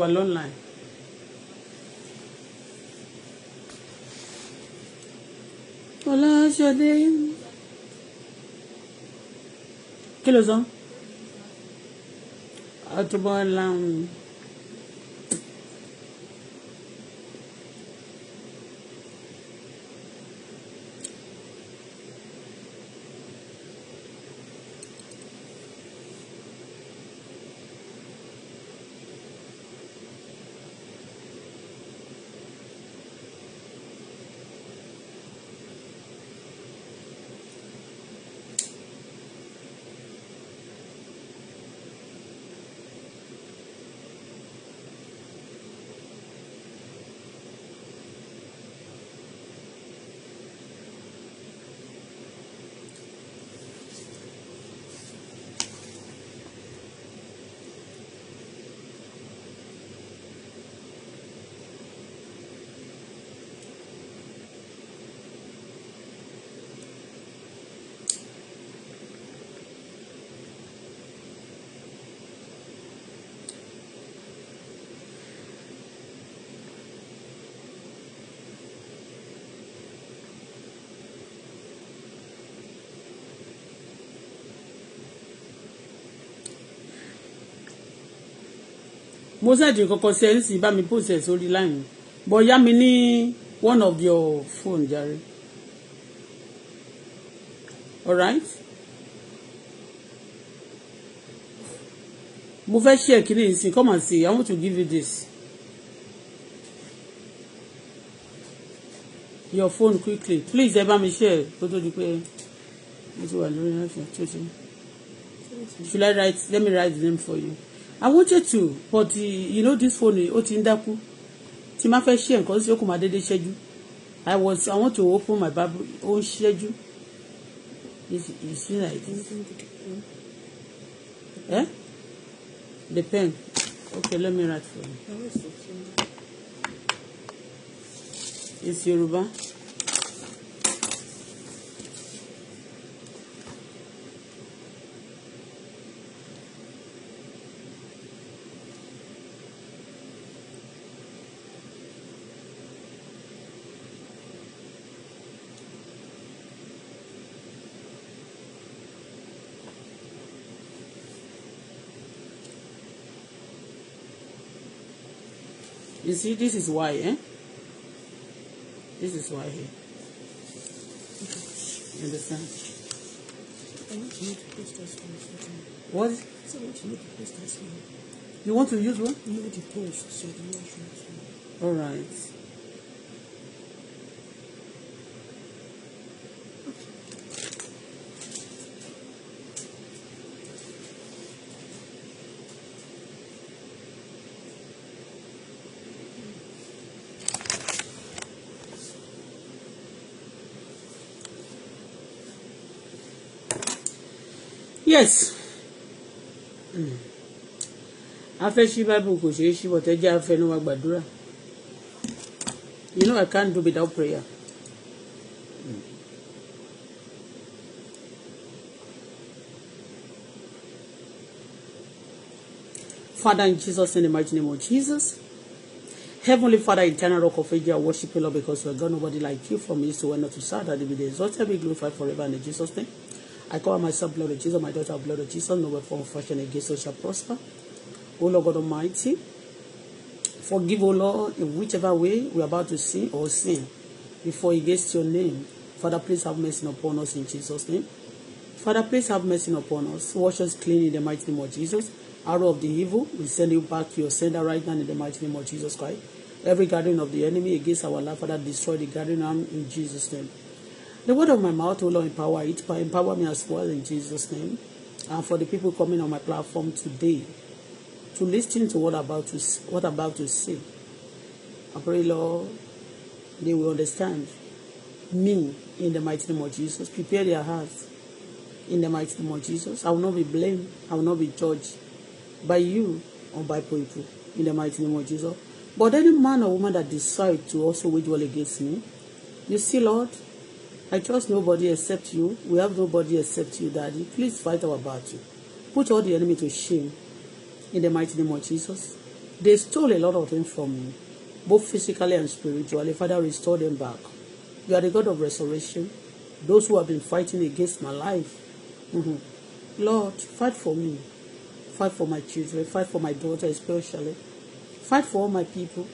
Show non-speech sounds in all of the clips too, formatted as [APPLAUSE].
wà lọ́nlàìn. ọlọ́ṣọdé kí ló sọ? ọtúbọ̀ láwọn. mo sẹ́ẹ̀dì kankan sí ẹ ń sì bá mi post ẹ̀ sórí láàyè bọ̀ yá mi ní one of your phone jàre alright mo fẹ́ share kiri nsin come and see I want to give you this your phone quickly please ẹ bá mi share kó tó di pé mo ti wà lórí ẹ̀fọ́ tó ti should I write let me write the name for you. I wanted to but the, you know this phone ó ti ń dákú tí má fẹ́ ṣe nǹkan sí ó kò má déédéé ṣẹ́jú I was I want to open my bible ó ń ṣẹ́jú you see like this eh? the pen okay let me write for you it's Yoruba. You see, this is why, eh? This is why here. You understand? What? So I want to post as well. You want to use what? Make the post so All right. yes afẹ́ ṣí bible kò ṣeé ṣí bọ̀tẹ́ jẹ́ afẹnu wa gbàdúrà you know I can't do without prayer. Father, in Jesus' in the mighty name of Jesus. Heavenly Father, eternal rock of ages, I worship you, Lord, because you are God, nobody like you, from me, so west, not to sad that you be exalted, be glorified forever, in Jesus' name. I call myself, blood of Jesus, my daughter, blood of Jesus, no weapon unfortunate against us shall prosper. O Lord God Almighty, forgive, O Lord, in whichever way we are about to sin or sin before against your name. Father, please have mercy upon us in Jesus' name. Father, please have mercy upon us. Wash us clean in the mighty name of Jesus. Arrow of the evil, we send you back your sender right now in the mighty name of Jesus Christ. Every gathering of the enemy against our life, Father, destroy the gathering arm in Jesus' name. The word of my mouth, O Lord, empower it. Empower me as well in Jesus' name. And for the people coming on my platform today to listen to what I'm about to, what I'm about to say. I pray, Lord, they will understand me in the mighty name of Jesus. Prepare their hearts in the mighty name of Jesus. I will not be blamed. I will not be judged by you or by people in the mighty name of Jesus. But any man or woman that decide to also wage war against me, you see, Lord, I trust nobody except you. We have nobody except you, Daddy. Please fight our battle. Put all the enemy to shame. In the mighty name of Jesus. They stole a lot of things from me, both physically and spiritually. Father, restore them back. You are the God of restoration. Those who have been fighting against my life. Mm-hmm. Lord, fight for me. Fight for my children. Fight for my daughter, especially. Fight for all my people.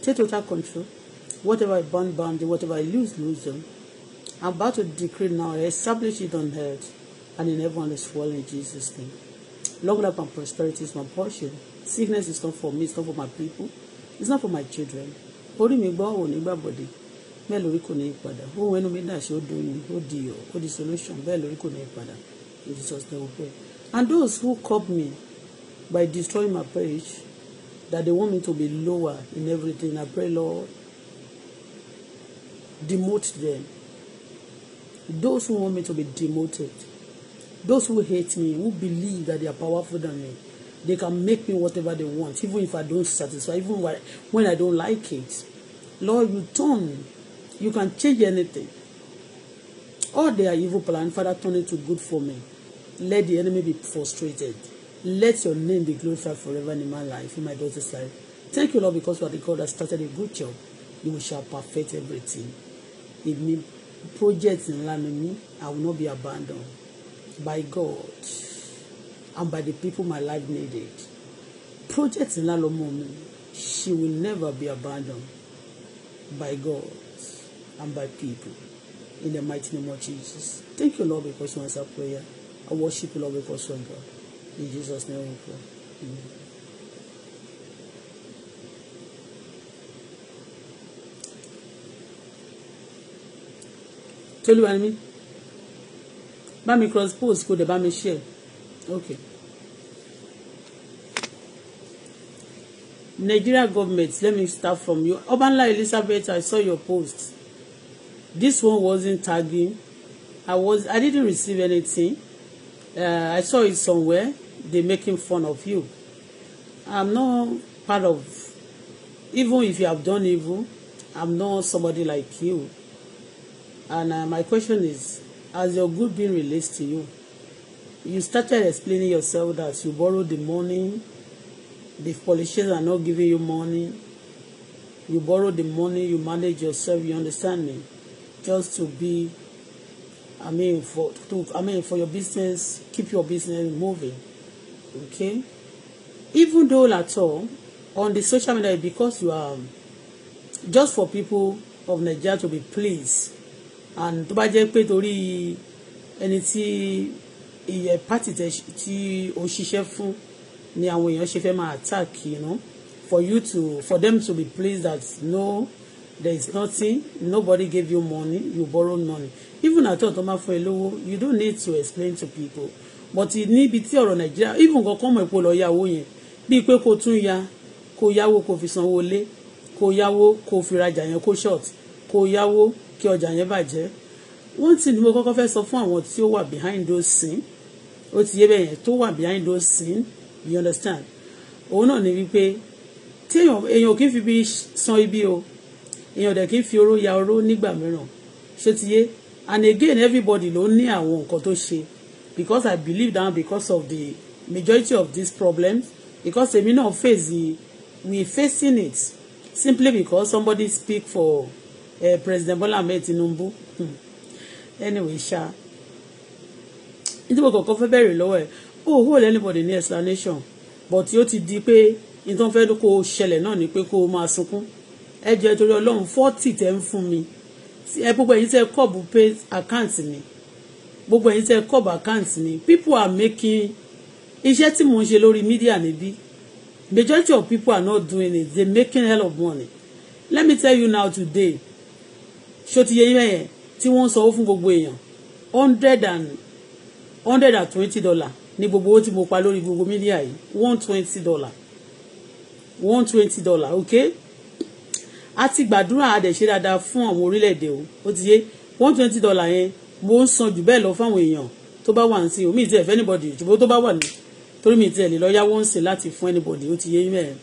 Take total control. Whatever I burn, burn them. Whatever I lose, lose them. I'm about to decree now, establish it on earth and in heaven as well in Jesus' name. Long life and prosperity is my portion. Sickness is not for me, it's not for my people, it's not for my children. Orí mi gbọ́ òun nígbà body. bẹ́ẹ̀ lórí kò ní í padà. Ohun ẹnu mi dàṣe ó dùn ní, ó the solution, bẹ́ẹ̀ lórí kò ní í padà. In Jesus' name pray. And those who caught me by destroying my page, that they want me to be lower in everything, I pray, Lord, demote them. Those who want me to be demoted, those who hate me, who believe that they are powerful than me, they can make me whatever they want, even if I don't satisfy, even when I don't like it. Lord, you turn. You can change anything. All their evil plan, Father, turn it to good for me. Let the enemy be frustrated. Let your name be glorified forever in my life, in my daughter's life. Thank you, Lord, because you are the God that started a good job. You shall perfect everything. Amen project ńlá ni mí I will not be abandoned by God and by the people my life needed project ńlá lọ́mọ mi she will never be abandoned by God and by people in the mighty name of Jesus thank you Lord because you answer prayer I worship you Lord because you are God in Jesus name we pray amen. ṣolúwa ni mí bá mi cross post kó dẹ̀ bá mi share okay. Nigeria government let me start from you Obanla Elizabeth I saw your post this one wasn't tagging I was I didn't receive anything uh, I saw it somewhere they making fun of you I'm not part of even if you have done evil I'm not somebody like you And uh, my question is, As your good being released to you? You started explaining yourself that you borrow the money, the politicians are not giving you money. You borrow the money, you manage yourself, you understand me? Just to be, I mean, for to, I mean, for your business, keep your business moving, okay? Even though at all, on the social media, because you are, just for people of Nigeria to be pleased, and tó bá jẹ́ pé torí ẹni tí iye party tí ó ṣiṣẹ́ fún ni àwọn èèyàn ṣe fẹ́ máa attack you know, for you to for them to be pleased that no there is nothing nobody gave you money you borrow money even at all tó máa fún ẹ lówó you don't need to explain to people but níbi tí ọ̀rọ̀ nàìjíríà even kankan mọ̀ èpo lọ yáwó yẹn bíi pé kó tún ya kó yáwó kó fi sanwó lé kó yáwó kó fi rajà yẹn kó short kó yáwó kí ọjà yẹn bàjẹ́ one thing ni mo kọ́kọ́ fẹ́ sọ fún àwọn tí ó wà behind those scenes ó ti yé bẹ́ẹ̀ yẹn tó wà behind those scenes you understand òun náà ni wípé tí èèyàn èèyàn kì í fi bí san ibi o èèyàn dẹ̀ kì í fi oró ya oró nígbà mìíràn ṣé ti yé and again everybody ló ní àwọn nǹkan tó ṣe because I believe that because of the majority of these problems because èmi náà face the we facing it simply because somebody speak for eh, President Bola Ahmed Tinubu hmm. anyway ṣá nítorí kọ̀ọ̀kan fẹ́ bẹ̀rẹ̀ lọ́wọ́ ẹ̀ ó hold anybody ní explanation but ó ti di pé nítorí fẹ́ kó ṣẹlẹ̀ náà ni pé kó máa sunkún ẹ jẹ́ torí ọlọ́run forty tẹ́ ń fún mi ẹ gbogbo ẹ̀yin tẹ́ kọ́ọ̀bù pay account mi gbogbo ẹ̀yin tẹ́ kọ́ọ̀bù account mi people are making iṣẹ́ tí mò ń ṣe lórí media níbí majority of people are not doing it they making hell of money let me tell you now today ṣó ti yẹ yín mẹ́yẹn tí wọ́n ń sanwó fún gbogbo èèyàn hundred and hundred and twenty dollar ní gbogbo owó tí mo pa lórí gbogbo mídíà yìí one twenty dollar one twenty dollar ok a ti gbàdúrà a dẹ̀ ṣe dáadáa fún àwọn orílẹ̀-èdè o ó ti yé one twenty dollar yẹn mo ń san jù bẹ́ẹ̀ lọ fáwọn èèyàn tó bá wà ń sìn omi ìtì ẹ̀ fẹ́ anybody ṣùgbọ́n tó bá wà ní torí mi ìtì ẹ̀ lè lọ yáwó ń sìn láti fún anybody ó ti yé mẹ́rin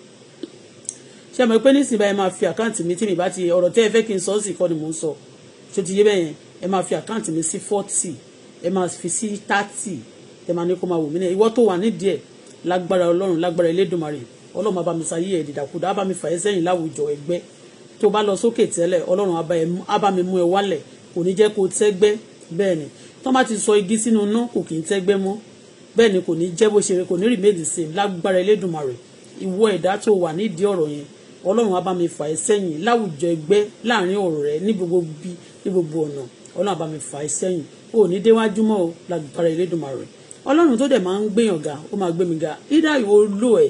ṣé mo pé nísìnyí báyìí máa fi àkáǹtì mi tí mi bá ti ọ̀rọ̀ tẹ́ ẹ fẹ́ kí n sọ sí kọ́ ni mò ń sọ tó ti yé bẹ́yẹn ẹ máa fi àkáǹtì mi sí forty ẹ máa fi sí thirty ẹ máa ní kó máa wò mí náà ìwọ tó wà nídìí ẹ lágbára ọlọ́run lágbára elédùnmarè ọlọ́run abami sayé ẹ̀ dìdàkudà abami fàyẹ́ sẹ́yìn láwùjọ ẹgbẹ́ tó bá lọ sókè tẹ́lẹ̀ ọlọ́run abami mú ẹ wálẹ̀ kò ní jẹ́ kó tẹ́gbẹ́ bẹ́ẹ̀ ni tó má ti sọ igi sínú iná kò kì í tẹ́gbẹ́ mọ́ bẹ́ẹ̀ ni kò ní jẹ́ bó ṣe kò ní rìmẹ́ẹ̀dì sí i lágbára elédùnmarè ìwọ ẹ̀dá tó wà nídìí ọ̀rọ̀ yẹn ọlọ́run á fà ẹ́ sẹ́yìn láwùjọ ẹgbẹ́ láàrin ọ̀rẹ́ ní gbogbo bí ní gbogbo ọ̀nà ọlọ́run á fà ẹ́ sẹ́yìn o ní déwájú mọ́ o lágbára Elédùmarè ọlọ́run tó dẹ̀ máa ń gbéyàn ga ó máa gbé mi ga ìdá ìwọ lò ẹ̀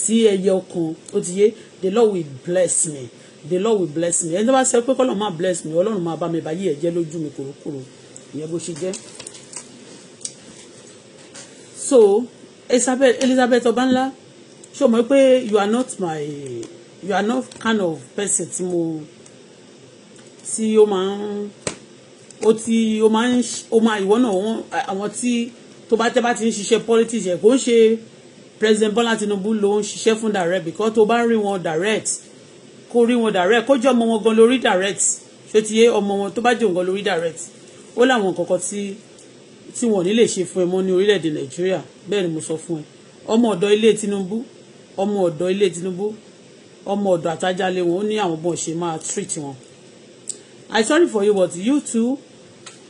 sí ẹyẹ ọkàn ó ti yé the Lord will bless me the Lord will bless me ẹni tó bá sẹ pé kọ́lọ́run máa bless me ọlọ́run máa bá mi báyé ẹ̀ jẹ́ lójú mi kòrókòrò ìyẹn bó ṣe jẹ́ so Elizabeth Elizabeth Ọbánlá ṣé o pé you are not my you are not kind of person tí mo tí ó máa ń ó ti ó máa ń ó máa ìwọ náà wọn àwọn tí tó bá tẹ́ bá ti ń ṣiṣẹ́ politics yẹn kò ń ṣe president Bola Tinubu ló ń ṣiṣẹ́ fún direct because to bá rí wọn direct kó rí wọn direct kó jẹ́ ọmọ wọn gan lórí direct ṣé ti yé ọmọ wọn tó bá jẹ́ òun gan direct ó láwọn kọ̀ọ̀kan tí tí wọn ò ní lè ṣe fún ẹ mọ́ ní orílẹ̀-èdè Nàìjíríà bẹ́ẹ̀ ni mo sọ fún ẹ ọmọ ọ̀dọ́ ilé Tinubu ọmọ ọ̀dọ́ ilé Tinubu ọmọ ọ̀dọ̀ àtajálé wọn ó ní àwọn bọ́n ṣe máa treat wọn i sorry for you but you too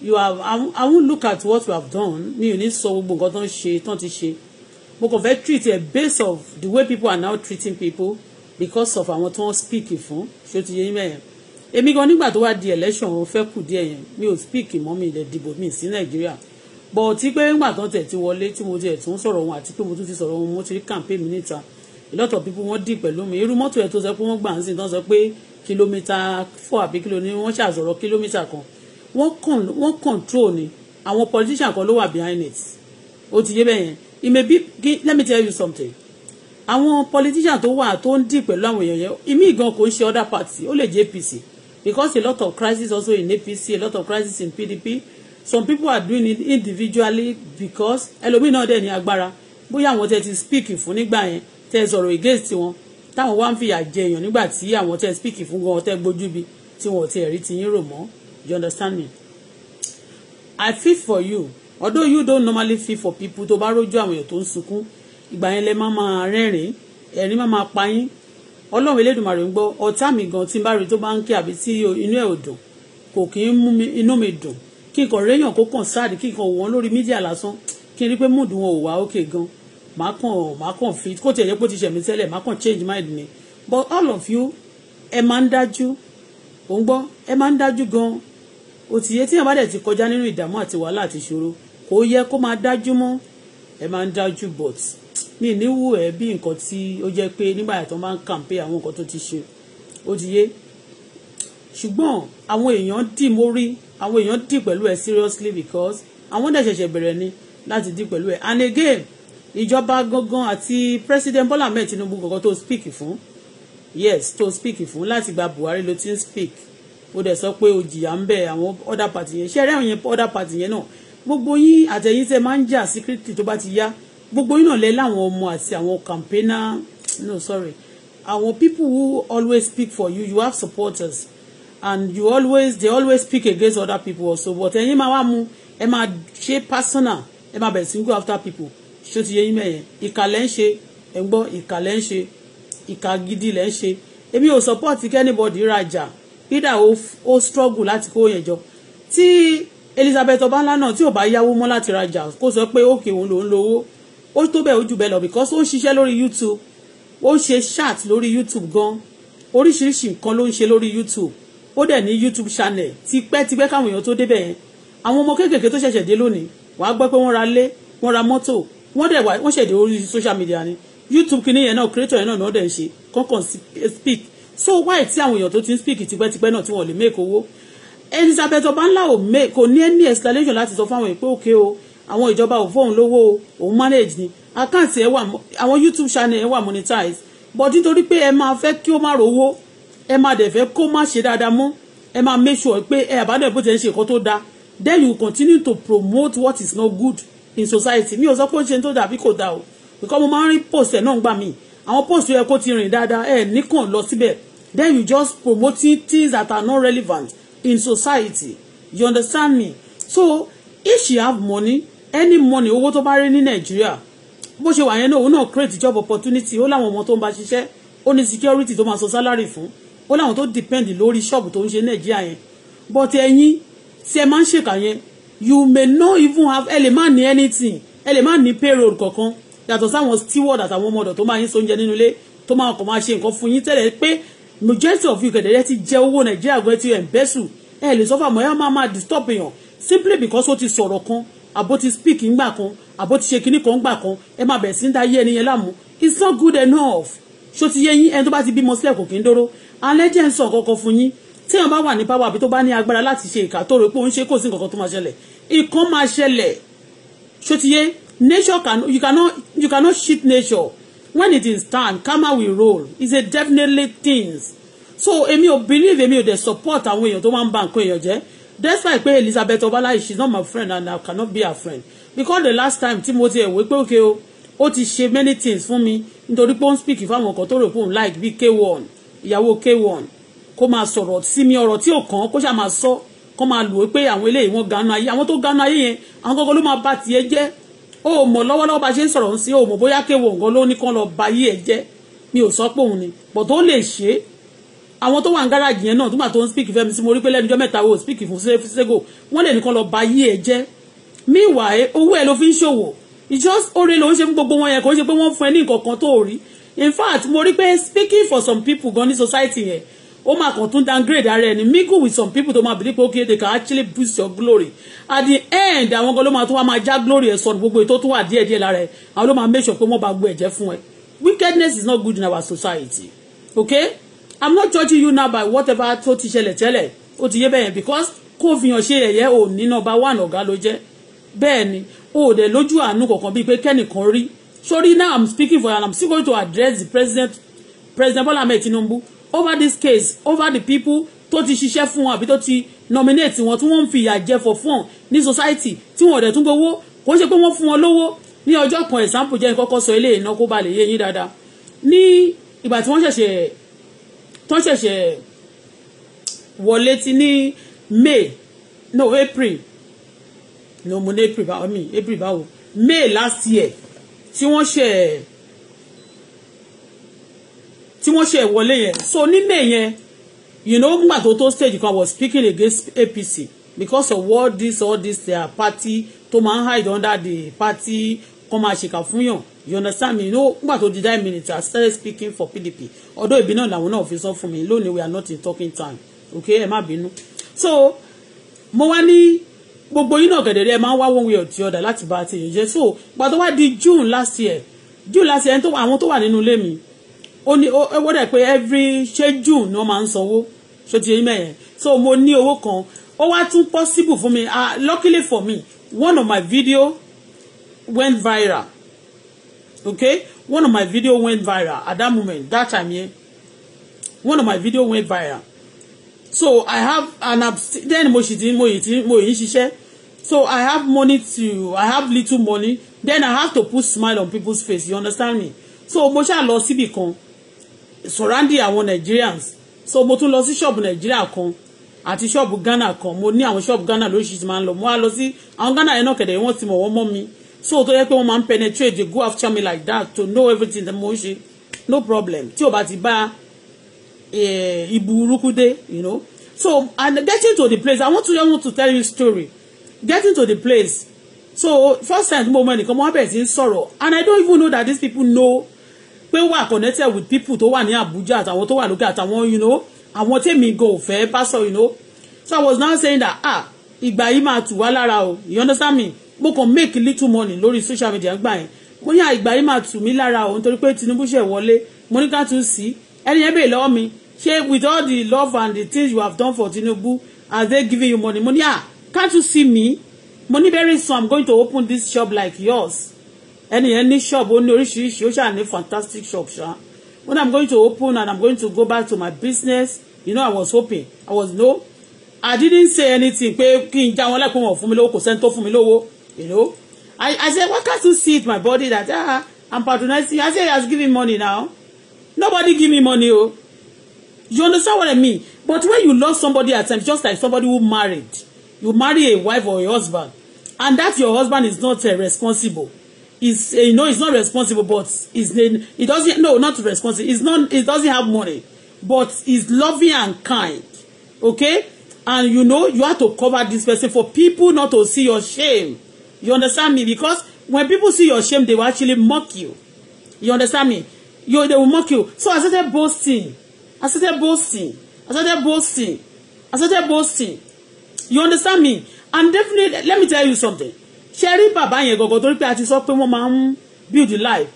you have i, I won look at what you have done mi ò ní sọ gbogbo nǹkan tó ń ṣe tó ń ti ṣe mo kàn fẹ́ treat ẹ based of the way people are now treating people because of àwọn tó ń speak fún ṣé o ti yé yín mẹ́yẹn èmi gan nígbà tó wá di election ó fẹ́ kù díẹ̀ yẹn mi ò speak mọ́ mi ilẹ̀ dìbò mi sí nàìjíríà bọ̀ tí pé ńgbà tán tẹ̀ ti wọlé tí mo tiẹ̀ tún sọ̀rọ̀ wọn àti pé mo tún ti sọ̀rọ̀ wọn mo ti rí campaign mi níta a lot of people wọ́n dì pẹ̀lú mi irú mọ́tò ẹ̀ tó sọ pé wọ́n gbà ń sìn tán sọ pé kìlómítà four àbí kìló ni wọ́n ṣàṣọ̀rọ̀ kìlómítà kan wọ́n control ni àwọn politician kan ló wà behind it ó ti yé bẹ́ẹ̀ yẹn it may be let me tell you something àwọn politician tó wà tó ń dì pẹ̀lú àwọn èèyàn yẹn ìmí gan kò ń ṣe other party ó lè jẹ́ APC because a lot of crisis also in APC a lot of crisis in PDP some people are doing it individually because ẹlòmíì náà dẹ̀ ní agbára bóyá àwọn tẹ̀ ti speak fún nígbà yẹn tẹ sọ̀rọ̀ against wọn táwọn wá ń fìyà jẹ èèyàn nígbà tí àwọn tẹ speak fún gan tẹ gbójú bi tí wọn ò tiẹ̀ rí tiyín rò mọ́ you understand me i feel for you although you don't normally feel for people tó bá rójú àwọn èèyàn tó ń sunkún ìgbà yẹn lẹ má máa rẹ́rìn ẹ̀rín má máa pa yín ọlọ́run elédùnmarè ń gbọ́ ọ̀tá mi gan tí n bá rí tó bá ń ké àbí tí inú ẹ̀ ò dùn kò kí ń mú inú mi dùn kí n kàn réyàn kó kàn sáàdì kí n kàn wọ́n lórí mídíà lásán kí n rí pé múùdù wọn ò wá ókè gan màá kàn màá kàn fi kó tiẹ̀ yẹ kó ti ṣẹ̀ tẹ́lẹ̀ màá kàn change mind mi but all of you ẹ máa ń dájú ò ń gbọ́ ẹ máa ń dájú gan-an òtìyẹ tí yàrá dẹ̀ ti kọjá nínú ìdààmú àti wàhálà àti ìṣòro kò yẹ kó máa dájú mọ́ ẹ máa ń dájú but mi níwú ẹ bí nǹkan tí ó jẹ́ pé nígbà tó máa ń kàǹpé àwọn nǹkan tó ti ṣe òtìyẹ ṣùgbọ́n àwọn èèyàn dì mórí àwọn èèyàn dì pẹ̀lú ẹ seriously because àwọn dẹ̀ ṣẹ̀ṣẹ̀ bẹ̀rẹ̀ ni láti dì pẹ̀lú ẹ and again ìjọba gangan àti president Bola Ahmed Tinubu gangan tó speak fún yes tó speak fún láti gba Buhari ló ti ń speak ó dẹ̀ sọ pé òjìyà ń bẹ àwọn other party yẹn ṣe ẹ̀rẹ́wọ̀n yẹn other party yẹn náà gbogbo yín àtẹ̀yìn tẹ máa ń jà secretly tó bá ti yá gbogbo yín náà lẹ láwọn ọmọ àti àwọn campaigner no sorry àwọn people who always speak for you you have supporters and you always they always speak against other people also but ẹ̀yin máa wá mu ẹ máa ṣe personal ẹ máa bẹ̀rẹ̀ sí go after people ṣó ti yẹ yín mẹ́yẹn ìkà lẹ́ ń ṣe ẹ̀ ń gbọ́ ìkà lẹ́ ń ṣe ìkà gidi lẹ́ ń ṣe èmi ò support kẹ́nìbọ̀dì rajà pídà ó struggle láti kó yẹn jọ tí Elizabeth Ọbánlá náà tí ò bá yáwó mọ́ láti rajà kó sọ pé òkè òun lòún lówó ó tó bẹ́ẹ̀ ó jù bẹ́ẹ̀ lọ because ó ń ṣiṣẹ́ lórí YouTube ó ń ṣe chat lórí YouTube gan oríṣiríṣi nǹkan ló ń ṣe lórí YouTube ó dẹ̀ ní YouTube channel tipẹ́tipẹ́ káwọn èèyàn tó débẹ̀ yẹn àwọn ọmọ kéékèèké tó ṣẹ̀ṣẹ̀ dé lónìí wàá gbọ́ pé wọ́n ra lé wọ́n ra mọ́tò wọ́n dẹ̀ wá wọ́n ṣèdè orí social media ni youtube kìíní yẹn náà creator yẹn náà náà dẹ̀ ṣe kọ́kàn speak so why tí àwọn èèyàn tó ti ń speak tipẹ́tipẹ́ náà tí wọ́n lè make owó elizabeth ọbanla ò make kò ní any explanation láti sọ fáwọn èèyàn pé òkè o àwọn ìjọba ò fóun lówó o òun manage ni àkáǹtì ẹ wà àwọn youtube channel ẹ wà monetize but nítorí pé ẹ máa fẹ́ kí ó má rówó ẹ máa dẹ̀ fẹ́ kó má ṣe dáadáa mọ́ ẹ máa make sure pé ẹ àbádọ́ ìbò tẹ̀ ń ṣe nǹkan tó dáa then you continue to promote what is not good in society mi ò sọ pé ó ṣe tó dàbí kò dà o because mo máa ń rí post ẹ̀ náà gbà mí àwọn post yẹ kó ti rìn dáadáa ẹ̀ nìkan lọ síbẹ̀ then you just promoting things that are not relevant in society you understand me so if she have money any money owó tó bá rí ní nàìjíríà bó ṣe wà yẹn náà òun náà create job opportunity ó láwọn ọmọ tó ń bá ṣiṣẹ́ ó ní security tó máa san salary fún ó láwọn tó depend lórí ṣọ́ọ̀bù tó ń ṣe nàìjíríà yẹn but ẹ̀yin tí ẹ máa ń ṣèkà yẹn you may not even have ẹ lè anything ẹ lè má ní payroll kankan yàtọ̀ sáwọn steward àtàwọn ọmọdọ̀ tó máa yín sóúnjẹ nínú ilé tó máa kọ̀ máa ṣe nǹkan fún yín tẹ́lẹ̀ pé majority of you kẹ̀dẹ̀dẹ̀ ti jẹ owó nàìjíríà gan ti ẹ̀ǹbẹ́sù ẹ lè sọ́fà mọ́ ẹ máa máa disturb èèyàn simply because ó ti sọ̀rọ̀ kan àbó ti speak ńgbà kan àbó ti ṣe kinní kan ńgbà kan ẹ máa bẹ̀rẹ̀ sí ń dáyé ẹni yẹn láàmú it's not good enough ṣó ti yé yín ẹni tó bá ti bímọ sílẹ̀ kò kí ń dóró alẹ́ jẹ́ ń sọ kọ́kọ́ fún yín téèyàn bá wà ní power àbí tó bá ní agbára láti ṣe ìkà tó rò pé òun ṣe kò sí nǹkan kan tó máa ṣẹlẹ̀ ìkan máa ṣẹlẹ̀ ṣòtìyé nature can you cannot you cannot cheat nature when it is time karma will roll it's a definitely things so èmi ò believe èmi ò dẹ̀ support àwọn èèyàn tó máa ń ba nǹkan èèyàn jẹ́ despite pé Elizabeth Obalayi she is not my friend and I cannot be her friend because the last time Timothy ẹ̀wé pé òkè o ó ti ṣe many things fún mi nítorí pé ó ń speak fáwọn ọkọ̀ tó rò pé òun like bíi K1 ìyàwó K1 kó máa sọ̀rọ̀ sí mi ọ̀rọ̀ tí ò kàn kó ṣáà máa sọ kó máa lò ó pé àwọn eléyìí wọn ganu ayé àwọn tó ganu ayé yẹn àwọn kọ́kọ́ ló máa bá tiẹ̀ jẹ́ ó mọ̀ lọ́wọ́lọ́wọ́ bá ṣe ń sọ̀rọ̀ sí ó bóyá kéwòn nǹkan ló ní kán lọ ba ayé ẹ̀ jẹ́ mi ò sọ pé òun ni bọ̀ tó lè ṣe é àwọn tó wà ní gáràjì yẹn náà tó máa tó ń speak fẹ́mi sí mo rí pé lẹ́nu ọjọ́ mẹ́ta wo speak fún sego wọ́n lè nìkan lọ ba ayé meanwhile owó ẹ̀ ló fi ń ṣòwò just oore ló ń ṣe fún gbogbo wọn yẹn kò ń ṣe pé in fact mo speaking for some people gan ní society yẹn ó máa kàn tún downgrade ara ẹni mingle with some people tó máa believe pé okay they can actually boost your glory at the end àwọn gan ló máa tún wá máa já glory ẹ̀ sọ̀rọ̀ gbogbo ètò tó wà díẹ̀ díẹ̀ lára ẹ̀ àwọn ló máa make sure pé wọ́n bá gbọ́ ẹ̀jẹ̀ fún ẹ wickedness is not good in our society okay i'm not judging you now by whatever tó ti ṣẹlẹ̀ tẹ́lẹ̀ ó ti yé bẹ́ẹ̀ because kó fi hàn ṣe ẹ̀yẹ́ ò ní nọmba one ọ̀gá ló jẹ́ bẹ́ẹ̀ ni o dẹ̀ lójú àánú kankan bíi pé kẹ́nìkan rí sorry now i'm speaking for you and i'm still going to address the president president Bola Ahmed Tinubu over this case over the people tó ti ṣiṣẹ́ fún wọn àbí tó ti nominate wọn tí wọ́n ń fi ìyà jẹ for fún ní society tí wọ́n ọ̀dẹ̀ tún gbowó kò ṣe pé wọ́n fún wọn lówó ní ọjọ́ kan example jẹ́ kọ́kọ́ sọ ilé ìná kó ba lè yé yín dáadáa ní ìgbà tí wọ́n ṣẹ̀ṣẹ̀ tó ṣẹ̀ṣẹ̀ wọlé ti ní May no April no mo ní April báwo mi April báwo May last year tí wọ́n ṣẹ̀ tí wọ́n ṣe ìwọlé yẹn so ní yẹn you know nígbà tó tó stage kan I was speaking against APC because of all this all this their party tó máa ń hide under the party kan máa ṣèkà fún yàn you understand me you know nígbà tó di nine minutes I started speaking for PDP ọ̀dọ̀ ìbí náà làwọn náà fi sọ fún mi lónìí we are not in talking time okay ẹ má bínú so mo wá ní gbogbo yín náà gẹ̀dẹ̀rẹ̀ ẹ máa ń wá one way or the other láti bá ti yẹn jẹ́ so gbàtọ́ wá di June last year June last year àwọn tó wà nínú ilé mi ó ní ó dẹ̀ pé every ṣé june ni wọ́n máa ń sanwó ṣó ti yé mẹ́yẹn so mo ní owó kan ó wá tún possible fún mi ah luckily for me one of my video went viral okay one of my video went viral at that moment that time yeah one of my video went viral so i have an then mo ṣì ti mo yìí mo yìí ṣiṣẹ́ so i have money to i have little money then i have to put smile on people's face you understand me so mo ṣáà lọ síbì kan surrounding àwọn Nigerians so mo tún lọ sí ṣọ́ọ̀bù Nàìjíríà kan àti ṣọ́ọ̀bù Ghana kan mo ní àwọn ṣọ́ọ̀bù Ghana lóríṣiríṣi máa ń lọ mo wá lọ sí àwọn Ghana yẹn náà kẹ̀dẹ̀ wọ́n ti mọ̀ wọ́n mọ́ mi so tó yẹ pé wọ́n máa ń penetrate they go after me like that to know everything that mo ń ṣe no problem tí o bá ti bá eh, ibu urúkú dé you know so and getting to the place I want to I want to tell you a story getting to the place so first time mo mọ ẹnìkan mo wá bẹ̀rẹ̀ sí sọ̀rọ̀ and I don't even know that these people know pé wà connected with people tó wà ní Abuja àtàwọn tó wà lókè àtàwọn you know àwọn tèmi gan ò fẹ́ bá sọ you know so I was now saying that ah ìgbà yìí máa tù wá lára o you understand me mo kàn make little money lórí social media gbà yẹn mo ní àìgbà ah, yìí máa tù mí lára o nítorí pé Tinubu ṣe wọlé mo ní ká tún sí ẹni yẹn bèèrè lọ́wọ́ mi ṣé with all the love and the things you have done for Tinubu as they giving you money mo ní ah can't you see me mo ní very soon I'm going to open this shop like yours ẹni yẹn ní shop ó ní oríṣiríṣi ó ṣáà ní fantastic shop ṣá when i'm going to open and i'm going to go back to my business you know i was hoping i was no i didn't say anything pé kí n já wọn lẹ́kọ̀ọ́ wọn fún mi lówó kò sẹ́ni tó fún mi lówó you know i i said why can't you see it my body that ah i'm patronizing i said he has given money now nobody give me money o oh. you understand what i mean but when you love somebody at times just like somebody who married you marry a wife or a husband and that your husband is not uh, responsible is eh, you know he's not responsible but he's he eh, doesn't no not responsible he's not he doesn't have money but he's loving and kind okay and you know you have to cover this person for people not to see your shame you understand me because when people see your shame they will actually mock you you understand me you they will mock you so I started boasting I started boasting I started boasting I started boasting you understand me and definitely let me tell you something ṣe rí bàbá yẹn gọ̀gọ̀ torí pé a ti sọ pé wọ́n máa ń build life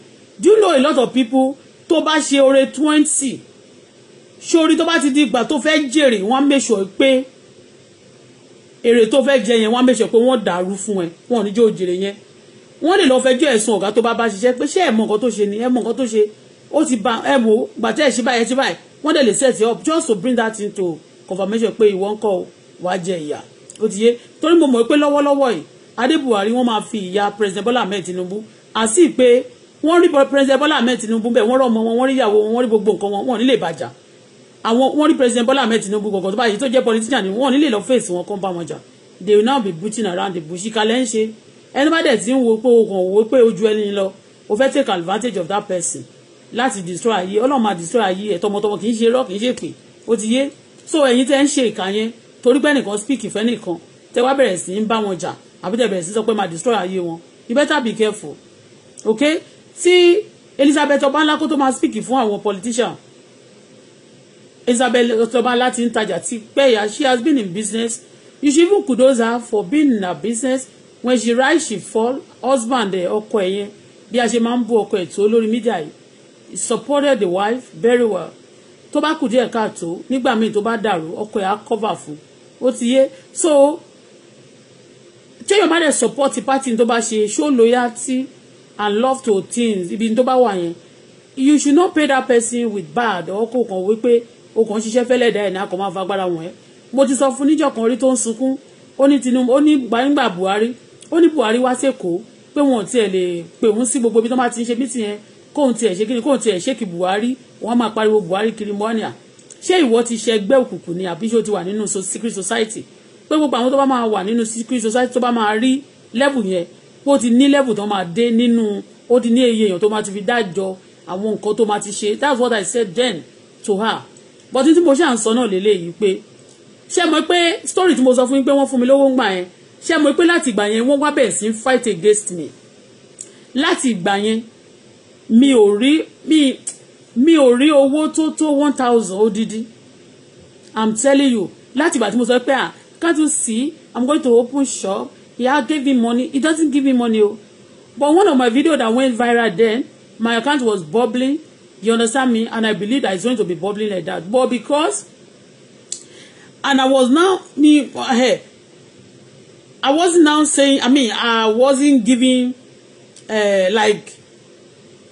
do you know a lot of people tó bá ṣe oore twenty ṣorí tó bá ti di ìgbà tó fẹ́ jèrè wọ́n make sure pé èrè tó fẹ́ jẹ yẹn wọ́n make sure pé wọ́n dàrú fún ẹ wọ́n ní jẹ́ òjèrè yẹn wọ́n lè lọ fẹjọ́ ẹ̀sùn ọ̀gá tó bá bá ṣiṣẹ́ pé ṣé ẹ mọ̀ nǹkan tó ṣe ni ẹ mọ̀ nǹkan tó ṣe ó ti ba ẹ gbàtẹ́ ẹ̀ ṣe báyìí ẹ wọ́n dẹ̀ lè set it up just to bring that into confirmation pé ìwọ ń kọ́ wàá jẹ ìyà ó ti yé torí mo mọ̀ pé lọ́wọ́lọ́wọ́ yìí adé buhari wọ́n máa fi ìyá president bola ahmed tinubu àti pé wọ́n rí president bola ahmed tinubu bẹ́ẹ̀ wọ́n rọ ọmọ wọn wọ́n rí ìyàwó wọn wọ́n rí gbogbo nǹkan wọn wọ́n nílé ìbàjá àwọn wọ́n rí president bola ahmed tinubu gbọ̀ngàn tó bá yẹ tó jẹ́ politician ni wọ́n nílé lọ fèsì wọn kó bá wọn jà they will now be booting around the bush ìkàlẹ̀ ń ṣe ẹni bá dẹ̀ ti ń wo pé oògùn òwò pé ojú ẹni lọ o fẹ́ take advantage of that person láti destroy ayé ọlọ́run máa destroy ayé ẹ̀ tọmọtọmọ kì í ṣe irọ́ kì í ṣe pè ó ti yé so ẹ̀yin tẹ́ ń ṣe ìkà yẹn torí pé ẹnìkan speak ìfẹ́ nìkan tẹ́ wá bẹ̀rẹ̀ sí ń bá wọn jà àbí tẹ̀ bẹ̀rẹ̀ sí sọ pé máa destroy ayé wọn you better be careful okay tí Elizabeth Ọbànlá kó tó máa speak fún àwọn politician Elizabeth Ọbànlá ti ń tajà ti pẹ́ she has been in business you should even kudos her for being in her business when she rise she fall husband eh, ọkọ ẹ̀ yẹn bí a ṣe máa ń bú ọkọ ẹ̀ tó lórí mídíà yìí he supported the wife very well tó bá kù díẹ̀ káàtó nígbà míì tó bá dàrú ọkọ ẹ̀ á cover fún ó ti yé so téèyàn bá dẹ̀ support party tó bá ṣe show loyalty and love to things ibi tó bá wà yẹn you should not pay that person with bad or kò kàn wípé o kàn ṣiṣẹ́ fẹ́lẹ̀ dá ẹ̀ ní akọ̀ máa fagbára wọ̀n ẹ́ mo ti sọ fún níjọ́ kan rí tó ń sunkún ó ní Tinubu ó ní gbàǹgbà Buhari ó ní Buhari wá sẹ́kọ̀ọ́ pé wọn ò tiẹ̀ lè pè wọ́n sí gbogbo ibi tó máa ti ń ṣe mítìn yẹn kóun tiẹ̀ ṣe kíni kóun tiẹ̀ ṣe kí Buhari wọ́n máa pariwo Buhari kiri mọ́nìyà ṣé ìwọ ti ṣe ẹgbẹ́ òkùnkùn ni àbí ṣé o ti wà nínú secret society pé gbogbo àwọn tó bá máa wà nínú secret society tó bá máa rí level yẹn ó ti ní level tó máa dé nínú ó ti ní iye èèyàn tó máa ti fi dájọ àwọn nǹkan tó máa ti ṣe that's what I said then to her but tí mo ṣe à ń sọ náà lélẹ́yìí pé ṣé mo pé story tí mo sọ fún yín pé wọ́n fún mi lówó ń gbà yẹn ṣé mo pé láti ìgbà yẹn wọ́n wá bẹ̀rẹ̀ sí fight against me láti ìgbà yẹn mi ò rí mi mi ò rí owó tó tó one thousand odidi i'm telling you láti ìgbà tí mo sọ pé à ah, Can't you see? I'm going to open shop. He Yeah, gave me money. He doesn't give me money. Oh. But one of my video that went viral then, my account was bubbling. You understand me? And I believe that it's going to be bubbling like that. But because, and I was now, me, hey, eh, I was now saying, I mean, I wasn't giving, uh, like,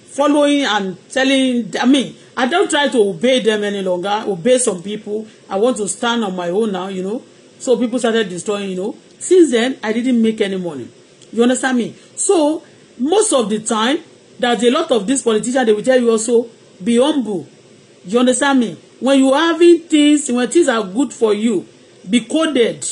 following and telling, I mean, I don't try to obey them any longer, obey some people. I want to stand on my own now, you know. So people started destroying, you know. Since then, I didn't make any money. You understand me? So most of the time, there's a lot of these politicians, they will tell you also, be humble. You understand me? When you having things, when things are good for you, be coded.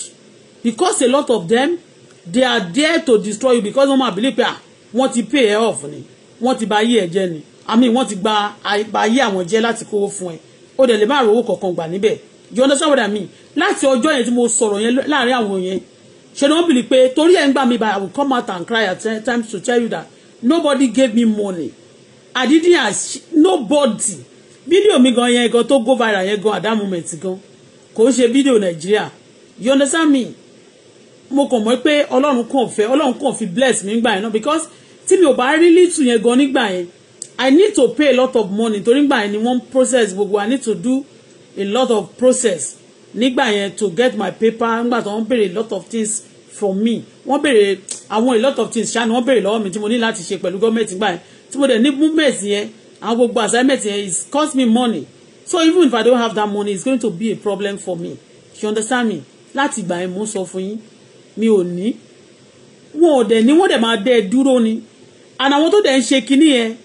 Because a lot of them, they are there to destroy you because wọ́n máa believe pé wọ́n ti pay ẹ off ni wọ́n ti ba ayé ẹ jẹ́ ni i mean wọ́n ti gba ayé àwọn jẹ́ láti kówó fún ẹ o dẹ̀ lè má rówó kankan gbà níbẹ̀ you understand what i mean láti ọjọ́ yẹn tí mo sọ̀rọ̀ yẹn láàrin àwọn yẹn ṣe ni wọ́n bìlì pé torí ẹ̀ ń gbà mí by I will come out and cry at times to tell you that nobody gave me money I didn't ask nobody fídíò mi gan yẹn gan tó go viral yẹn gan at that moment gan kò ń ṣe fídíò Nàìjíríà you understand me mo kàn mọ̀ pé Ọlọ́run kàn fẹ́ Ọlọ́run kàn fi bless mi nígbà yẹn náà because tí mi ò bá rí lítù yẹn gan nígbà yẹn I need to pay a lot of money torí nígbà yẹn ni wọ́n process gbogbo I need to do a lot of process nígbà yẹn to get my paper nígbà tó ń béèrè lot of things for me wọ́n béèrè àwọn a lot of things ṣáà ni wọ́n béèrè lọ́wọ́ mi tí mo ní láti ṣe pẹ̀lú gọ́ọ̀mẹ̀ntì gbà yẹn tí mo dẹ̀ ní movement yẹn àwọn gbogbo assignment yẹn it cost me money so even if I don't have that money it's going to be a problem for me you understand me láti ìgbà yẹn mo sọ fún yín mi ò ní wọn ò dẹ̀ ní wọ́n dẹ̀ máa dẹ́ ẹ dúró ni and àwọn tó dẹ̀ ń ṣe kinní yẹn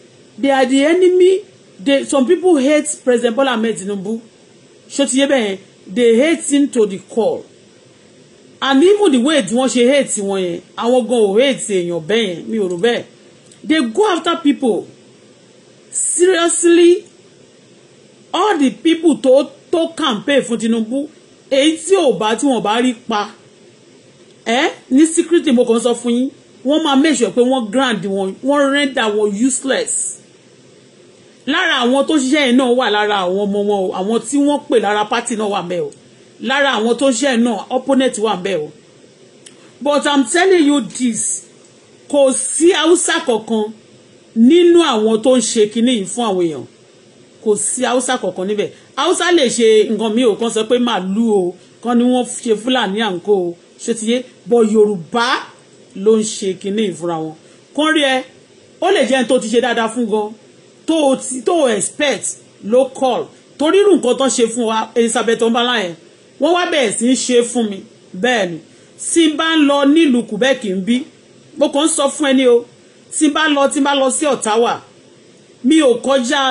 they are the enemy they some people hate President Bola Ahmed Tinubu ṣó ti yé bẹ́ẹ̀ yẹn they hate him to the core and even the way tí wọ́n ṣe hate wọn yẹn àwọn gan ò hate èèyàn bẹ́ẹ̀ yẹn mi ò rò bẹ́ẹ̀ they go after people seriously all the people tó tó campaign fún Tinubu èyí tí ò bá tí wọn bá rí pa ẹ ní secret mo kàn sọ fún yín wọ́n máa make sure pé wọ́n grand wọn wọ́n render wọn useless lára àwọn tó ṣiṣẹ́ yẹn náà wà lára àwọn ọmọ wọn o àwọn tí wọ́n pè lára pátì náà wà ń o lára àwọn tó ṣiṣẹ́ yẹn náà opponent wà ń o but i'm telling you this kò sí haúsá kankan nínú àwọn tó ń ṣe kinní yìí fún àwọn èèyàn kò sí haúsá kankan níbẹ̀ haúsá lè ṣe nǹkan mi ò kàn sọ pé màálù o kan ni wọ́n ṣe fúlàní àǹkó o ṣe ti yé bọ yorùbá ló ń ṣe kinní ìfúnra wọn kán rí ẹ ó lè jẹ́ ẹni tó ti ṣe dáadáa fún gan-an tó o ti tó o expect ló call torí irú nǹkan tó ń ṣe fún wa Elizabeth ọmọbala yẹn wọ́n wá bẹ̀rẹ̀ sí í ṣe fún mi bẹ́ẹ̀ ni tí n bá ń lọ nílùú Quebec ń bí mo kàn ń sọ fún ẹni o tí n bá lọ tí n bá lọ sí Ottawa mi ò kọjá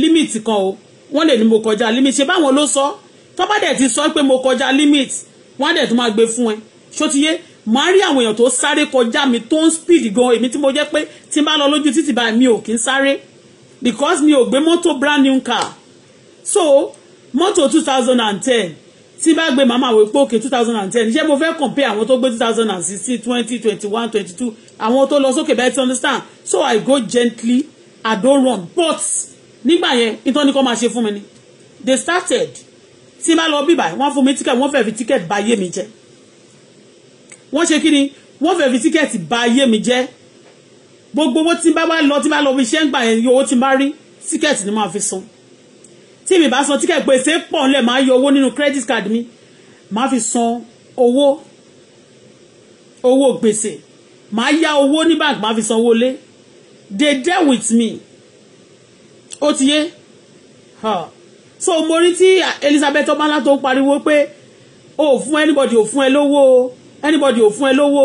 límìtì kan o wọ́n lè ní mo kọjá límìtì ṣe báwọn ló sọ tó bá dẹ̀ ti sọ pé mo kọjá límìtì wọ́n á dẹ̀ tún máa gbé fún ẹ ṣó màá rí àwọn èèyàn tó sáré kọjá mi tó ń speed gan èmi tí mo jẹ́ pé tí n bá lọ lójú títì báyìí mi ò kí ń sáré because mi ò gbé mọ́tò brand new car so mọ́tò 2010. thousand and ten tí bá gbé màmá àwọn epo òkè two ṣé mo fẹ́ compare àwọn tó gbé two thousand and sixteen twenty twenty one twenty two àwọn tó lọ sókè bẹ́ẹ̀ tí understand so I go gently I don't run but nígbà yẹn nítorí ní kò máa ṣe fún mi ni they started tí bá lọ bíbà wọ́n fún mi ticket wọ́n fẹ́ fi ticket bà ayé mi jẹ́ wọ́n ṣe kí ni wọ́n fẹ́ fi ticket bà ayé mi jẹ́ gbogbo owó tí n bá wá lọ tí n bá lọ fi ṣe ń gbà yẹn owó tí n bá rí tíkẹ́ẹ̀tì ni màá fi san tí mi bá san tíkẹ́ẹ̀tì gbèsè pọ̀ nílẹ̀ màá yọ owó nínú credit card mi màá fi san owó owó gbèsè màá yá owó ní bank màá fi san owó lé they deal with me ó ti yé so mo rí tí Elizabeth ọmọlá tó ń pariwo pé o fún anybody ò fún ẹ lówó anybody ò fún ẹ lówó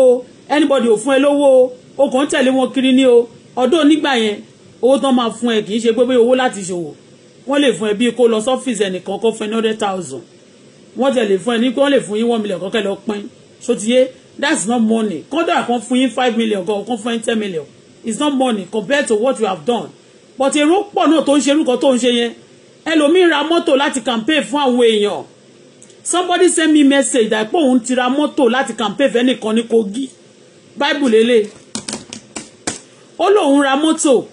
anybody ò fún ẹ lówó o kàn ń tẹ̀lé wọn kiri ní o ọdún onígbà yẹn owó tán máa fún ẹ kì í ṣe pé bóyá owó láti ṣòwò wọ́n lè fún ẹ bíi kó lọ sọ́fíìsì ẹnìkan kó fún ẹ ní hundred thousand wọ́n tẹ̀ lè fún ẹ ní pé wọ́n lè fún yín one million kọ́kẹ́ lọ pín sotiye that's not money kódà kan fún yín five million kan kan fún yín ten million it's not money compared to what you have done but èrò pọ̀ náà tó ń ṣe irúkọ tó ń ṣe yẹn ẹlòmíín ra mọ́tò láti campaign fún àwọn èèyàn somebody send me message that pé òun ti ra mọ́tò láti campaign fẹ́nìkan ní Kogi Bible lélẹ̀ ó lóun ra mọ́tò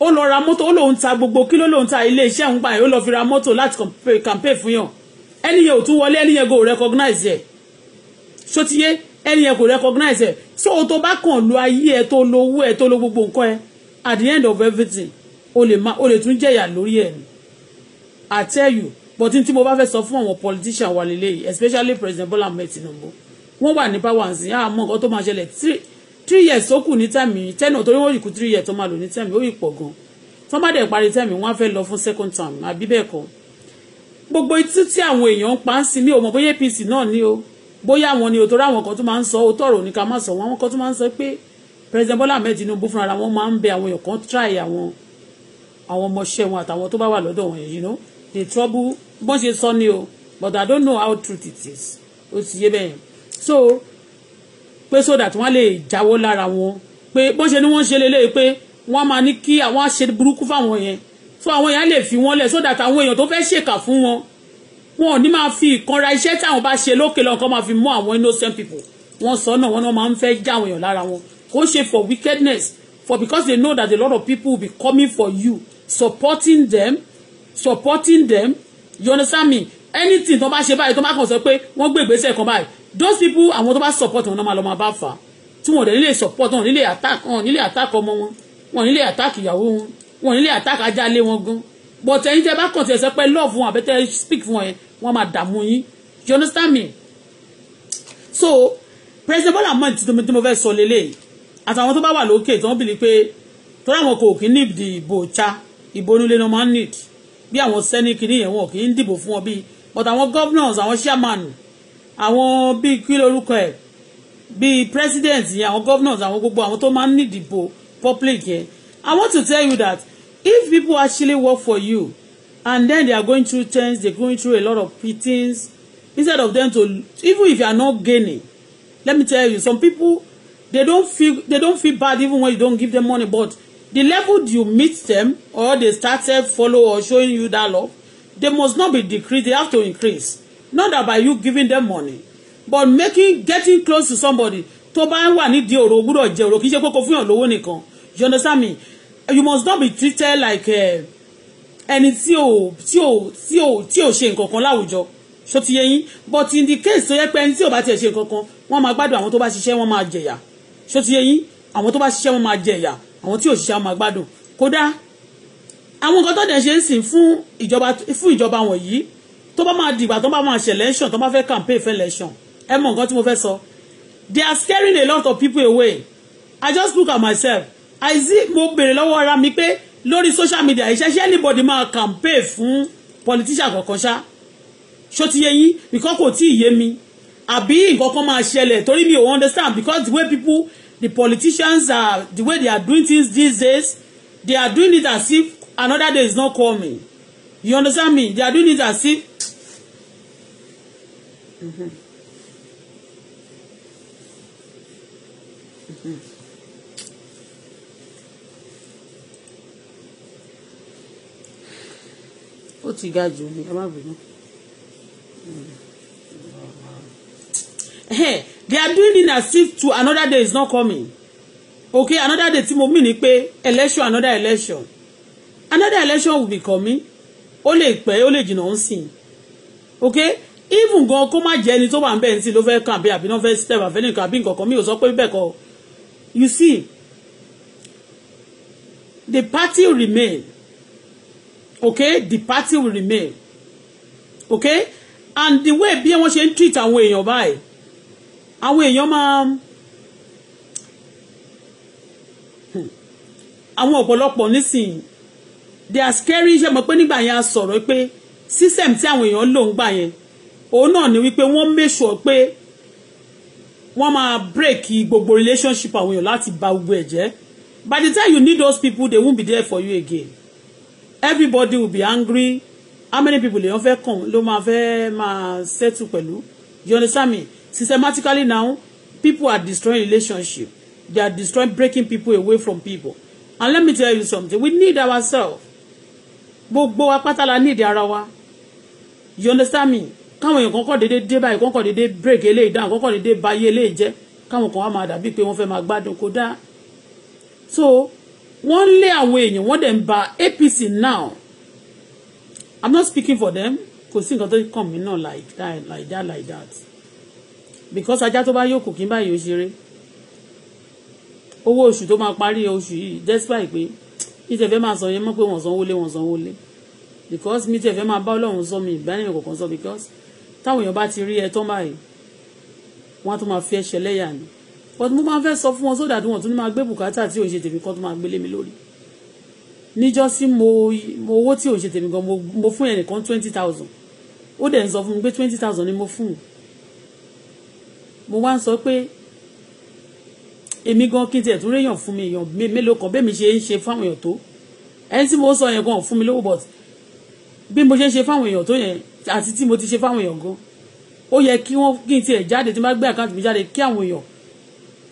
ó lọ ra mọ́tò ó lóun ta gbogbo kí ló lóun ta ilé iṣẹ́ ń gbà yẹn ó lọ fi ra mọ́tò láti campaign fún yàn ẹni yẹn ò tún wọlé ẹni yẹn kò recognize yẹ ṣótiyé ẹni yẹn kò recognize yẹ so o tó bá kàn lo ayé ẹ tó lo owó ẹ tó lo gbogbo nǹkan ẹ at the end of everything o lè ma o lè tún jẹ̀yà lórí ẹ̀ ni I tell you but tí mo bá fẹ́ sọ fún àwọn politician wa lélẹ́yìí especially President Bola Ahmed Tinubu wọ́n wà ní power and sin àmọ́ nǹkan tó máa ṣẹlẹ̀ three three years ó kù ní tẹ̀mí tẹ́nà torí wọ́n yìí kú three years tó máa lò ní tẹ̀mí ó yìí pọ̀ gan tó má dẹ̀ parí tẹ̀mí wọ́n á fẹ́ lọ fún second time. àbí bẹ́ẹ̀ kọ́ gbogbo etí tí àwọn èèyàn ń pa ń sin mí ò mọ̀ bóyá APC náà ni o bóyá àwọn ni o torí àwọn kan tó máa ń sọ òótọ́ ọ̀rọ̀ ní ká má sọ wọn àwọn kan tó máa ń sọ pé president Bola Ahmed Tinubu fúnra wọn máa ń bẹ àwọn èèyàn kan try àwọn àwọn ọmọọṣẹ́ wọn àtàwọn tó bá wà lọ́dọ̀ wọn yìí you know the trouble bó ṣe sọ ni o but I don't know how true it is ó ti yé bẹ́ẹ̀ so pé so that wọ́n lè jáwọ́ lára wọn pé bó ṣe ni wọ́n ṣe lélẹ́yìí pé wọ́n máa ní kí àwọn ṣe burúkú fáwọn yẹn so àwọn èèyàn lè fi wọ́n lẹ̀ so that àwọn èèyàn tó fẹ́ ṣèkà fún wọn wọn ò ní máa fi ìkanra iṣẹ́ táwọn bá ṣe lókè lọ́nkọ́ máa fi mú àwọn innocent people wọ́n sọ náà wọ́n náà máa ń fẹ́ já àwọn èèyàn lára wọn kò ṣe for wickedness for because they know that a lot of people will be coming for you supporting them supporting them you understand me anything tó bá ṣe báyìí tó bá kàn sọ pé wọ́n gbé ìgbésẹ̀ kan báyìí those people àwọn tó bá support wọn náà máa lọ máa bá fà á tí wọn ò dẹ̀ nílé support wọn nílé attack wọn nílé attack ọmọ wọn wọn nílé attack ìyàwó wọn wọn nílé attack ajálé wọn gan but ẹ̀yin tẹ́ bá kàn tí ẹ pé love wọn àbẹ́tẹ́ speak fún wọn yẹn wọn máa dààmú yín you understand me so president Bola Ahmed Tinubu tí mo fẹ́ sọ lélẹ̀ àtàwọn tó bá wà lókè tí wọ́n bìlí pé tó láwọn kò kí ní ìdí ìbò Cha, ìbò onílé ni wọ́n máa ń nìd bí àwọn sẹ́ni kìíní yẹn wọn kì í dìbò fún wọn bíi but àwọn governors àwọn chairman àwọn bíi kí lorúkọ ẹ̀ bíi president yẹn àwọn governors àwọn gbogbo àwọn tó máa ń nídìbò public yẹn I want to tell you that if people actually work for you and then they are going through things they are going through a lot of things instead of them to even if you are not gaining let me tell you some people they don't feel they don't feel bad even when you don't give them money but the level you meet them or they started follow or showing you that love they must not be decreased they have to increase not about you giving them money but making getting close to somebody tó bá wà nídìí ọ̀rọ̀ gbúdọ̀ jẹ́ ọ̀rọ̀ kì í ṣe kókó fún yàn nìkan you understand me you must not be treated like eh, ẹni tí ò tí ò tí ò tí ò ṣe nǹkan láwùjọ so ti yẹ yín but in the case tó yẹ pé ẹni tí ò bá tiẹ̀ ṣe nǹkan wọ́n máa gbádùn àwọn tó bá ṣiṣẹ́ wọ́n máa jẹ̀yà so ti yẹ yín àwọn tó bá ṣiṣẹ́ wọ́n máa jẹ̀yà àwọn tí ò ṣiṣẹ́ wọ́n máa gbádùn kódà àwọn nǹkan tó dẹ̀ ṣe ń sìn fún ìjọba fún ìjọba wọ̀nyí tó bá máa dìgbà tó bá máa ṣe election tó bá fẹ́ campaign fẹ́ election ẹ mọ nǹkan tí mo fẹ́ sọ they are scaring a lot of people away i just look at myself i see mo béèrè lọ́wọ́ ara mi pé lórí social media ìṣẹ́ṣẹ́ anybody máa campaign fún politician kankan ṣá ṣó ti yé yín because kò tí ì yé mi àbí nǹkan kan máa ṣẹlẹ̀ torí mi ò understand because the way people the politicians are the way they are doing things these days they are doing it as if another day is not coming You understand me? They are doing it as if. Mm-hmm. Mm-hmm. ó ti ga jù ní ẹ má bínú. they are doing it as if to another day is not coming okay another day tí mo mì ní pé election another election another election will be coming ó lè pẹ́ ó lè jìnnà ó ń sìn ok even gan kó má jẹ́ ẹni tó wà ń bẹ̀ ń sìn ló fẹ́ kàn bí àbí náà fẹ́ step àfẹ́ nìkan àbí nǹkan kan mi ò sọ pé bẹ́ẹ̀ kọ́ you see the party will remain ok the party will remain ok and the way bí wọ́n ṣe ń treat àwọn èèyàn báyìí àwọn èèyàn máa. Hmm, àwọn ọ̀pọ̀lọpọ̀ nísìnyí they are scary ṣe mọ̀ pé nígbà yẹn a sọ̀rọ̀ pé system tí àwọn èèyàn lò ń gbà yẹn òun náà ni wípé wọ́n make sure pé wọ́n máa break gbogbo relationship àwọn èèyàn láti ba gbogbo ẹ̀ jẹ́ by the time you need those people they won't be there for you again everybody will be angry how many people lèèyàn fẹ́ kàn ló máa fẹ́ máa settle pẹ̀lú you understand me systematically now people are destroying relationship they are destroying breaking people away from people and let me tell you something we need ourselves gbogbo wa pátá la ní ìdí ara wa you understand me káwọn èèyàn kọ́kọ́ déédéé dé báyìí kọ́kọ́ déédéé break eléyìí down kọ́kọ́ déédéé ba ayé eléyìí jẹ́ káwọn kan wá máa dàbí pé wọ́n fẹ́ máa gbádùn kó dáa so wọ́n lé àwọn èèyàn wọ́n dẹ̀ ń ba APC now I'm not speaking for them kò sí nǹkan tó kàn mí náà like that like that like that because ajá tó bá yòókù kí n báyìí ó ṣeré owó oṣù tó máa parí oṣù yìí despite pé mi tẹ̀ fẹ́ máa sọ yẹn mọ́ pé wọ́n sanwó lé wọ́n sanwó lé because mi tẹ̀ fẹ́ máa bá ọlọ́run sọ mi ìbánimọ̀ kọ̀ọ̀kan sọ because táwọn èèyàn bá ti rí ẹ tán báyìí wọ́n á tún máa fi ẹsẹ̀ lẹ́yà ni but mo máa fẹ́ sọ fún wọn sódà tí wọ́n tún ní máa gbé bùkátà tí òun ṣe tèmi kan tó máa gbélé mi lórí níjọ́ sí mo owó tí òun ṣe tèmi gan mo fún ẹnìkan twenty thousand ó dẹ̀ ń sọ fún mi pé twenty thousand ni mo fún mo wá ń sọ pé èmi gan kí n tiẹ̀ tún réyàn fún mi èèyàn mélòó kan bẹ́ẹ̀ mi ṣe ń ṣe fáwọn èèyàn tó ẹni tí mo sọ yẹn gan fún mi lówó but bí mo ṣe ń ṣe fáwọn èèyàn tó yẹn àti tí mo ti ṣe fáwọn èèyàn gan ó yẹ kí wọ́n kí n tiẹ̀ jáde tí n bá gbé àkáǹtì mi jáde kí àwọn èèyàn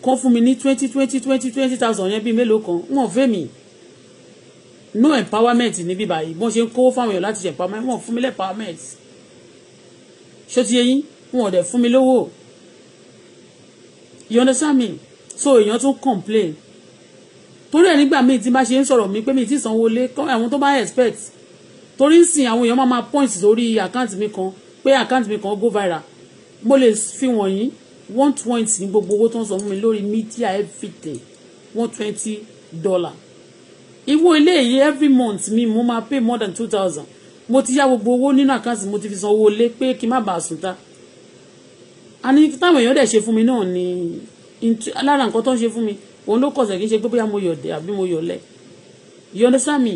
kan fún mi ní twenty twenty twenty twenty thousand yẹn bíi mélòó kan wọ́n fẹ́ mi no empowerment níbí báyìí bọ́n ṣe ń kówó fáwọn èèyàn láti ṣe empowerment wọ́n fún mi lẹ́ empowerment ṣó ti yẹ yín wọn ò dẹ̀ fún you understand me so èèyàn tún complain torí ẹ̀ nígbà míì tí bá ṣe ń sọ̀rọ̀ mi pé mi ti sanwó lé àwọn tó bá expect torí ń sìn àwọn èèyàn máa máa point sórí àkáǹtì mi kan pé àkáǹtì mi kan go viral mo lè fi wọ̀nyí one twenty ní gbogbo owó tó ń sọ fún mi lórí media everything one twenty dollar ìwọ ilé yìí every month mi mo máa pay more than two thousand mo ti yá gbogbo owó nínú àkáǹtì mo ti fi san owó lé pé kí n má bàa sùn ta àní táwọn èèyàn dẹ̀ ṣe fún mi náà ni lára nǹkan tó ń ṣe fún mi òun ló kọ̀sẹ̀ kí n ṣe pé bóyá mo yọ̀dẹ̀ àbí mo yọ̀lẹ̀ you understand me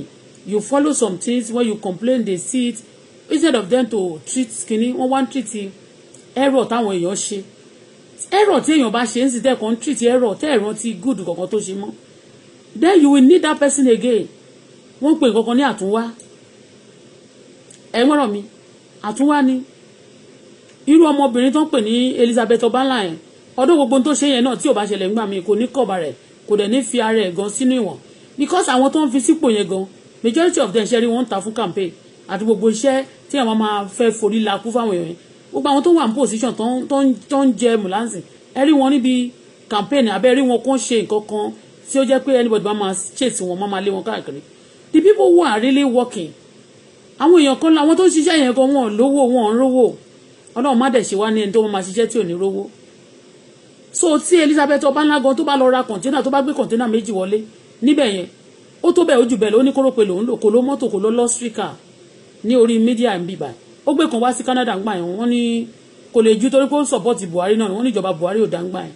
you follow some things when you complain they see it instead of them to treat skinny wọ́n wá ń treat error táwọn èèyàn ṣe error tí èèyàn bá ṣe ń sì tẹ̀ kàn ń treat error tẹ́ ẹ̀rọ ti good kankan tó ṣe mọ́ then you will need that person again wọ́n pè kankan ní àtúnwá ẹ̀ mọ́rọ̀ mi àtúnwá ni irú ọmọbìnrin tó ń pè ní Elizabeth ọbànlá ọdún gbogbo tó ṣe yẹn náà tí ò bá ṣẹlẹ̀ ńgbà míì kò ní kọ̀bà rẹ̀ kò dẹ̀ ní fi ara ẹ̀ gan sínú ìwọ̀n because àwọn tó ń fi sípò yẹn gan majority of them ṣe rí wọn ń ta fún campaign àti gbogbo iṣẹ́ tí àwọn máa fẹ́ forí la kú fáwọn èèyàn gbogbo àwọn tó wà ní position tó ń jẹ mùláǹsì ẹ rí wọn níbi campaign abẹ́ rí wọn kó ń ṣe nǹkan kan tí ó jẹ́ pé anybody bá máa chase wọn máa lé wọn káàkiri the people who are really working àwọn èèyàn kan làwọn tó ń ṣiṣẹ́ yẹn gan wọn lówó wọn ń rówó ọlọ́run má dẹ̀ ṣe wá ní ẹni tó máa ṣiṣẹ́ tí ò ní rówó so tí Elizabeth Ọbánágan tó bá lọ ra kọ̀ńténà tó bá gbé kọ̀ńténà méjì wọlé níbẹ̀ yẹn ó tó bẹ̀ ojú bẹ̀ ló ní kórópè lòun lò kó ló mọ́tò kó ló lọ́síríkà ní orí mídíà ń bíbà ó gbé kan wá sí Canada ńgbà yẹn wọ́n ní kò lè ju torí pé ó ń sọ̀pọ́tì Buhari náà wọ́n ní ìjọba Buhari ò dá ńgbà yẹn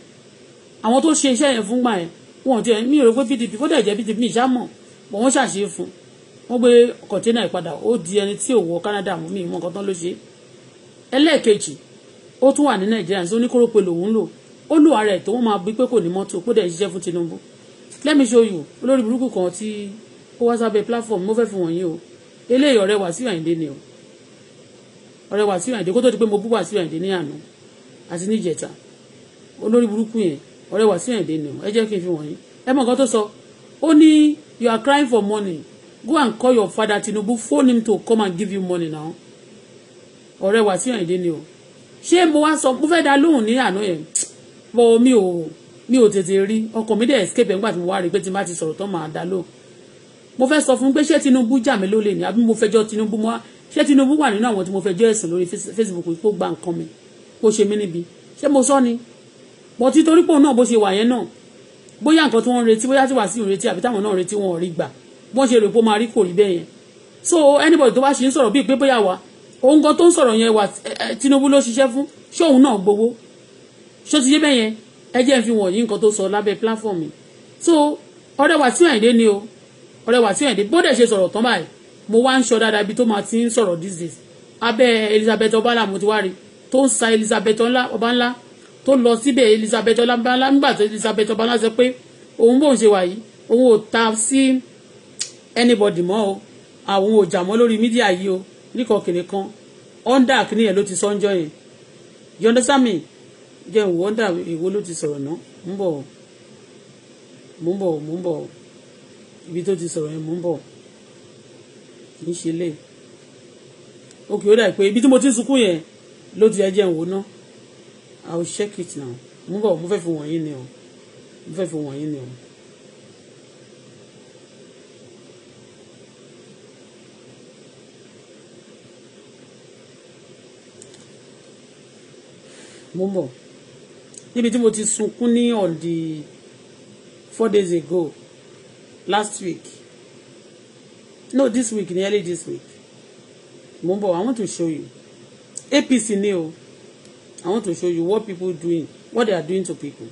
àwọn tó ṣe iṣẹ́ yẹn fún gbà yẹn wọn ti ẹ̀ mí rò pé PDP kó dẹ̀ jẹ́ PDP mi ìṣá mọ̀ wọ́n ṣàṣe fún wọ́n gbé kọ̀ńténà ìpadà ó di ẹni tí ò wọ Canada mú mi ìmọ̀ nǹkan tán ló ṣe ẹlẹ́ẹ̀kejì ó tún wà ní Nàìjíríà ní sọ oníkórópè lòun lò ó lù tó wọ́n máa bí pé kò ní mọ́tò kó dẹ̀ ṣiṣẹ́ fún Tinubu let me show you olórí burúkú kan tí ó wá sábẹ́ platform mo fẹ́ fi wọ̀nyí o eléyìí ọ̀rẹ́ Wàsíù Àyìndé ni o ọ̀rẹ́ Wàsíù Àyìndé kó tó di pé mo bú Wàsíù Àyìndé ní àná àti níjẹta olórí burúkú yẹn ọ̀rẹ́ Wàsíù Àyìndé ni o ẹ jẹ́ kí n fi wọ̀nyí ẹ mọ̀ nǹkan tó sọ ó ní you are crying for money go and call your father Tinubu phone him to come and give you money now ọ̀rẹ́ Wàsíù Àyìndé ni o ṣé mo wá sọ mo fẹ́ dá lóhùn ní àná yẹn bọ́ mi ò mi ò tètè rí ọkọ̀ mi dẹ̀ escape ẹ̀ ńgbà tí mo wá rí i pé tí n ti sọ̀rọ̀ tán màá dá lò mo fẹ́ sọ fún pé ṣé Tinubu jà mí lólè ní àbí mo fẹjọ́ Tinubu mọ́ ṣé Tinubu wà nínú àwọn tí mo fẹjọ́ ẹ̀sùn lórí Facebook kó gba nǹkan mi kó ṣe mí níbi ṣé mo sọ ni bọ́ tí torí pòun náà bó ṣe wà yẹn náà bóyá nǹkan tí wọ́n ń retí bóyá tí wàá sí ìrètí àbí táwọn náà ń retí wọn ò rí gbà wọ́n ṣe rò pé ó máa rí kò rí bẹ́ẹ̀ yẹn so anybody tó bá ṣe ń sọ̀rọ̀ bíi pé bóyá wa òun gan tó ń sọ̀rọ̀ yẹn wà Tinubu ló ṣiṣẹ́ fún ṣé òun náà gbowó ṣó ti yé bẹ́ẹ̀ yẹn ẹ jẹ́ ń fi wọ̀nyí nǹkan tó sọ lábẹ́ platform mi so ọ̀rẹ́ wa tí ò àìdé ni o ọ̀rẹ́ wa tí ò àìdé bóde ṣe sọ̀rọ̀ tán báyìí mo wá ń sọ dáadáa ibi tó máa ti ń sọ̀rọ̀ these days abẹ́ Elizabeth ọbala mo ti wá rí tó ń sa Elizabeth ọba ńlá tó lọ síbẹ̀ Elizabeth ọba ńlá nígbà tó Elizabeth ọba ńlá sọ pé òun bóun ṣe wà yìí òun ò ta sí anybody mọ́ o àwọn ò jà mọ́ lórí mídíà yìí o níkan kìnìkan under kìnìyàn ló ti sọ́njọ́ yẹn you understand me gen ń wọ́ndà ti soro náà ń bọ̀ mò ibi ti soro yẹn ni se bọ̀ o í ibi mo ti ń sunkún lo ti ẹjẹ́ ń wò i will check it now ni o mo níbi tí mo ti sunkún ní on the four days ago last week no this week nearly this week mo ń bọ̀ i want to show you apc ni o i want to show you what people doing what they are doing to people.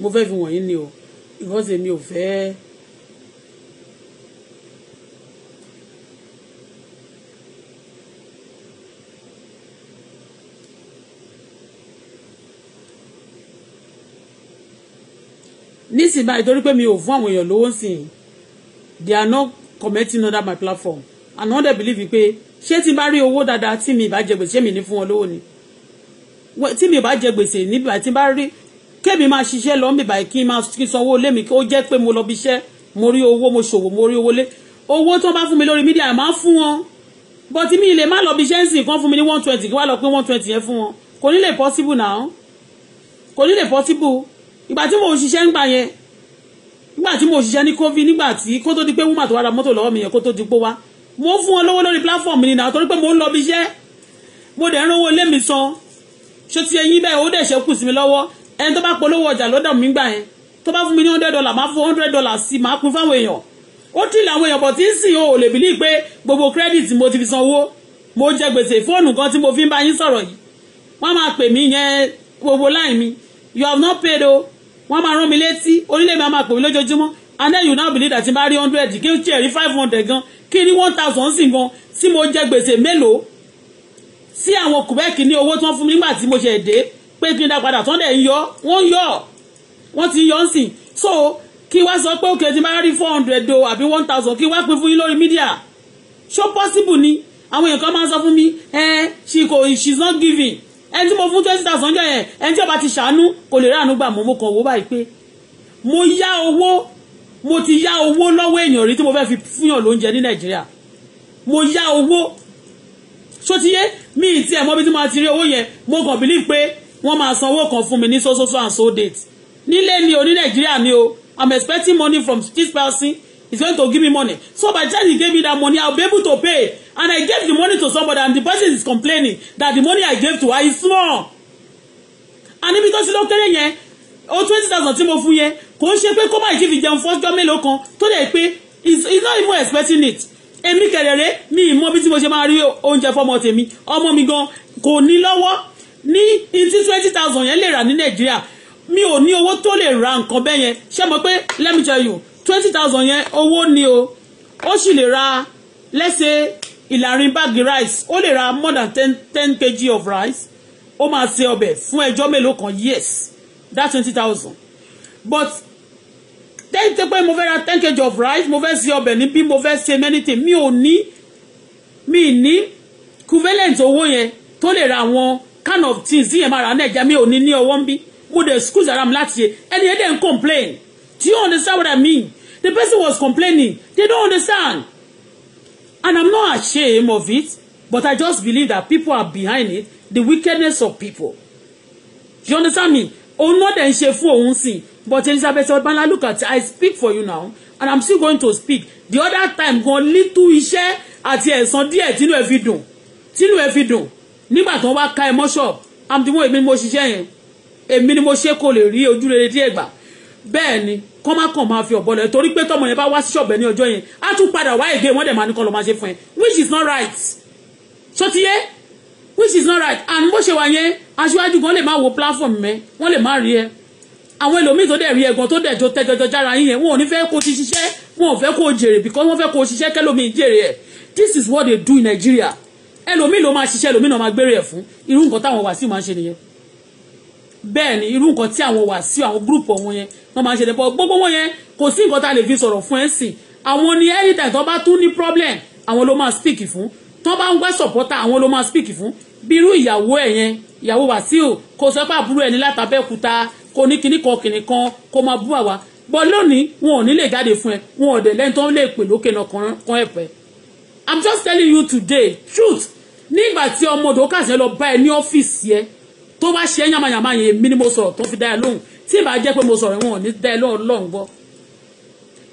mo fẹ́ fi wọ̀nyí ni o because èmi ò fẹ́. nísìnyí báyìí torí pé mi ò fún àwọn èèyàn lówó sìn they are not commenting under my platform and wọ́n dẹ̀ believe pé ṣé tí n bá rí owó dáadáa tí mi ìbá jẹ gbèsè ṣé mi ní fún wọn lówó ni tí mi ìbá jẹ gbèsè níbi àti bá rí kémi máa ṣiṣẹ́ lọ níbi àìkí máa sanwó lé mi ó jẹ́ pé mo lọ bí iṣẹ́ mo rí owó mo ṣòwò mo rí owó lé owó tó bá fún mi lórí mídíà máa fún wọn bọ́tí mi lè má lọ bí iṣẹ́ ń kan fún mi ní one twenty kí wá lọ pé one twenty yẹn fún wọn kò ní lè possible náà kò ní lè possible ìgbà tí mo ṣiṣẹ́ ń gbà yẹn nígbà tí mo ṣiṣẹ́ ní covid nígbà tí kó tó di pé wúmà tó wá ra mọ́tò lọ́wọ́ mi yẹn kó tó di pé wá mo fún wọn lówó lórí platform mi ni náà torí pé mo ń lọ bí iṣẹ́ mo dẹ̀ ń rówó lé mi san ṣé ti eyín bẹ́ẹ̀ ó dẹ̀ ṣẹ́kù sí mi lọ́wọ́ ẹni tó bá polówó ọjà lọ́dọ̀ mi gbà yẹn tó bá fún mi ní hundred dollar máa fún hundred dollar sí máa pín fáwọn èèyàn ó tì làwọn èèyàn bọ̀ tí ń sìn o ò lè bìlí pé gbogbo credit mo ti fi sanwó mo jẹ gbèsè fóònù kan tí mo fi ń bá yín sọ̀rọ̀ yìí wọ́n máa pè mí yẹn gbogbo láì mi you have not paid o wọ́n máa rán mi létí onílé mi á máa pè mí lójoojúmọ́ and then you now believe that n bá rí hundred kí n tiẹ̀ rí five hundred gan kí ní one thousand sì gan tí mo jẹ gbèsè mélòó sí àwọn kùbẹ́ẹ̀kì ní owó tí wọ́n fún mi nígbà tí mo ṣe dé pé kí n dá padà tán dẹ̀ ń yọ wọ́n ń yọ wọ́n ti yọ ń sìn so kí wá sọ pé òkè tí n bá rí four hundred o àbí one thousand kí wá pín fún yín lórí mídíà ṣó possible ni àwọn èèyàn kan máa ń sọ fún mi ẹ eh, she go she is not giving ẹni tí mo fún twenty thousand jọ yẹn ẹni tí ọba ti ṣàánú kò lè ráàánú gbà mọ́ mo kàn wó báyìí pé mo yá owó mo ti yá owó lọ́wọ́ èèyàn rí tí mo fẹ́ fi fúnyàn lóúnjẹ ní nàìjíríà mo yá owó sotiye mi ti ẹ̀ mọ́ bí tí mo ti rí owó yẹn mo kàn believe pé wọ́n máa san owó kan fún mi ní so so so and so date nílé ni o ní nàìjíríà ni o i'm expecting money from this person He's going to give me money. So by the time he gave me that money, I'll be able to pay. And I gave the money to somebody and the person is complaining that the money I gave to her is small. And níbi tó sí ló kéré yẹn, ó twenty thousand tí mo fún yẹn, kò ń ṣe pé kó má jí fi jẹun fọ́jọ́ mélòó kan tó lè pé he's not even expecting it. Èmi kẹ̀rẹ̀rẹ̀ mi ì mọ bí tí mo ṣe máa rí oúnjẹ fọmọ tèmi. Ọmọ mi gan kò ní lọ́wọ́ ní tí twenty thousand yẹn lè rà ní Nàìjíríà. Mi ò ní owó tó lè ra nǹkan bẹ́ẹ̀ yẹn. Ṣé mo pé let me tell you twenty thousand yẹn owó ni o ó sì lè ra lẹ́sẹ̀ ìlàrin báàgì rice ó lè ra more than ten ten kg of rice ó máa ṣe ọbẹ̀ fún ẹjọ́ mélòó kan yes that twenty thousand but tẹ́yìn tẹ́ pé mo fẹ́ ra ten kg of rice mo fẹ́ ṣe ọbẹ̀ ní bí mo fẹ́ ṣe many things mi ò ní mi ní equivalent owó yẹn tó lè ra àwọn kind of things yẹn máa ra nàìjíríà mi ò ní ní ọwọ́ ń bí mo dey excuse ara láti ẹni yẹn dey complain do you understand what I mean The person was complaining. They don't understand. And I'm not ashamed of it, but I just believe that people are behind it, the wickedness of people. You understand me? Òun náà dẹ̀ ń ṣe fún òun sìn. But Elizabeth Obanla, look at I speak for you now, and I'm still going to speak. The other time, gan little iṣẹ́ àti ẹ̀san díẹ̀ tínú ẹ̀ fi dùn. Tínú ẹ̀ fi dùn. Nígbà tó wá ka ẹ mọ́ ṣọ́ọ̀bù, àmì tí mo èmi ni mo ṣiṣẹ́ yẹn. Èmi ni mo ṣe kò lè rí ojúrere díẹ̀ gbà kọ́ má kàn máa fi ọ̀bọ lọ torí pé tọmọ yẹn bá wá sí ṣọ̀bẹ ní ọjọ́ yẹn á tún padà wá ègé wọ́n dẹ̀ máa ní kọ́ lọ máa ṣe fún ẹ which is not right So sotiye which is not right and bó ṣe wà yẹn aṣíwájú gan lè má wo platform mẹ wọ́n lè má rí ẹ àwọn ẹlòmíì tó dẹ̀ rí ẹ̀gàn tó dẹ̀ jọ tẹjọjọ jára yín yẹn wọn ò ní fẹ́ kó ti ṣiṣẹ́ wọn ò fẹ́ kó jèrè because wọ́n fẹ́ kó ṣiṣẹ́ kẹlòmíì jèrè ẹ̀ this is what they do in Nigeria ẹlòmíì ló máa ṣiṣẹ́ ẹlòmíì náà máa gbére ẹ̀ fún irú nǹkan táwọn wàásù máa ń ṣe nìyẹn bẹ́ẹ̀ ni irú nǹkan tí àwọn Wàsíù àwọn gúrùpù wọn yẹn wọ́n máa ń ṣe lẹ́pọ̀ gbogbo wọn yẹn kò sí nǹkan tá a lè fi sọ̀rọ̀ fún ẹ̀ sìn àwọn ni anytime tó bá tún ní problem àwọn ló máa speak fún tó bá ń gbẹ́ sọ̀pọ́tà àwọn ló máa speak fún bí irú ìyàwó ẹ̀ yẹn ìyàwó Wàsíù kò sọ pé àbúrò ẹni látàbẹ́kúta kò ní kinní kan kìnì kan kó máa bú àwa bọ́ lónìí wọn ò ní lè jáde fún ẹ wọn ò dẹ̀ lẹ́ni tó ń lè pè lókè náà kan ẹ̀pẹ́ I'm just telling you today truth nígbà tí ọmọ dòkàsí lọ bá ẹ ní ọ́fíìsì ẹ tó bá ṣe yàmàyàmà yẹn èmi ni mo sọ̀rọ̀ tó fi dá ẹ lóhùn tí ìbá jẹ́ pé mo sọ̀rọ̀ wọn ò ní dá ẹ lọ́ọ̀ lọ́ọ̀ gbọ́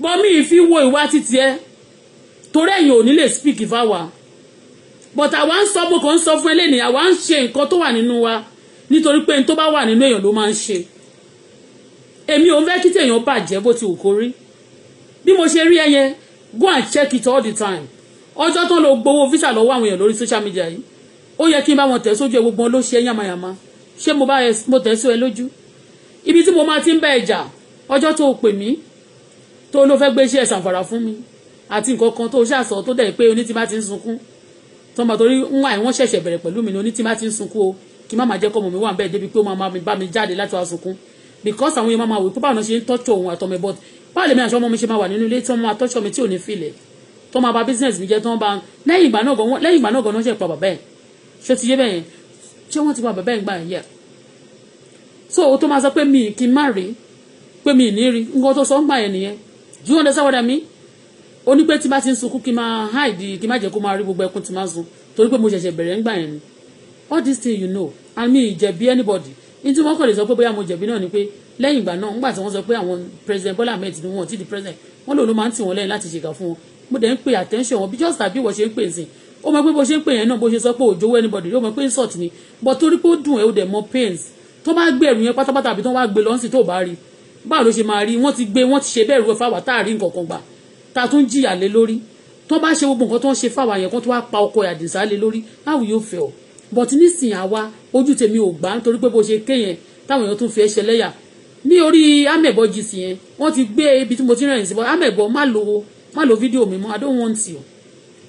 bọ́ mi fi wo ìwà títí ẹ torí ẹ̀yin ò ní lè speak fáwa but àwa ń sọ bó kàn ń sọ fún ẹlẹ́ni àwa ń ṣe nǹkan tó wà nínú wa nítorí pé n tó bá wà nínú èèyàn ló máa ń ṣe èmi ò ń fẹ́ kí tèèyàn bàjẹ́ bó ti wù kó rí bí mo ṣe rí ẹyẹ go and check it all the time ọjọ́ tó ń lo gbowó visa lọ́wọ́ àwọn èèyàn lórí social media yìí ó yẹ kí n bá wọn tẹ̀ sójú ẹ gbogbo wọn ló ṣe yàmàyàmà ṣé mo bá mo tẹ̀ sí ẹ lójú ibi tí mo máa ti ń bá ẹjà ọjọ́ tó o pè mí tó o ló fẹ́ gbé iṣẹ́ ẹ̀sàǹfàrà fún mi àti nǹkan kan tó o ṣàṣọ tó dẹ̀ pé onítìmá ti ń sunkún tó máa torí ń wà wọ́n ṣẹ̀ṣẹ̀ bẹ̀rẹ̀ pẹ̀lú mi ní onítìmá ti ń sunkún o kí má máa jẹ́ kọ́mọ mi wà bẹ́ẹ̀ débi pé ó máa bá mi jáde láti wá sunkún because àwọn yẹn máa wò pé báwọn ṣe ń tọ́jú òun àtọmọ ẹ̀bọ báwo lèmi àṣọ ọmọ mi ṣe máa wà nínú ilé tí tó máa ba business mi jẹ́ tó ń ba lẹ́yìn ìgbà náà gan-an ṣé wọ́n ti pa bàbá ẹ̀ ń gbà yẹ so o tó máa sọ pé mi kì í má rí pé mi ì ní rí nǹkan tó sọ ń gbà yẹn nìyẹn do you understand what I mean ó ní pé tí bá ti ń sunkún kí n máa hide kí n má jẹ́ kó máa rí gbogbo ẹkún tí máa sun torí pé mo ṣẹ̀ṣẹ̀ bẹ̀rẹ̀ ń gbà yẹn ni all these things you know and me ìjẹ̀bi anybody nítorí wọ́n kàn lè sọ pé bóyá mo jẹ̀bi náà ni pé lẹ́yìn ìgbà náà ńgbà tí wọ́n sọ pé àwọn president Bola Ahmed Tinubu wọn ti di president wọ́n lòun ló máa ń tì wọ́n lẹ́yìn láti ṣèkà fún wọn mo dẹ̀ ń pe attention wọn bí just àbí ìwọ ṣe ń pè sí ó mọ pé bó ṣe ń pè yẹn náà bó ṣe sọ pé òjò wẹ́ni bọ̀dì yóò mọ pé insult ni but torí pé ó dùn ẹ́ ó dẹ̀ mọ pains tó bá gbé ẹ̀rù yẹn pátápátá àbí tó bá gbé lọ́sìn tó bá rí báwo ló ṣe máa rí wọ́n ti gbé wọ́n ti ṣe bẹ́ẹ̀ rú ẹ fáwa tá a rí nǹkan kan gbà tá a tún jìyà lé lórí tó bá ṣe gbogbo nǹkan tó ń ṣe fáwa yẹn kó tó wá pa ọkọ àdìsá lé lórí how you feel but nísìn àwa ojú tèmi ò gbà nítorí pé bó ṣe kéyẹn táwọn èèyàn tún fi ẹṣẹ lẹ́yà ní orí amẹ̀bọ jìsì yẹn wọ́n ti gbé ibi tí mo ti rẹ̀ yìí sí bọ́ amẹ̀bọ má lo má lo fídíò mi mọ́ I don't want you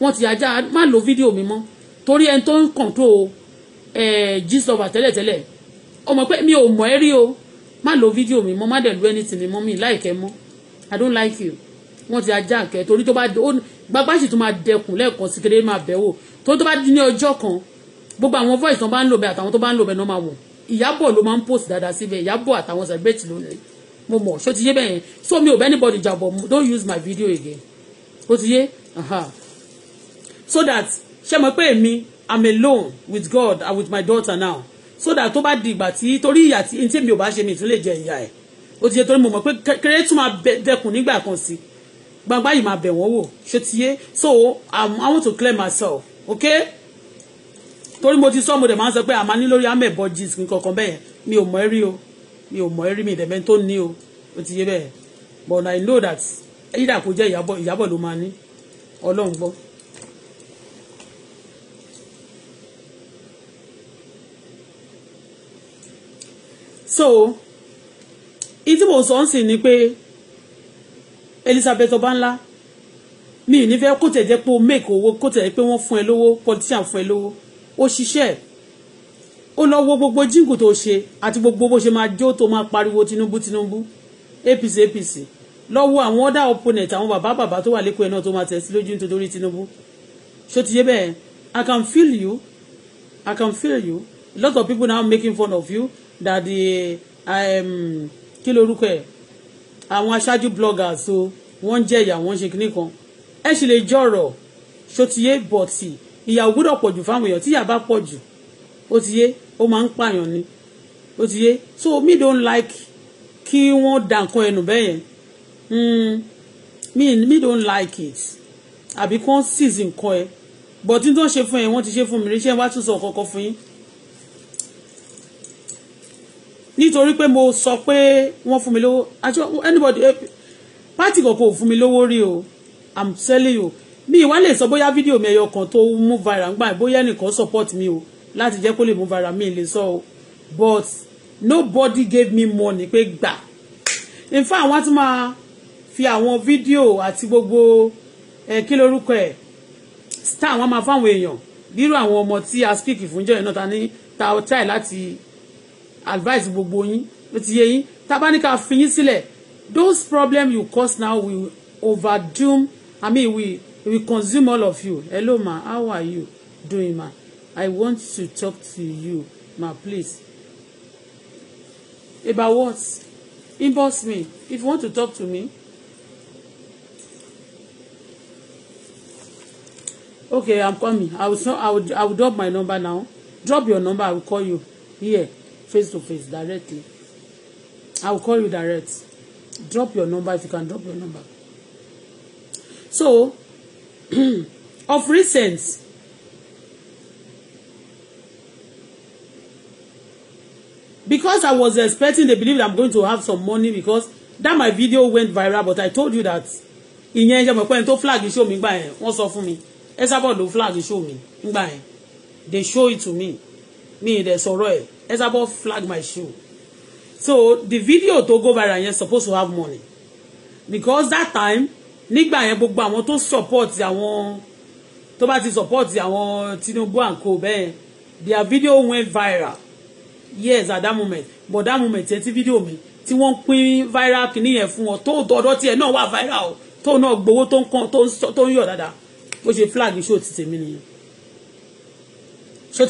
wọ́n ti ajá má lo fídíò mi mọ́ torí ẹni tó ń kọ̀ǹtò eh, gíslọ́bà tẹ́lẹ̀tẹ́lẹ̀ ọmọ pé mi ò mọ̀ ẹ́ rí o má lo fídíò mi mọ́ má dẹ̀ lu anything mi mọ́ mi láìkẹ́ mọ́ i don't like you wọ́n ti ajá àkẹ́ torí tó bá gbàgbá sì tún máa dẹkùn lẹ́ẹ̀kan sí kéde máa bẹ̀wò torí tó bá ní ọjọ́ kan gbogbo àwọn voice tó bá ń lò bẹ́ẹ̀ àtàwọn tó bá ń lò bẹ́ẹ̀ náà máa wò ìyábọ̀ ló máa ń post dáadáa síbẹ̀ ìyábọ̀ àtàwọn celebrate lónìí mo mọ̀ ṣó ti yé bẹ́ẹ̀ yẹn so mi ò bẹ́ẹ̀ anybody jàbọ̀ don't use my video again ó ti yé so that ṣe mọ̀ pé èmi i'm alone with God and with my daughter now so that tó bá di ìgbà tí torí ìyà tí ntí mi ò bá ṣe mi tún lè jẹ ìyà ẹ̀ ó ti yẹ torí mo mọ̀ pé kéré tún máa dẹkùn nígbà kan sí gbangba yìí máa bẹ̀ wọ́n wò ṣe ti yé so I'm, i want to clear myself okay torí mo ti sọ mo dẹ̀ máa ń sọ pé àmà ní lórí amẹ̀ budget ní kankan bẹ́ẹ̀ mi ò mọ̀ ẹ́ rí o mi ò mọ̀ ẹ́ rí mi ìdẹ̀mẹ́ tó ní o ó ti yé bẹ́ẹ̀ but I know that ìdà kò jẹ́ ìyàbọ̀ ló máa ní ọlọ́run gbọ́. so ìtí mo sọ ń sìn ni pé Elizabeth Ọbánlá mi ì nífẹ̀ẹ́ kó tẹ̀ jẹ́ pé o make owó kó tẹ̀ jẹ́ pé wọ́n fún ẹ lówó politician fún ẹ lówó ó ṣiṣẹ́ ó lọ wo gbogbo jíǹkù tó ṣe àti gbogbo bó ṣe máa jó tó máa pariwo Tinubu Tinubu APC APC lọ́wọ́ àwọn ọ̀dà opponent àwọn bàbá bàbá tó wà lẹ́kọ̀ọ́ ẹ̀ náà tó máa tẹ̀ sí lójú nítorí Tinubu ṣó ti yé bẹ́ẹ̀ I can feel you I can feel you a lot of people now making fun of you that the um, kí lorúkọ ẹ̀ àwọn aṣáájú bloggers o wọ́n ń jẹ̀yà wọ́n ń ṣe kinní kan ẹ sì lè jọ̀rọ̀ ṣòtìyé bọ̀tì ìyà gbọ́dọ̀ pọ̀ jù fáwọn èèyàn tí ìyà bá pọ̀ jù ó ti yé ó máa ń pààyàn ni ó ti yé so me don't like kí wọ́n dà nǹkan ẹnu bẹ́ẹ̀ yẹn hmm, me me don't like it àbí kàn seize nǹkan ẹ but tí wọ́n ṣe fún ẹ wọ́n ti ṣe fún mi rí ṣé wọ́n á tún sọ kọ́kọ́ fún yín nítorí pé mo sọ pé wọ́n fún mi lówó àjọ anybody eh, pátì kọ̀ọ̀kan ò fún mi lówó rí o i'm telling you mi ìwá lè sọ bóyá fídíò mi ẹyọ kan tó mú viral gbà bóyá ẹnìkan support mi o láti jẹ́ kó lè mú viral mi lè sọ o but nobody gave me money pé gbà in fact àwọn tí máa fi àwọn fídíò àti gbogbo ẹ eh, kí lórúkọ ẹ star wọn máa fáwọn èèyàn bírò àwọn ọmọ tí a speak fún jẹ́ ìnáta ní ta ọtá ẹ̀ láti advice gbogbo yín ló ti yé yín tábánikà fi yín sílẹ̀ those problems you cause now will overdoom i mean will will consume all of you hello ma how are you doing ma i want to talk to you ma please about what inbox me if you want to talk to me okay i'm coming i will i will i will drop my number now drop your number i will call you here face to face directly i will call you direct drop your number if you can drop your number so [CLEARS THROAT] of recent because i was expecting they believe i'm going to have some money because that my video went viral but i told you that ìyẹn ṣe mọ̀ pé ẹni tó flag show me, gbà yẹn wọ́n sọ fún mi ẹ sábọ̀ ló flag show me, gbà yẹn they show it to me mi ì dẹ̀ sọ̀rọ̀ ẹ̀ Esabod flag my shoe so the video tó go viral yẹn supposed to have money because that time nígbà yẹn gbogbo àwọn tó support àwọn tó bá ti support àwọn Tinubu and co bẹ́ẹ̀ their video went viral yes at that moment but that moment yẹn ti video mi tí wọ́n pín viral kìíní yẹn fún wọn tó ọ̀dọ́ tiẹ̀ náà wà viral o tó náà gbowó tó ń kàn tó ń yọ̀ dáadáa ó ṣe flag show ti tèmi nìyẹn ṣó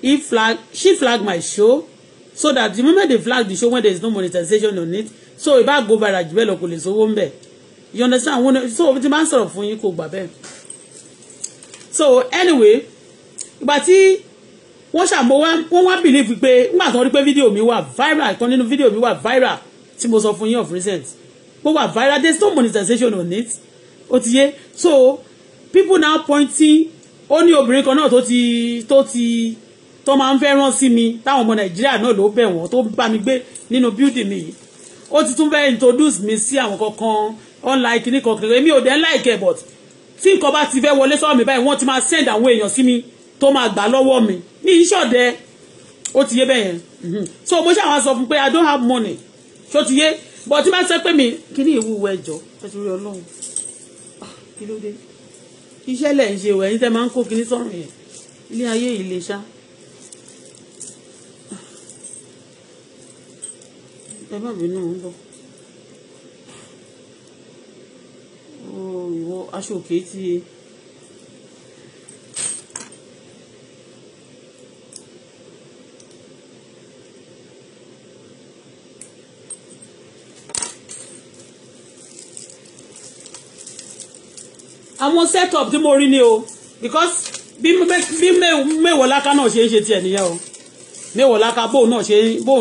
he flag she flag my show so that the moment they flag the show when there is no monetization on it so ìbá go by jù bẹ́ẹ̀ lọ kò lè sówó you understand wọn so ti máa ń sọ̀rọ̀ fún yín kò gbà bẹ́ẹ̀ so anyway ìgbà tí wọ́n ṣàmọ́ wọ́n wá believe pé nígbà tó rí pé fídíò mi wà viral kan nínú fídíò mi wà viral tí mo sọ fún yín of recent ó wà viral there is no monetization on it ó ti yé so people now pointing ó ní obìnrin kan náà tó ti tó ti tó máa ń fẹ́ rán sí mi táwọn ọmọ nàìjíríà náà ló bẹ̀ wọ́n tó bá mi gbé nínú building mi yìí ó ti tún fẹ́ introduce mi sí àwọn kankan online kìíní kan kìíní èmi ò dé like ẹ̀ but tí nǹkan bá ti fẹ́ wọlé sọ́ọ̀ mi báyìí wọ́n ti máa send àwọn èèyàn sí mi tó máa gbà lọ́wọ́ mi ní ìṣọ̀dẹ ó ti yé bẹ́ẹ̀ yẹn mhm. so mo ṣáà wá sọ fún pé i don't have money ṣó ti yé but tí bá sọ pé mi kí ni ìwúwo ẹjọ ẹtù rí ọlọ́run ah, kí ló dé iṣẹ́ lẹ̀ ń ṣe ìwẹ̀ yín tẹ́ máa ń kó kinní sọ́run yẹn ilé ayé yìí ẹ má bínú ń bọ̀ ìwọ aṣọ òkè ti. àwọn set up tí mo rí ni o because bí mẹ́wọ̀ọ́ láká náà ṣe ń ṣe tiẹ̀ nìyẹn o mẹ́wọ̀ọ́ láká bóun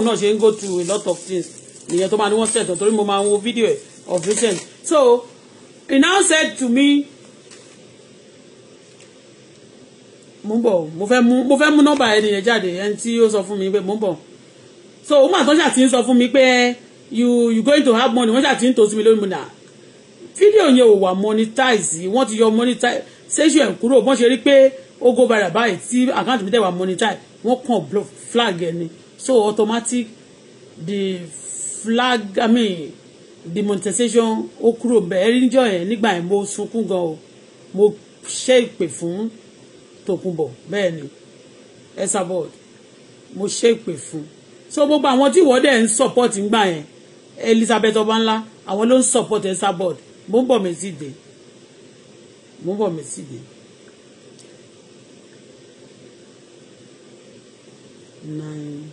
náà ṣe ń go through a lot of things nìyẹn tó máa ní wọ́n ṣẹ̀tọ̀ torí mo máa ń wo fídíò ẹ̀ of recent so he now said to me mo ń bọ̀ mo fẹ́ mú mo fẹ́ mú nọ́mbà ẹni yẹn jáde ẹni tí ó sọ fún mi pé mo bọ̀ so ó mà tó ṣàtì ń sọ fún mi pé you you going to have money wọ́n ṣàtì ń tó sí mi lórí mi nà fídíò yẹn ò wà monetize wọ́n ti yọ monetize ṣéṣù ẹ̀ kúrò bọ́n ṣe rí pé ó go bàrà báyìí tí àkáǹtì mi tẹ̀ wà monetize wọ́n kàn flag ẹni so automatic the flag i mean demonetization ó kúrò bẹ́ẹ̀ rí níjọ́ yẹn nígbà yẹn mo sunkún gan o mo ṣe ìpè fún Tòkunbọ̀ bẹ́ẹ̀ ni Esabod mo ṣe ìpè fún so gbogbo àwọn tí ìwọ́dẹ̀ ń support ńgbà yẹn Elizabeth Ọbanla àwọn ló ń support Esabod mo ń bọ̀ mí sí dé mo ń bọ̀ mí sí dé. nine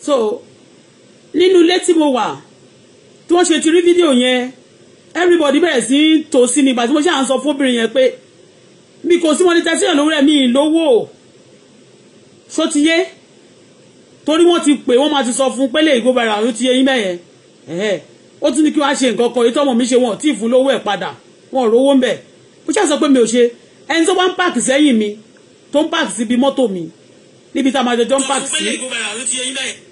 so nínú ilé tí mo wà tí wọ́n ṣe ti rí fídíò yẹn everybody bẹ̀rẹ̀ sí tò sí ni ìgbà tí mo ṣáà ń sọ fóbìnrin yẹn pé mi kò sí monetization lórí ẹ̀ mi lówó ṣó ti yé torí wọ́n ti pè wọ́n máa ti sọ fún pẹ́lẹ́ ìgbóbára ló ti yé yín mẹ́yẹn ẹ̀hẹ́ ó tún ní kí wọ́n á ṣe nǹkan kan èyí tọ́mọ mi ṣe wọn ò tí ì fún lówó ẹ̀ padà wọn rówó ń bẹ̀ mo ṣáà sọ pé mi ò ṣe ẹni tó bá ń pààkì sẹ́yìn mi tó ń pààkì síbi mọ́tò mi níbi tá a máa jọjọ́ ń pààkì sí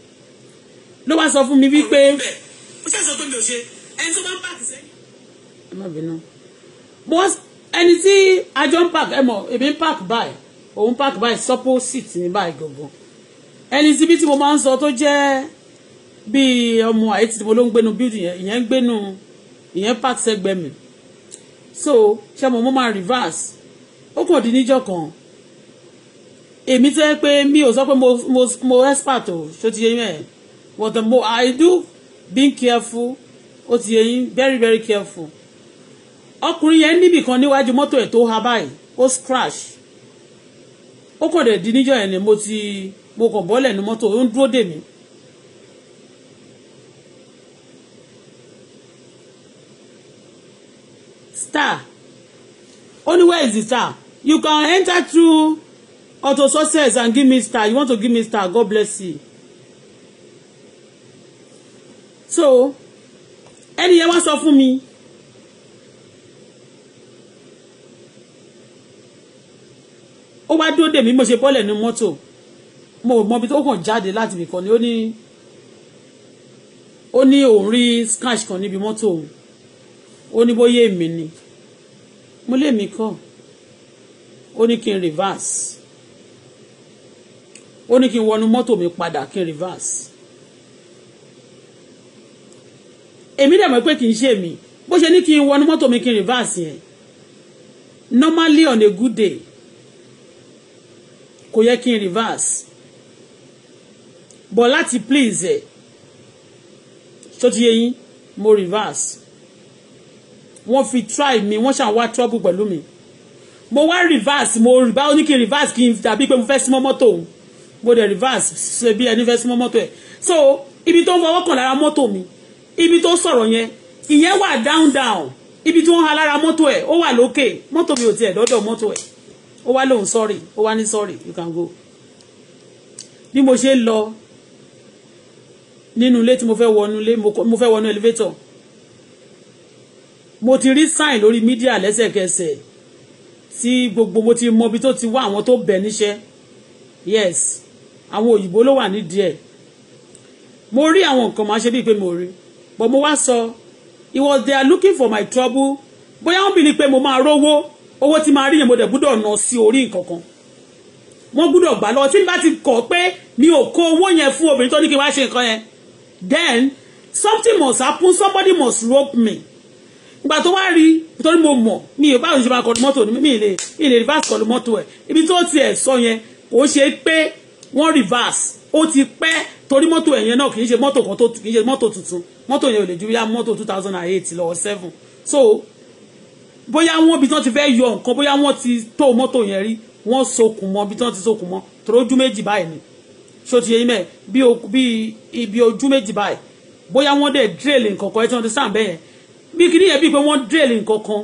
ló wá sọ fún mi wípé. ó ṣàṣọ pé mi ò ṣe ẹni tó bá ń pààkì sẹ́yìn. ẹ má bínú bọ́s ẹni tí ajọ́ ń pààkì ẹ mọ̀ èmi ń pààkì báyìí òun pààkì báyìí sọ́pọ̀ síìtì ní báyìí gbọ̀ngàn ẹni síbi tí mo máa ń sọ tó jẹ́ bíi ọmọ àyètí tí mo ló ń gbénu bíldì yẹn ìyẹn ń gbénu ìyẹn pààkì sẹ́gbẹ̀ẹ́ mi so ṣé mo mo máa reverse ó kàn dín níjọ́ kan èmi tẹ́ pé mi ò sọ pé mo mo expert o ṣó ti yé yẹn What the more I do, being careful, ó ti yẹ yín very very careful. Ọkùnrin yẹn níbì kan níwájú mọ́tò ẹ̀ tó ha báyìí, ó scratch. Ó kò dẹ̀ di níjọ́ yẹn ni mo ti mo kàn bọ́lẹ̀ ní mọ́tò, ó ń dúró dè mí. Star. Only where is the star? You can enter through auto success and give me star. You want to give me star? God bless you so ẹni yẹn wá sọ fún mi ó wá dúró dè mí mo ṣe bọ́lẹ̀ ní mọ́tò mo mọ ibi tó kàn jáde láti ibì kan ni ó ní ó ní òun rí scratch kan níbi mọ́tò òun ó ní bóyá èmi ni mo lé mi kàn ó ní kí n reverse ó ní kí n wọnú mọ́tò mi padà kí n reverse èmi dẹ̀ mọ̀ pé kì í ṣe mi bó ṣe ní kí n wọnú mọ́tò mi kí n reverse yẹn normally on a good day kò yẹ kí n reverse but láti please ẹ̀ tó ti yẹ yín mo reverse wọ́n fi try mi wọ́n ṣàn wá trouble pẹ̀lú mi mo wá reverse mo bá ó ní kí n reverse kí n dàbí pé mo fẹ́ súnmọ́ mọ́tò òun mo dẹ̀ reverse ṣe bí ẹni fẹ́ súnmọ́ mọ́tò ẹ̀ so ibi tó ń fọwọ́ kàn lára mọ́tò mi ibi tó sọ̀rọ̀ yẹn ìyẹn wà down down ibi tí wọ́n ha lára mọ́tò ẹ̀ ó wà lókè mọ́tò mi ò tiẹ̀ lọ́dọ̀ mọ́tò ẹ̀ ó wá lóhùn sorry ó wá ní sorry you can go bí mo ṣe lọ nínú ilé tí mo fẹ́ wọnú ilé mo fẹ́ wọnú elevator mo ti rí sign lórí mídíà lẹ́sẹ̀kẹsẹ̀ tí gbogbo mo ti mọ ibi tó ti wá àwọn tó bẹ̀ níṣẹ́ yes àwọn òyìnbó ló wà nídìí ẹ̀ mo rí àwọn nǹkan máa ṣe bíi pé mo rí i but mo wá sọ it was they are looking for my trouble bóyá wọ́n bí ni pé mo máa rówó owó tí máa rí yẹn mo dẹ̀ gbúdọ̀ ná sí orí nǹkan kan wọ́n gbúdọ̀ gbà lọ tí ti kọ̀ pé mi ò kó owó yẹn fún obìnrin tó ní kí n wá ṣe nǹkan then something must happen somebody must rope me ìgbà tó wá rí nítorí mo mọ̀ mi ò báwo ṣe máa kọlu mọ́tò mi mi lè mi lè reverse kọlu moto. ẹ̀ ibi tó tiẹ̀ sọ yẹn kò ṣe pé wọ́n reverse ó ti pẹ́ torí mọ́tò ẹ̀yẹn náà kì í ṣe mọ́tò kan tó kì í ṣe mọ́tò tuntun mọ́tò yẹn ò lè ju bóyá mọ́tò two thousand and eight lọ seven so bóyá wọ́n bí tán ti fẹ́ yọ nǹkan bóyá wọ́n ti tó mọ́tò yẹn rí wọ́n sokùn mọ́ bí tán ti sokùn mọ́ torí ojú méjì báyìí ni ṣó ti yẹ yín mẹ́ bí ibi ojú méjì báyìí bóyá wọ́n dẹ̀ dírèlì nǹkan kan ẹ tí wọ́n ti sàn bẹ́ẹ̀ yẹn bí kìíní yẹn bíi pé wọ́n dírèlì nǹkan kan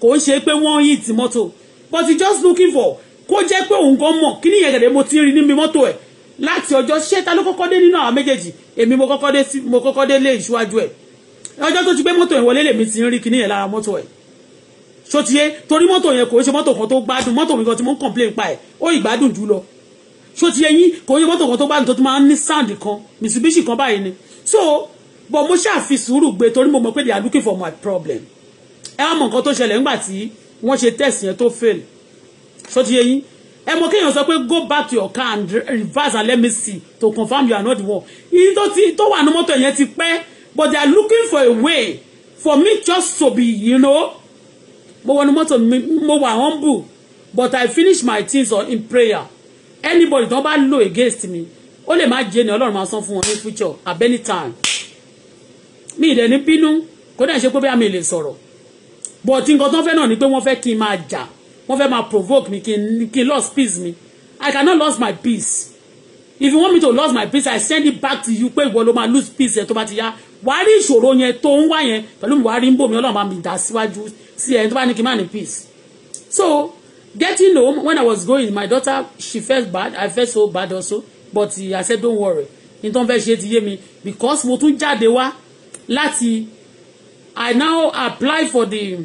kò ń ṣe pé wọ́n yìí ti mọ́tò but just looking for kó jẹ́ pé òun gan mọ̀ kìíní yẹn gẹ̀dẹ̀ mo ti rí níbi mọ́tò ẹ̀ láti ọjọ́ ṣé ta ló kọ́kọ́ dé nínú àwọn méjèèjì èmi mo kọ́kọ́ dé sí mo kọ́kọ́ dé lé ìṣíwájú ẹ̀ ọjọ́ tó ti gbé mọ́tò yẹn wọlé lèmi ti ń rí kinní yẹn lára mọ́tò ẹ̀ ṣó ti yé torí mọ́tò yẹn kò ń ṣe mọ́tò kan tó gbádùn mọ́tò mi kan tí mo ń pa ẹ̀ ó ìgbádùn jù lọ ṣó ti yé yín kò ń ṣe mọ́tò kan tó gbádùn tó tún máa ń ní sound kan Mitsubishi kan báyìí ni so but mo ṣáà fi sùúrù gbé e torí mo mọ̀ pé they are looking for my problem ẹ wá mọ̀ nǹkan tó ṣẹlẹ̀ nígbà tí wọ́n ṣe test yẹn tó fail ṣó ti yé yín ẹ mọ kéèyàn sọ pé go back to your car and reverse and let me see to confirm you are not the one iye tó ti tó wà ní mọ́tò yẹn ti pẹ́ but they are looking for a way for me just to be you know mo wọnú mọ́tò mo wà humble but I finish my things in prayer anybody tó bá lò against me ó lè má jẹ́ ni ọlọ́run máa san fún wọn ní future at any time mi ìdẹ̀ ní bínú kódà ṣe pé bí àmì lè sọ̀rọ̀ but nǹkan tó fẹ́ náà ni pé wọ́n fẹ́ kí n máa jà wọ́n fẹ́ máa provoke me, kin, kin kí lost peace me. I cannot lose my peace if you want me to lose my peace I send it back to you pé ìwọ ló máa lose peace ẹ tó bá ti yá wàá rí ìṣòro yẹn tó ń wá yẹn pẹ̀lú mi wàá rí ń bò mí ọlọ́run máa mi dà síwájú sí ẹni tó bá ní kí n má ní peace so getting home when I was going my daughter she felt bad I felt so bad also but I said don't worry ní tó ń fẹ́ ṣe ti yé mi because mo tún jáde wá láti I now apply for the.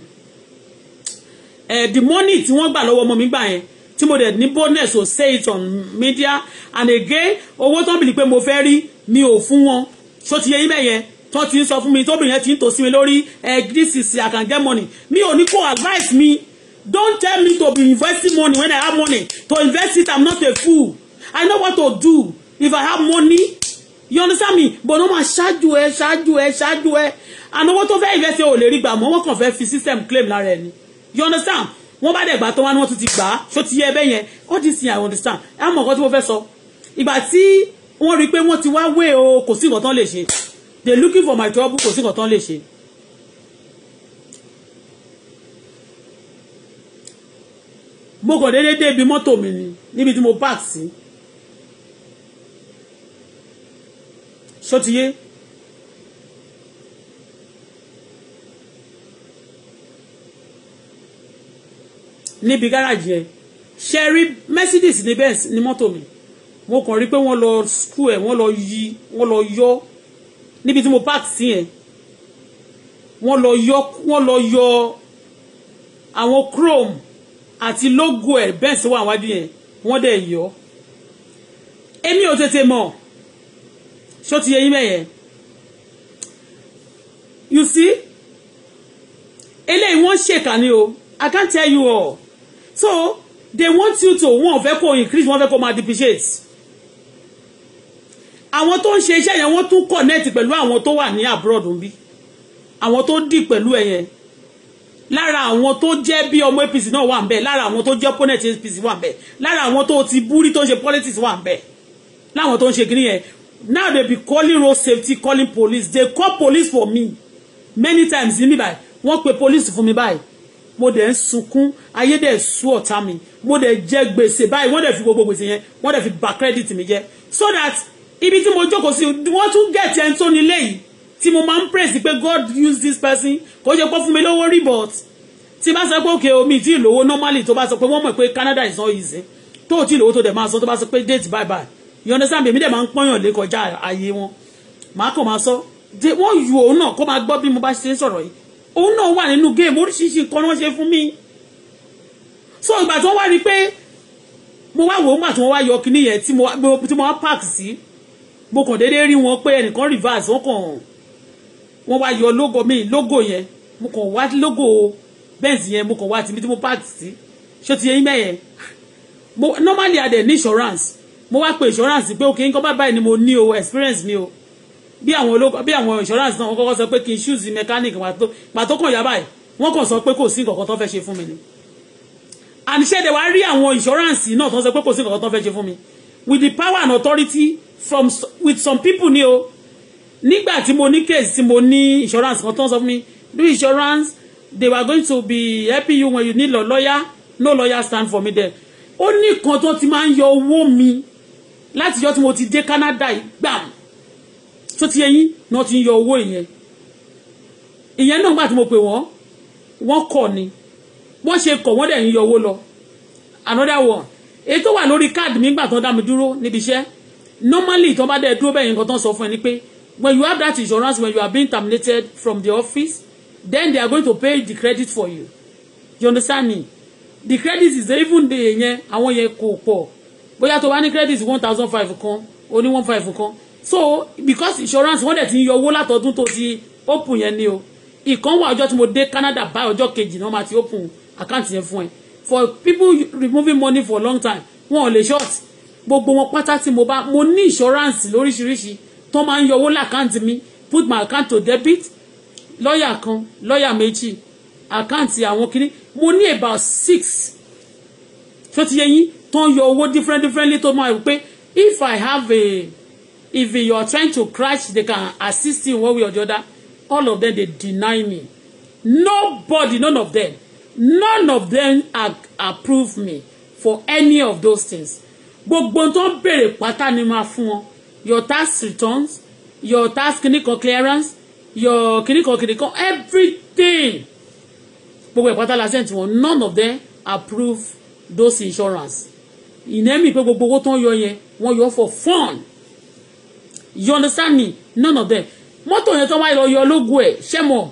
Eh, the money tí wọ́n gbà lọ́wọ́ ọmọ mi gbà yẹn tí mo dẹ̀ ní bonus o say it on media and again owó tó ń bìlì pé mo fẹ́ rí mi ò fún wọn ṣó ti yẹ yín bẹ́yẹn tó ti ń sọ fún mi tóbìnrin yẹn ti ń tò sí mi lórí eh, this is I can get money mi ò ní kó advice mi don't tell me to be investing money when I have money to invest it I'm not a fool I know what to do if I have money you understand me but no ma ṣáájú ẹ ṣáájú ẹ ṣáájú ẹ àná owó tó invest ẹ ò lè rí gbà mọ́ wọ́n kàn fẹ́ fi system claim lára ẹni you understand wọ́n bá dẹ̀ gbà tó wá ní wọ́n tún ti gbà á ṣó ti yẹ ẹbẹ́ yẹn all this thing i understand àmọ́ nǹkan tí mo fẹ́ sọ ìgbà tí wọ́n rí i pé wọ́n ti wá wé o kò sí nǹkan tán lè ṣe they looking for my trouble kò sí nǹkan tán lè ṣe. mo kàn déédéé dé ibi mọ́tò mi ni níbi tí mo park sí ṣó ti yé. níbi gáràjì yẹn ṣe rí Mercedes ní Benz ní mọ́tò mi mo kàn rí pé wọ́n lọ skul ẹ̀ wọ́n lọ yí wọ́n lọ yọ níbi tí mo park sí yẹn wọ́n lọ yọ wọ́n lọ yọ àwọn chrome àti logo ẹ̀ Benz wà wájú yẹn wọ́n dẹ̀ yọ èmi ò tètè mọ̀ ṣó ti yẹ yín mẹ́yẹn you see eléyìí wọ́n ṣèkà ni o I can't tell you all so they want you to wọn fẹ́ kó increase wọn fẹ́ kó máa depreciate àwọn tó ń ṣe iṣẹ́ yẹn wọ́n tún connect pẹ̀lú àwọn tó wà ní abroad ń bí àwọn tó dì pẹ̀lú ẹ̀ yẹn lára àwọn tó jẹ́ bí ọmọ APC náà wà ń bẹ̀ lára àwọn tó jẹ́ opponent APC wà ń bẹ̀ lára àwọn tó ti búrí tó ń ṣe politics wà ń bẹ̀ láwọn tó ń ṣe kiri yẹn now they be calling road safety calling police they call police for me many times ní mi báyìí wọ́n pe police fún mi báyìí mo dẹ̀ ń sunkún ayé dẹ̀ sú ọ̀tá mi mo dẹ̀ jẹ gbèsè báyìí wọ́n dẹ̀ fi gbogbo gbèsè yẹn wọ́n dẹ̀ fi bà credit mi jẹ́ so that ibi tí mo jókòó sí wọ́n tún gẹ̀ẹ́tì ẹni tó nílé yìí tí mo máa ń praise pé God use this person kò jẹ́ pọ́ fún mi lówó rí but tí bá sọ pé òkè omi tí ìlówó normally tó bá sọ pé wọ́n mọ̀ pé Canada is not easy tó ò tí ìlówó tó dẹ̀ máa sọ tó bá sọ pé date bye bye you understand èmi dẹ̀ máa ń pọ́nyàn lé kọjá ayé wọn màá kàn máa sọ wọ́n yù òun náà kó máa gbọ́ bí mo bá ṣe ń sọ̀rọ̀ yìí òun náà wà nínú géèmù oríṣiríṣi nǹkan ni wọ́n ṣe fún mi so ìgbà tó wá ni pé mo wá wò ó mà tí wọ́n wá yọ kíní yẹn tí mo wá park sí mo kàn déédéé rí wọn pé ẹnìkan reverse wọ́n kàn wọ́n wá yọ logo mi logo yẹn mo kàn wá logo Benz yẹn mo kàn wá tìmí tí mo park sí ṣé ti yẹ yín mẹ́yẹn normally I dey ní insurance mo wá pe insurance pé òkè nǹkan bá báyìí ni mo ní o experience ni o bí àwọn olóko bí àwọn insurance náà wọ́n kọ́kọ́ sọ pé kí n ṣúùsì mechanic pàtó pàtó kàn yá báyìí wọ́n kàn sọ pé kò sí nǹkan tó fẹ́ ṣe fún mi ni and ṣé ẹ̀dẹ̀ wá rí àwọn insurance náà tó ń sọ pé kò sí nǹkan tó fẹ́ ṣe fún mi with the power and authority from with some people ni o nígbà tí mo ní case tí mo ní insurance kan tó ń sọ fún mi do insurance they were going to be helping you when you need a lawyer no lawyer stand for me there ó ní kan tó ti máa ń yọ owó mi látijọ́ tí mo ti dé Canada yìí gbàm ṣó ti ẹyin náà ti ń yọ owó ìyẹn ìyẹn náà gbà tí mo pè wọ́n wọ́n kọ̀ ni wọ́n ṣe kọ̀ wọ́n dẹ̀ ń yọ owó lọ another one èyí tó wà lórí káàdì mi gbà tán dá mi dúró níbi iṣẹ́ normally tó bá dẹ̀ dúró bẹ́ẹ̀ yẹn kan tán sọ fún ẹ ni pé when you have that insurance when you are being terminated from the office then they are going to pay the credit for you you understand me the credit is even the yẹn àwọn yẹn kò pọ̀ bóyá tó bá ní credit one thousand five kan ó ní one five kan so because insurance wọ́n dẹ̀ ti ń yọ owó látọdún tó ti open yẹn ni o ìkan wà ọjọ́ tí mo dé Canada báyìí ọjọ́ kejì náà máa ti open account yẹn fún ẹ for people removing money for long time wọn ò lè short gbogbo wọn pátá tí mo bá mo ní insurance lóríṣiríṣi tó máa ń yọ owó láàkáǹtì mi put my account to debit lọ́ọ̀yà kan lọ́ọ̀yà méjì àkáǹtì àwọn kìíní mo ní about six tó ti yẹ yín tó ń yọ owó different differently tó máa wí pé if I have a if you are trying to crash they can assist you one way or the other all of them they deny me nobody none of them none of them approve me for any of those things gbogbo tó ń béèrè pátá ni máa fún wọn your tax returns your tax kìnnìkan clearance your kìnnìkan kìnnìkan everything gbogbo ẹ̀ pátá la send tí wọn none of them approve those insurance ìnẹ́mì pé gbogbo owó tó ń yọ yẹn wọ́n yọ for fun you understand me none of them mọ́tò yẹn tó wáyé lọ yọ logo ẹ̀ ṣé mọ̀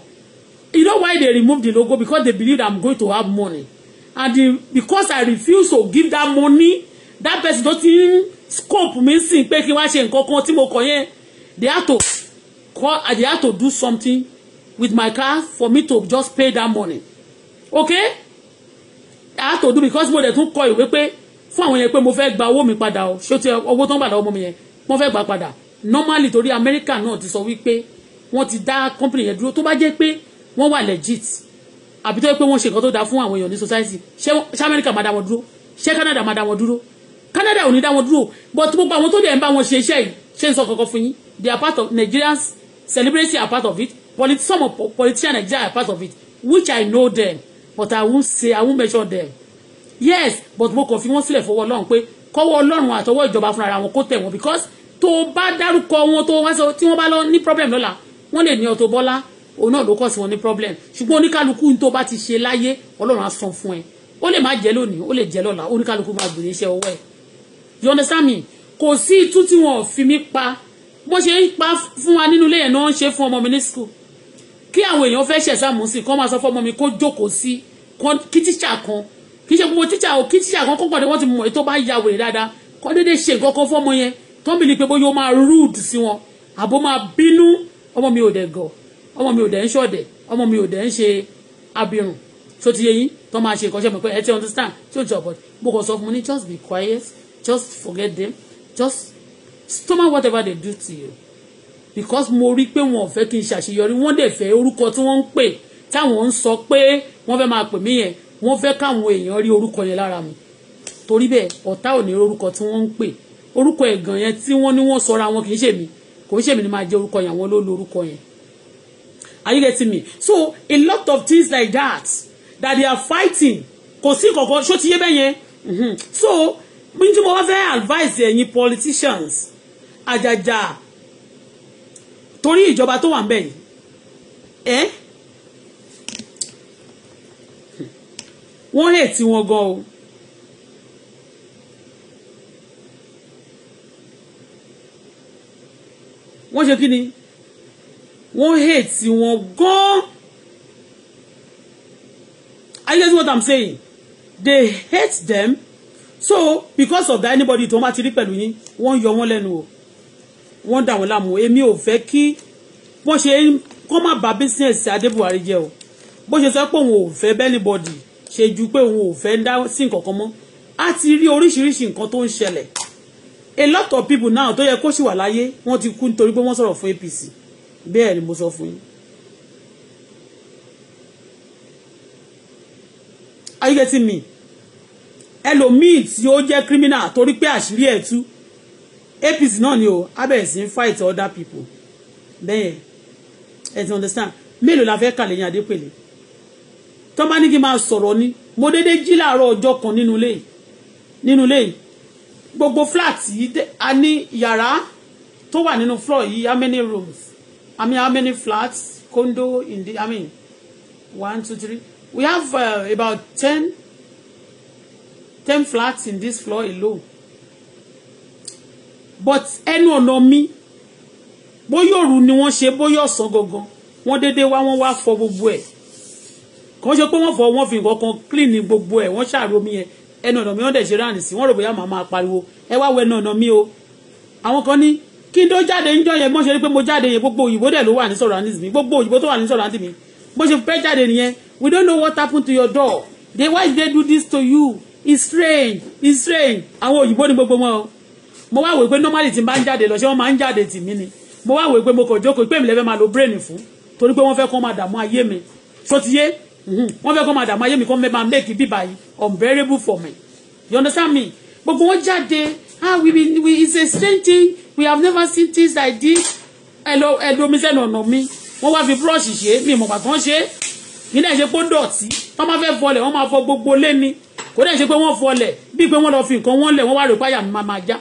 you know why they remove the logo because they believe i'm going to have money and the, because i refuse to give that money that person tó ti scope mi sìn pé kí n wá ṣe nǹkan kan tí mo kọ yẹn they had to call they had to do something with my car for me to just pay that money okay i had to do because mo dẹ̀ tún kọ ìwé pé fún àwọn yẹn pé mo fẹ́ gba owó mi padà o ṣé o ti owó tó ń gbà lọ́wọ́ mi yẹn mo fẹ́ gbà padà normally torí Amẹ́ríkà náà ti sọ wípé wọ́n ti dá company yẹn dúró tó bá jẹ́ pé wọ́n wà legit àbí tó yẹ pé wọ́n ṣe nǹkan tó dáa fún àwọn èèyàn ní society ṣé Amẹ́ríkà máa dá wọn dúró ṣé Canada máa dá wọn dúró Canada ò ní dá wọn dúró but gbogbo àwọn tó dẹ̀ ń bá wọn ṣe iṣẹ́ yìí ṣe ń sọ kankan fún yín they are part of Nigerians celebrity are part of it Polit some of politicians Nigeria are part of it which I know them but I won't say I won't mention them yes but mo kàn fi wọ́n sílẹ̀ fọwọ́ Ọlọ́run pé kọ́wọ́ Ọlọ́run àtọwọ́ ìjọba fúnra wọn kó tẹ̀ wọ́n because tó bá dárúkọ wọn tó wá sọ tí wọ́n bá lọ ní problem lọ́la wọ́n lè ní Auto Bola òun náà ló kọ́ sí wọn ní problem ṣùgbọ́n oníkálukú tó bá ti ṣe láyé ọlọ́run á san fún ẹ ó lè má jẹ́ lónìí ó lè jẹ́ lọ́la oníkálukú máa bèrè iṣẹ́ ọwọ́ ẹ̀ you understand me kò sí itú tí wọn ò fi mí pa bó ṣe ń pa fún wa nínú ilé yẹn náà ń ṣe fún ọmọ mi ní school kí àwọn èèyàn fẹ́ ṣẹ̀ sáàmù sí kọ́ máa sọ fọ́mọ mi kó jókòó sí kí tíṣà kan kì í ṣe gbogbo tíṣà ò kí tíṣà kan kó pàdé wọ́n ti mọ̀ èyí tó bá ya wèrè dáadáa kọ́ déédéé ṣe nǹkan kan fọ́mọ yẹn tó ń bìlí pé bóyá ó máa rude sí wọn àbó máa bínú ọmọ mi ò dẹ̀ gọ̀ ọmọ mi ò dẹ̀ ń ṣọ̀dẹ̀ ọmọ mi ò dẹ̀ ń ṣe abirùn tó ti yẹ yín tó máa ṣe ìkọ́ṣẹ́ mi pé ẹ ti understand tí ó ti ọ̀pọ̀ mo kàn sọ fún mi ní just be quiet just forget them just stomach whatever they do to you because mo rí pé wọn ò fẹ́ kí n ṣàṣeyọrí wọ́n dẹ̀ fẹ́ orúkọ tí wọ́n ń pè táwọn ń sọ pé wọ́n fẹ́ máa pè mí yẹn wọ́n fẹ́ káwọn èèyàn rí orúkọ yẹn lára mi torí bẹ́ẹ̀ ọ̀tá ò ní orúkọ tí wọ́n ń pè orúkọ ẹ̀gàn yẹn tí wọ́n ní wọ́n sọra wọn kì í ṣe kò ń ṣe ni máa jẹ́ orúkọ yẹn àwọn ló orúkọ yẹn are you getting me so a lot of things like that that they are fighting kò sí kankan ṣó ti yé bẹ́ẹ̀ yẹn mhm. so bí tí mo bá fẹ́ advice ẹ̀yin politicians àjàjà torí ìjọba tó wà ń bẹ̀ yìí ẹ́ eh? wọ́n hẹ̀ tí wọ́n gan o wọ́n ṣe kí ni wọ́n hate wọn gan-an are you getting what i'm saying they hate them so because of that anybody tó máa ti rí pẹ̀lú yín wọ́n yọ wọ́n lẹ́nu o wọ́n dà wọ́n láàmú èmi ò fẹ́ kí wọ́n ṣe kó má bà business adébùwárí jẹ́ o bó ṣe sọ pé òun ò fẹ́ anybody ṣe ju pé òun ò fẹ́ dá sí nǹkan kan mọ́ a ti rí oríṣiríṣi nǹkan tó ń ṣẹlẹ̀ a lot of people now tó yẹ kó sì wà láyé wọ́n ti kú nítorí pé wọ́n sọ̀rọ̀ fún APC bẹ́ẹ̀ ni mo sọ fún yín. are you getting me ẹlòmíì tí ó jẹ́ criminal torí pé àṣírí ẹ̀ tú APC náà ni o abẹ́ẹ̀ sí ń fight other people bẹ́ẹ̀ ẹ ti understand mélòó la fẹ́ kà lẹ́yìn adépèlé tó bá ní kí n máa sọ̀rọ̀ ni mo déédéé jí láàárọ̀ ọjọ́ kan nínú ilé nínú ilé yìí gbogbo flat yìí a ní yàrá tó wà nínú floor yìí how many rooms i mean how many flats condo in the i mean one two three we have uh, about ten ten flats in this floor alone but ẹnu ọ̀nà mi bóyá òru ni wọ́n ṣe bóyá ọ̀sán gangan wọ́n déédéé wá wọ́n wá fọ gbogbo ẹ̀ kàn ṣe pé wọ́n fọ wọ́n fi nǹkan kan clean gbogbo ẹ̀ wọ́n ṣàròmí ẹ̀ ẹnu ọ̀nà mi wọ́n dẹ̀ ṣe ráàlì sí wọ́n rò bóyá màá máa pariwo ẹ wá wẹnu ọ̀nà mi o àwọn kan ní kí n tó jáde níjọ́ yẹn mọ́ pé mo jáde yẹn gbogbo òyìnbó dẹ̀ ló wà ní surroundings mi gbogbo òyìnbó tó wà ní surroundings mi bó ṣe fẹ́ jáde nìyẹn we don't know what happened to your door they why they do this to you it's strange it's strange àwọn òyìnbó ni gbogbo wọn o mo wá wò pé normally tí n ń jáde lọ ṣé wọ́n máa ń wọ́n fẹ́ kọ́ máa dààmú ayé mi kọ́ mẹ́ máa make bíbá yìí unbearable for me you understand me gbogbo wọn jáde ah we be we is a strange thing we have never seen things like this ẹlò ẹlò mi sẹ́nu ọ̀nà mi wọ́n wá fi brush ṣe mi ìmọ̀gbà kan ṣe nílẹ̀ ṣe pé ó dọ̀tí wọ́n máa fẹ́ fọlẹ̀ wọ́n máa fọ gbogbo lẹ́ni kò dẹ̀ ṣe pé wọ́n fọlẹ̀ bíi pé wọ́n lọ fi nǹkan wọ́n lẹ̀ wọ́n wá rò páyà mi máa máa já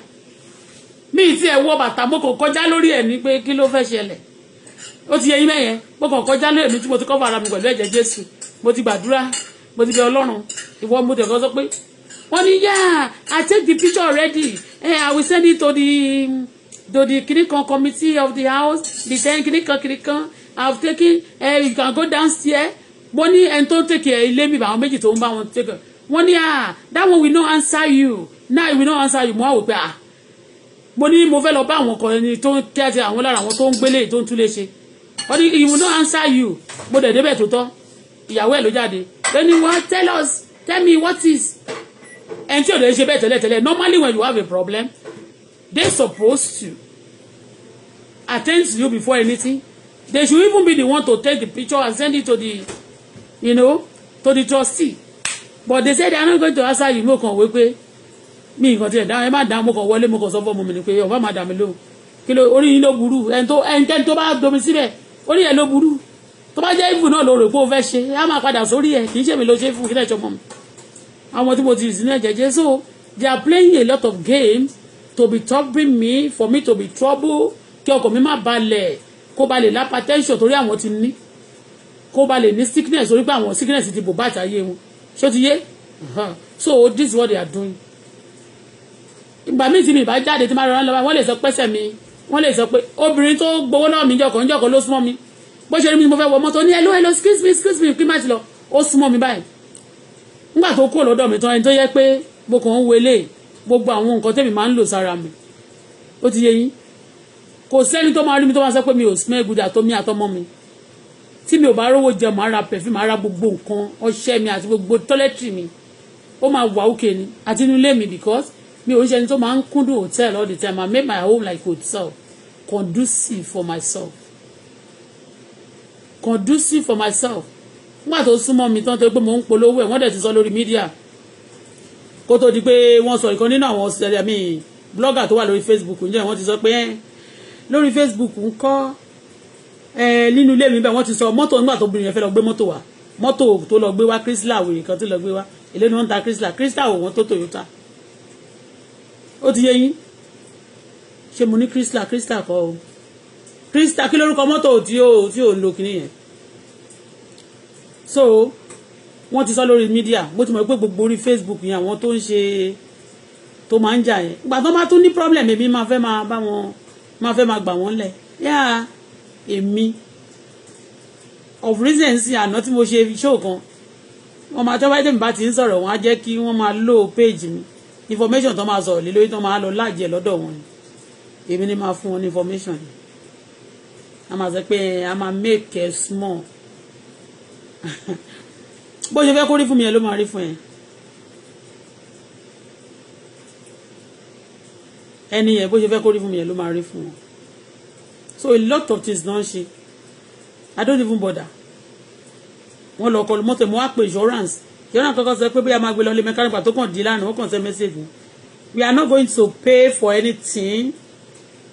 mi ì tí ẹ̀ wọ bàtà mo kàn kọjá lórí ẹ̀ ní pé kí ló fẹ́ ṣẹlẹ̀ ó ti yẹ yín mẹ́yẹn mo kàn kọjá lórí ẹ̀ mi tí mo ti kọ́ fún ara mi pẹ̀lú ẹ̀jẹ̀ Jésù mo ti gbàdúrà mo ti bẹ ọlọ́run ìwọ mo tẹ̀ kọ́ sọ pé wọ́n ní yá I take the picture already Hey, eh, I will send it to the to the kinikan committee of the house the ten kinikan kinikan I have taken eh, you can go downstairs mo ní ẹni tó ń tèkè ilé mi àwọn méjì tó ń bá wọn tèkè wọ́n ní ah that one will not answer you now it will not answer you mo á wò pé ah mo ní mo fẹ́ lọ bá àwọn kan ẹni tó ń kí àti àwọn lára àwọn tó ń gbélé tó ń túlé ṣe wọ́n ní it will not answer you mo dẹ̀ débẹ̀ tó tọ́ ìyàwó ẹ̀ ló jáde lẹ́ni wọ́n tell us tell me what is ẹni tí ò lè ṣe bẹ́ẹ̀ tẹ́lẹ̀tẹ́lẹ̀ normally when you have a problem they supposed to attend to you before anything they should even be the one to take the picture and send it to the you know to the trustee but they say they are not going to answer you mo kàn wé pé mi nǹkan tiẹ̀ dáhùn ẹ má dáhùn mo kàn wọlé mo kàn sọ fún ọmọ mi ni pé ọba má dà mí lóhùn kí ló orí yín ló burú ẹni tó bá domi síbẹ̀ orí yẹn ló burú tó bá jẹ́ ìbù náà ló pé o fẹ́ ṣe á máa padà sórí ẹ̀ kì í ṣèmi ló ṣe fún kílẹ̀ ìjọba mi àwọn tí mo ti sí ní ẹ̀jẹ̀ so they are playing a lot of games to be troubling me for me to be trouble kí ọkọ̀ mi má balẹ̀ kó ba lè lápá tẹ́ńṣọ̀ torí àwọn ti ní kó ba lè ní sickness torí pé àwọn sickness ti bò bá àtàyè wọn ṣó ti yé so this is what they are doing ìgbà míì tí mi ìbá jáde tí má rọra lọ́wọ́ wọ́n lè sọ pẹ́sẹ̀ mi wọ́n lè sọ pé obìnrin tó gbowó náà mi jọkọ̀ ń jọkọ̀ ló súnmọ́ mi bó ṣe rí mi mo fẹ́ wọ mọ́tò ní hello hello excuse me excuse me kí má ti lọ ó súnmọ́ mi báyìí nígbà tó kúrò lọ́dọ̀ mi tán ẹni tó yẹ pé mo kàn ń wọlé gbogbo àwọn nǹkan tẹ́mi máa ń lò sára mi ó ti yé yín kò sẹ́ni tó máa rí mi tó máa sọ pé mi ò smell good àtọ́mí àtọ́mọ́ mi tí mi ò bá rówó jẹ màá ra perfume màá ra gbogbo nǹkan ọṣẹ mi àti gbogbo toiletry mi ó máa wà òkè ni àti inú ilé mi because mi ò ń ṣe ẹni tó máa ń kúndùn hotel all the time I make my home like hotel conducive for myself conducive for myself nígbà tó súnmọ́ mi tán tó pé mò ń polówó ẹ̀ wọ́n dẹ̀ ti sọ lórí mídíà kó tó di pé wọ́n sọ ìkan nínú àwọn ṣẹlẹ̀ mi blogger tó wà lórí facebook ǹjẹ́ wọ́n ti sọ pé lórí facebook ń kọ́ nínú ilé mi bẹ́ẹ̀ wọ́n ti sọ mọ́tò nígbà tó bìnrin yẹn fẹ́ lọ gbé mọ́tò wá mọ́tò tó lọ gbé wá chrysler wèrè kan tó lọ gbé wá èlé ni wọ́n ń ta chrysler chrysler ò wọ́n tó toyota ó ti yé yín ṣe mo ní chrysler chrysler kọ́ o Krista kí lórúkọ mọ́tò tí ó tí ó ń lo kìnìyẹn so wọ́n ti sọ lórí mídíà bó ti mọ̀ pé gbogbo orí Facebook yẹn àwọn tó ń ṣe tó máa ń jà yẹn ìgbà tó máa tún ní problem èmi máa fẹ́ máa bá wọn máa fẹ́ máa gbà wọ́n lẹ̀ yá èmi of reasons àná tí mo ṣe show kan wọ́n máa tọ́wọ́ ẹ̀dẹ̀mí bá ti ń sọ̀rọ̀ wọ́n á jẹ́ kí wọ́n máa lo page mi information tó máa sọ̀rọ̀ lé lórí tó máa lọ láàjẹ́ lọ́dọ̀ wọn èmi ni máa fún wọn ní information yìí a máa sọ pé a máa make ẹ small bó ṣe fẹ́ kó rí fún mi yẹn ló máa rí fún ẹ. ẹni yẹn bó ṣe fẹ́ kó rí fún mi yẹn ló máa rí fún wọn so a lot of things náà ṣe I don't even bother wọn lọ kọlu mọ́tò mo wá insurance yọ̀nà kankan sọ pé bóyá máa gbé lọ ilé mẹkáníkà tó kàn dí lánàá ó kàn send message we are not going to pay for anything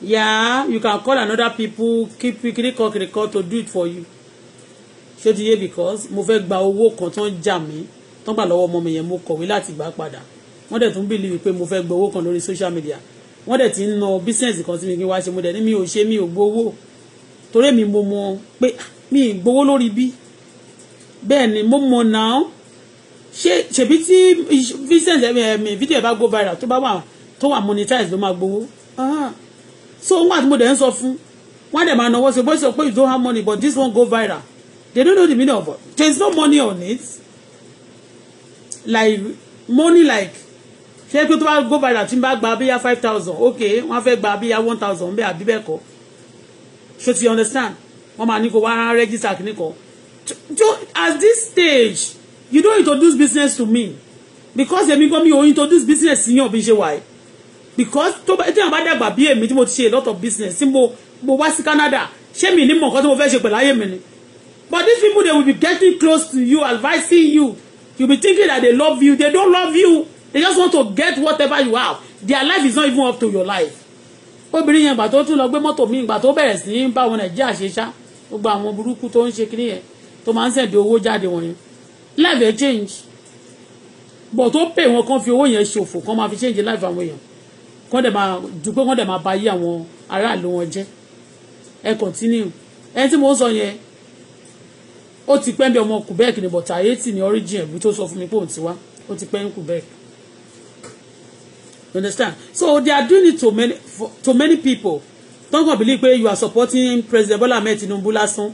yeah you can call another people keep quickly call, quickly call to do it for you ṣé ti yé because mo fẹ́ gba owó kan tó ń jà mí tó ń gbà lọ́wọ́ ọmọ mi yẹn mo kọ̀wé láti gbà padà wọ́n dẹ̀ tún believe pé mo fẹ́ gba owó kan lórí social media wọ́n dẹ̀ ti ń na business kan sí mi kí n wá ṣe mo dẹ̀ ní mi ò ṣe mi ò gbowó torí mi mo mọ pé ah, mi ì gbowó lórí bí bẹ́ẹ̀ ni mo mọ̀ náà ṣé ṣèbí tí business ẹ̀mí fídíò ẹ̀ bá go viral tó bá wà tó wà monetize ló máa gbowó. Ah, so wọn àti mo dẹ̀ ń sọ fún wọn dẹ̀ máa náwó sí bó sọ pé you don't have money but this one go viral they don't know the meaning of it there is no money on it like money like ṣé pé tó bá go viral tí n bá gba abíyá five thousand okay wọn fẹ́ gba abíyá one thousand bẹ́ẹ̀ àbí bẹ́ẹ̀ kọ́ so you understand wọn máa ní kó wá register kìíní kan so at this stage you don't introduce business to me because èmi gan mi ò introduce business yàn bí ṣe wà yìí because tó bá tí wọn bá dàgbà bí èmi tí mo ti ṣe a lot of business tí mo mo wá sí Canada ṣé mi ní mọ̀ nǹkan tí mo fẹ́ ṣe pẹ̀lú ayé mi ni but these people they will be getting close to you advising you you be thinking that they love you they don't love you they just want to get whatever you have their life is not even up to your life obìnrin yẹn gbà tó tún lọ gbé mọ́tò mi gbà tó bẹ̀rẹ̀ sí ní bá wọn nàìjíríà ṣe ṣá gbogbo àwọn burúkú tó ń ṣe kiri yẹn tó máa ń sẹ̀dẹ̀ owó jáde wọ̀nyẹn life dey change but tó pè wọn kàn fi owó yẹn ṣòfò kàn máa fi change life àwọn èèyàn kọ́ dẹ̀ máa dúpẹ́ kọ́ dẹ̀ máa ba yí àwọn aráàlú wọn jẹ́ ẹ continue ẹni tí mo sọ yẹn ó ti pẹ́ bí ọmọ Quebec ní bọ̀tà haiti ní origin ẹ̀bí tó sọ fún mi pé òun ti wá ó ti pẹ́ ní Quebec you understand so they are doing it to many for, to many people don't go believe pé you are supporting President Bola Ahmed Tinubu lásán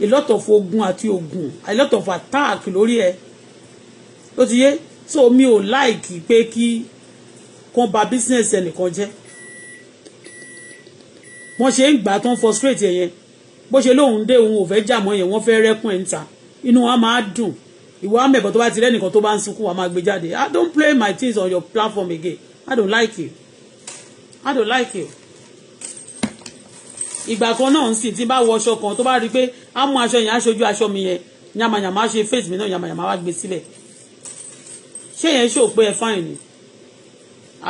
a lot of ogun àti ogun a lot of attack lórí ẹ ó ti yé so mi ò like pé kí kan ba business ẹnìkan jẹ́ wọ́n ṣe ń gbà tán frustrate yẹn bó ṣe lóun dé òun ò fẹ́ jà mọ́ yẹn wọ́n fẹ́ rẹ́kùn ẹ̀ ń ta inú wa máa dùn ìwà amẹ̀bọ̀ tó bá ti rẹ́nìkan tó bá ń sunkún wa máa gbé jáde I ah, don't play my things on your platform again I don't like you I don't like you ìgbà kan náà ń sìn tí bá wọ aṣọ kan tó bá rí i pé á mú aṣọ yẹn aṣojú aṣọ mi yẹn yamayama ṣe face mi náà yamayama wá gbé sílẹ̀ ṣé yẹn ṣòpé ẹ fáìn ni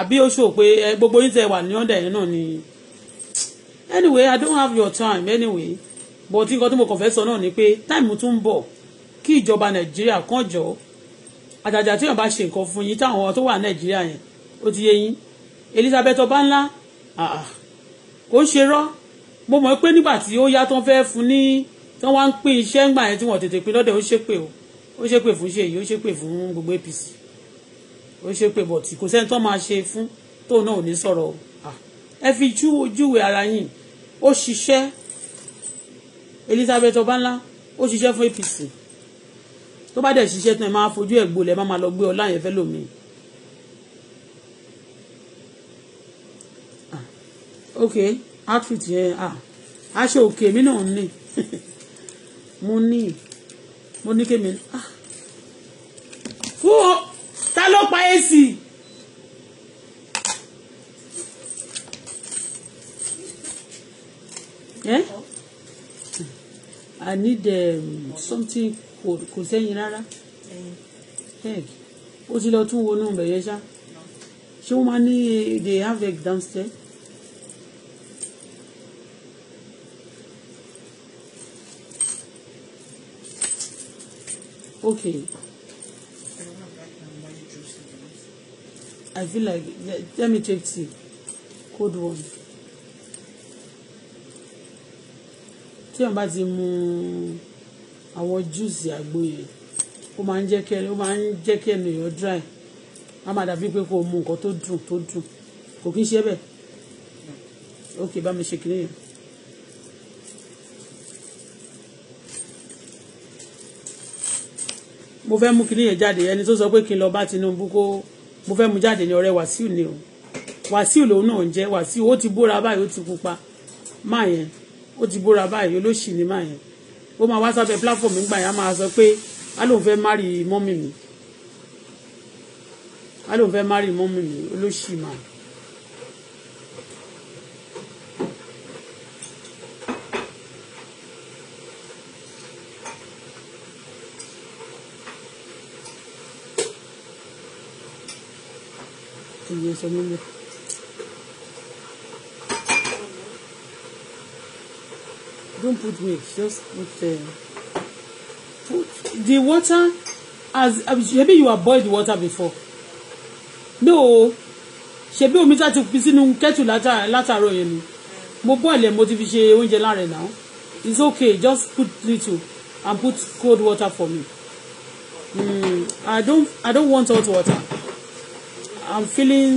àbí ó ṣò pé eh, gbogbo yín tẹ wà ní ọ̀dà yẹn náà ni anyway i don't have your time anyway but nǹkan tí mo kàn fẹ́ sọ náà ni pé time tún ń bọ̀ kí ìjọba nàìjíríà kàn jọ àjàjà tí yàn bá ṣe nǹkan fún yín táwọn tó wà nàìjíríà yẹn ó ti yé yín elizabeth ọbánlá kò ń ṣe rọ́ mo mọ̀ pé nígbà tí ó yá tó ń fẹ́ fún ní tí wọ́n wá ń pín iṣẹ́ ńgbà yẹn tí wọ́n tètè pín lọ́dẹ̀ ó ṣépè ó ṣépè fún ṣèyí ó ṣépè fún gbogbo apc ó ṣe pé bọ̀tì kò sẹ́ni tó máa ṣe fún tóun náà ò ní sọ̀rọ̀ ah. ẹ fi júwe ara yín ó ṣiṣẹ́ Elizabeth Ọbánlá ó ṣiṣẹ́ fún APC tó bá dẹ̀ ṣiṣẹ́ tán ẹ máa fojú ẹ̀ gbolẹ̀ má máa lọ gbé ọlá yẹn fẹ́ lómi. Ah. ok outfit yẹn ah. aṣọ òkè mi náà ní [LAUGHS] mo ní mo ní kémi. Ah. Fún ọ ta ló pa ac. Eh? I need um, something kò sẹ́yìn rárá eh. Eh, ó ti lọ tún wọnú bẹ̀yẹ ṣá ṣé wọ́n máa ní they have downstairs. okay. I feel like let, let me take tea cold one tí wọn bá ti mu Our júùsì àgbo yẹn ó máa ń jẹ́ kí ó máa ń jẹ́ kí dry á máa dàbí pé kò mu nǹkan tó dùn tó dùn kò kí ń ṣe bẹ́ẹ̀ ok bá mi ṣe kiri yẹn. mo fẹ́ mú kiri yẹn jáde ẹni tó sọ pé kí n lọ bá Tinubu kó. mo fẹ́ mu jáde ní ọ̀rẹ́ Wàsíù ni o Wàsíù lòun náà ń jẹ́ Wàsíù ó ti bóra báyìí ó ti pupa máa yẹn ó ti bóra báyìí olóṣì ni máa yẹn ó máa wá sábẹ́ platform ńgbà yẹn á máa sọ pé á lóun fẹ́ márì mọ́mì mi á lóun fẹ́ márì mọ́mì mi olóṣì máa gbogbo èso nílò. Don't put milk, just put, uh, put the water as maybe you have boiled the water before. No, ṣebí omi tá ti fi sínú kẹ́tù látàárọ̀ yẹn ni. Mo boil ẹ̀ mo ti fi ṣe oúnjẹ láàrẹ̀ náà. It's okay, just put little and put cold water for me. Mm, I don't I don't want hot water. I'm feeling.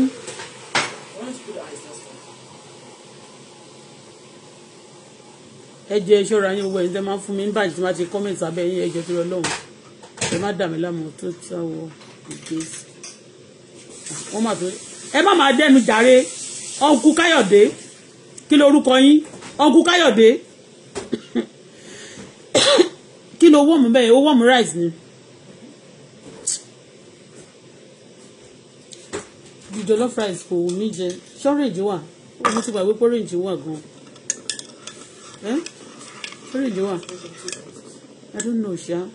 ẹ jẹ́ ìṣọ́ra yín gbogbo ẹni tẹ́ máa ń fún mi nígbà tí wọ́n ti kọ́mẹ̀ntì abẹ́ yín ẹjọ́ tó lọ lọ́hùn ẹ má dà mí láàmú tó táwọ ìgbésí. wọ́n mà tó ẹ má máa dẹ́nu jàre ọ̀nkú káyọ̀dé kí lorúkọ yín ọ̀nkú káyọ̀dé [COUGHS] kí lo wọ́ọ̀mù bẹ́ẹ̀ ó wọ́ọ̀mù rice ni. jollof rice kò mí jẹ ṣọ́rèjì wà mo ti gbàgbé pọ́rèjì wà gan ẹ́ ṣọ́rèjì wà I don't know ṣá.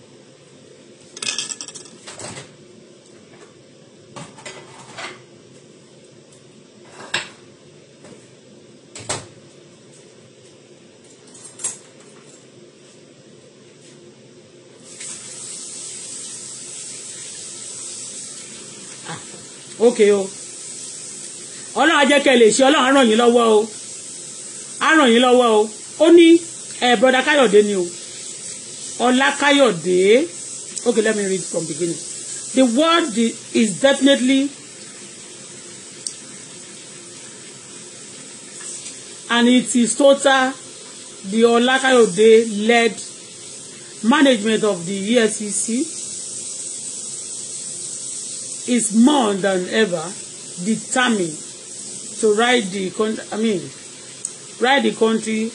Ah, okay, oh ọlọ́run á jẹ́ kẹ́ lè ṣe ọlọ́run á ràn yín lọ́wọ́ o á yín lọ́wọ́ o ó ní ẹ̀ broda káyọ̀dé ni o ọlá káyọ̀dé okay let me read from beginning the word is definitely and it is total the ọlá káyọ̀dé led management of the EFCC is more than ever determined to ride the con i mean ride the country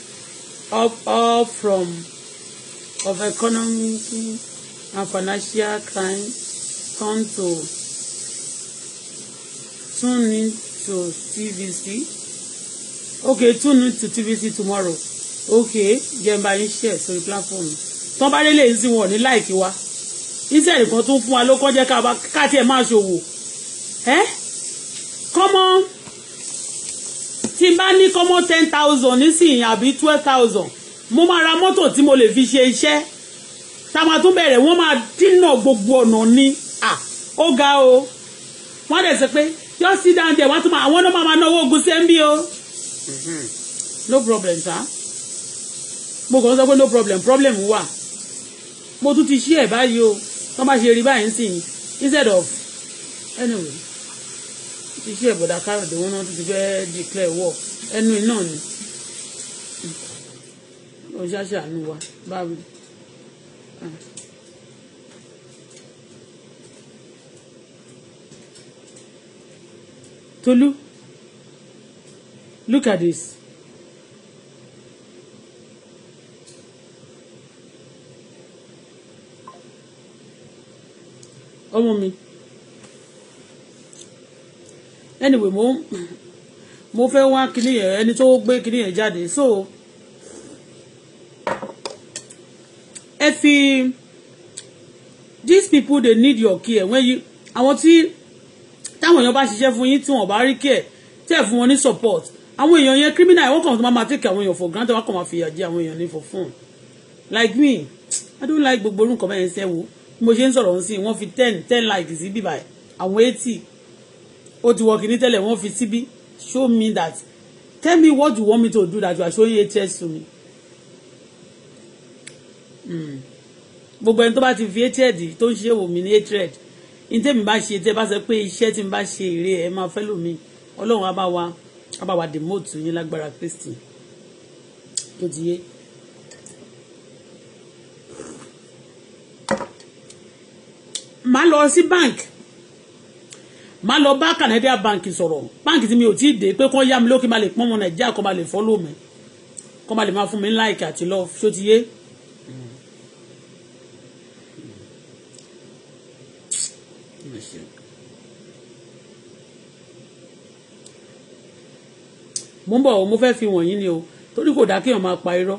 up up from of economic and financial crime turn to tune into to TVC okay tune into to TVC tomorrow okay jẹnba yín share sórí platform tán bá délé yín sí wọn ní láìkí wa israẹli kan tún fún wa ló kọjá ká tiẹ̀ máa ṣòwò ẹ come on tí n bá ní kọ́mọ́ ten thousand nísìnyí àbí twelve thousand mo máa ra mọ́tò tí mo lè fi ṣe iṣẹ́ tá a máa tún bẹ̀rẹ̀ wọ́n máa dínà gbogbo ọ̀nà ni ó ga o wọ́n dẹ̀ sọ pé yọ sí dáńdẹ̀ wọ́n tún máa àwọn náà máa náwó ogun sẹ́ńbí o mm-hmm. no problem sa mo kàn sọ pé no problem problem wà mo tún ti ṣí ẹ̀ báyìí o wọ́n bá ṣe rí báyìí ń instead of anyway iṣẹ́ ìbọ̀dà kárọ̀dé náà tó ti fẹ́ declare war ẹnu iná ni ọ̀ṣàṣà àánú wa báwo. Ah. Tolu, look at this. ọmọ mi anyway mo mo fẹ́ wá kinní yẹn ẹni tó gbé kinní yẹn jáde so ẹ fi these people they need your care when you àwọn tí táwọn èèyàn bá ṣiṣẹ́ fún yín tí wọ́n bá rí care tẹ̀ fún wọn ní support àwọn èèyàn yẹn criminal wọ́n kàn tó máa ma take àwọn èèyàn for granted wọ́n kàn máa fìyà jẹ àwọn èèyàn ní for fun like me i don't like gbogbo orúkọ bẹ́ẹ̀ ń sẹ́wọ́ bí mo ṣe ń sọ̀rọ̀ ń sìn wọ́n fi ten ten like sí bíbá àwọn eighty ó ti wọ kíní tẹ́lẹ̀ wọ́n fi síbí show me that tell me what you want me to do that you are showing ats to me. Hmm. gbogbo ẹni tó bá ti fi atred tó ń ṣe wò mí ní atred ní tẹ́mi bá ṣe tẹ́ bá sọ pé iṣẹ́ tí mi bá ṣe èrè ẹ̀ máa fẹ́ lómi ọlọ́run á bá wa á yín lágbára Kristi tó ti yé. màá lọ sí bank má lọ bá Canada bank sọ̀rọ̀ bank tí mi ò tí ì dé pé kó yá mi lókè má lè pọ́n Nàìjíríà kó má lè follow mi kó má lè máa fún mi like àti love ṣó ti yé. mo ń bọ̀ mo fẹ́ fi wọ̀nyí ni o torí kò dá kéèyàn máa pa irọ́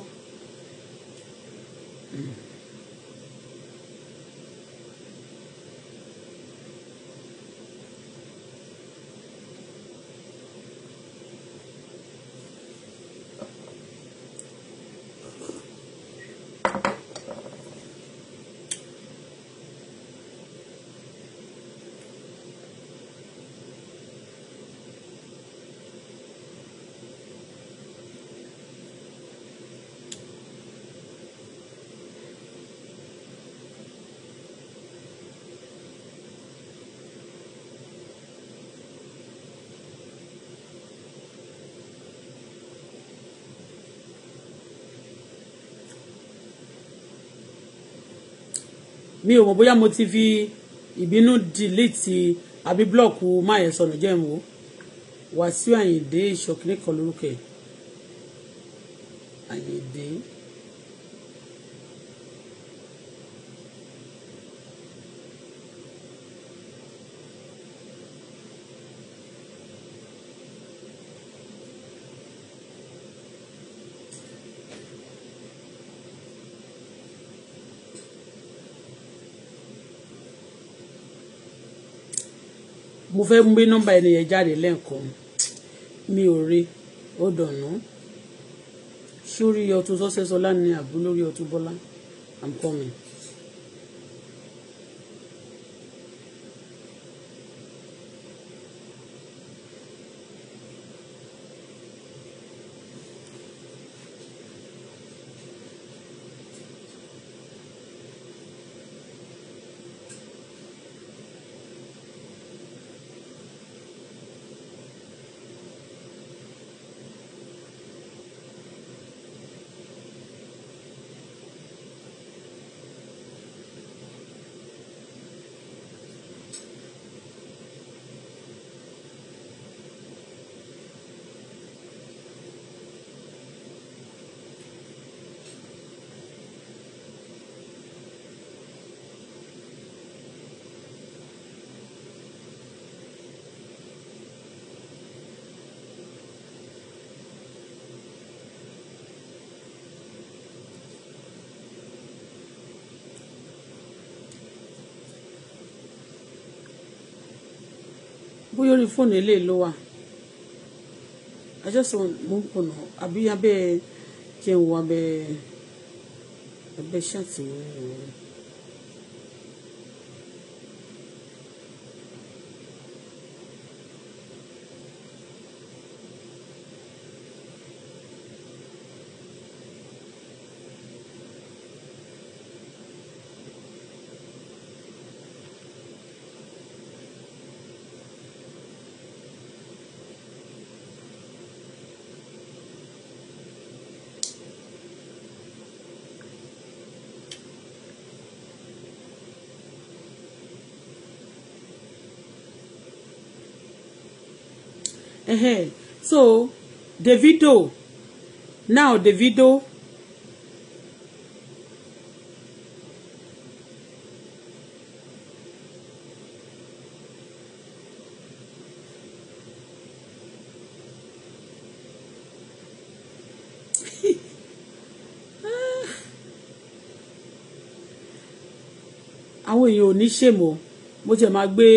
mi ò mọ̀ bóyá mo ti fi ìbínú delete àbí blọọkù máyẹ̀ sọnù jẹ́ ìwò Wàsíù Àyìndé ìṣọ̀kìnìkan lórúkẹ̀ Àyìndé. mo fẹ́ gbé nọ́mbà ẹni yẹn jáde lẹ́ẹ̀kan mi ò rí ó dọ̀nà sórí Auto Success Ola ní àbú lórí I'm coming. bóyá orí fóònù eléyìí ló wà ajọ́sọ mò ń kùnà àbí abẹ́ jẹun abẹ́ abẹ́ ṣáàtì wọn. Uh-huh. So Davido now Davido [LAUGHS] àwọn èèyàn ò ní ṣèmọ̀ mo tiẹ̀ máa gbé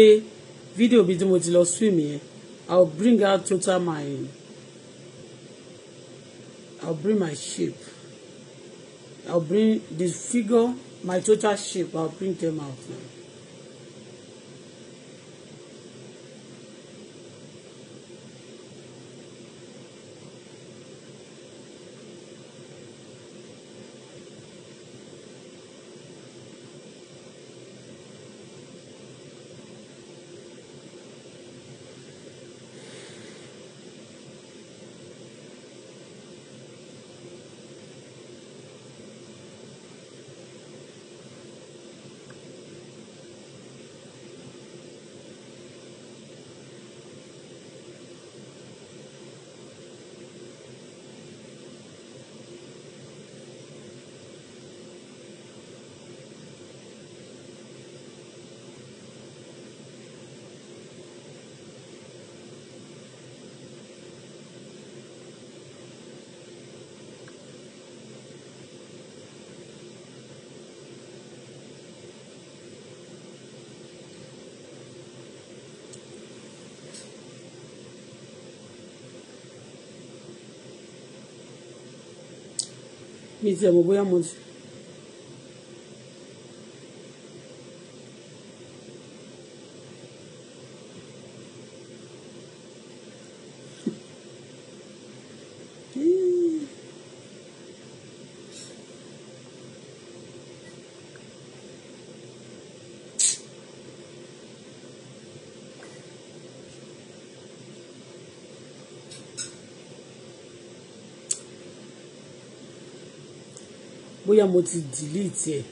fídíò bíi tí mo ti lọ swim yẹn I'll bring out total my I'll bring my sheep. I'll bring this figure, my total sheep, I'll bring them out now. me desenvolvo a música. bóyá mo ti delete ẹ̀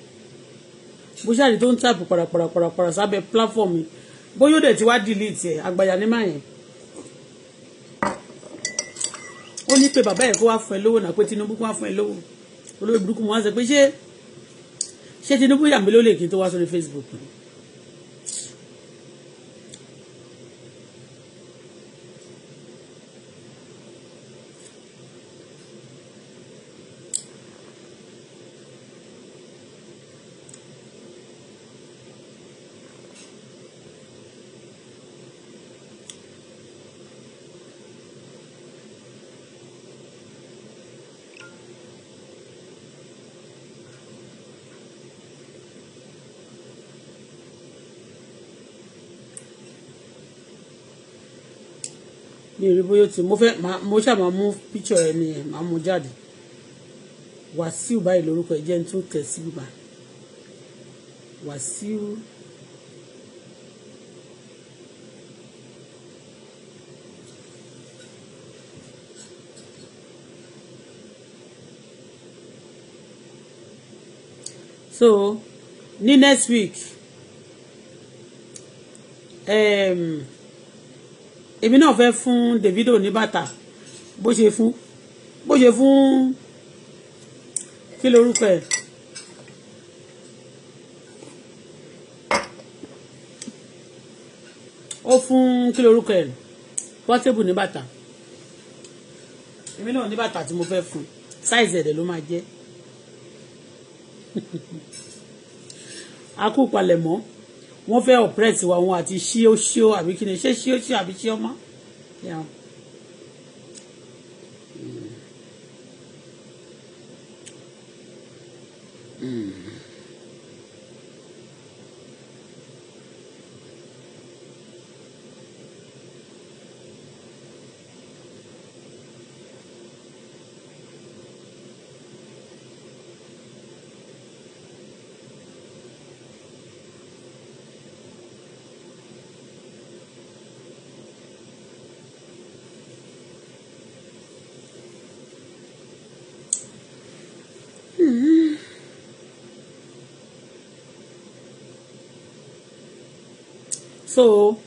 bó ṣáà ní tó ń tàpù parapàrapàrapàra sábẹ́ platform mi bóyá ó dẹ̀ ti wá delete ẹ̀ àgbàyà ní máa yẹn ó ní pé bàbá ẹ̀ kó wá fún ẹ lówó náà pé Tinubu kó wá fún ẹ lówó olórí burúkú mo wá sọ pé ṣé ṣé Tinubu yà mí kí n tó wá sórí Facebook ni. mi rí bóyá ti mo fẹ́ mo ṣáà máa mú píṣọ ẹ ni màá mú jáde Wàsíù báyìí lórúkọ ẹ jẹ́ n tún tẹ̀ sí bíbá Wàsíù. so ní next week um, èmi náà fẹ́ fún Davido ní bàtà bó ṣe fún bó ṣe fún kí lorúkọ ẹ̀ ó fún kí lorúkọ ẹ̀ Portable ní bàtà èmi náà ní bàtà tí mo fẹ́ fún size ẹ̀dẹ̀ ló máa jẹ́ akú [LAUGHS] palẹ̀mọ́ wọ́n fẹ́ oppress wa wọn àti ṣíó ṣíó àbí kí ni ṣé ṣíó ṣíó àbí ṣíó mọ́. Mm-hmm. so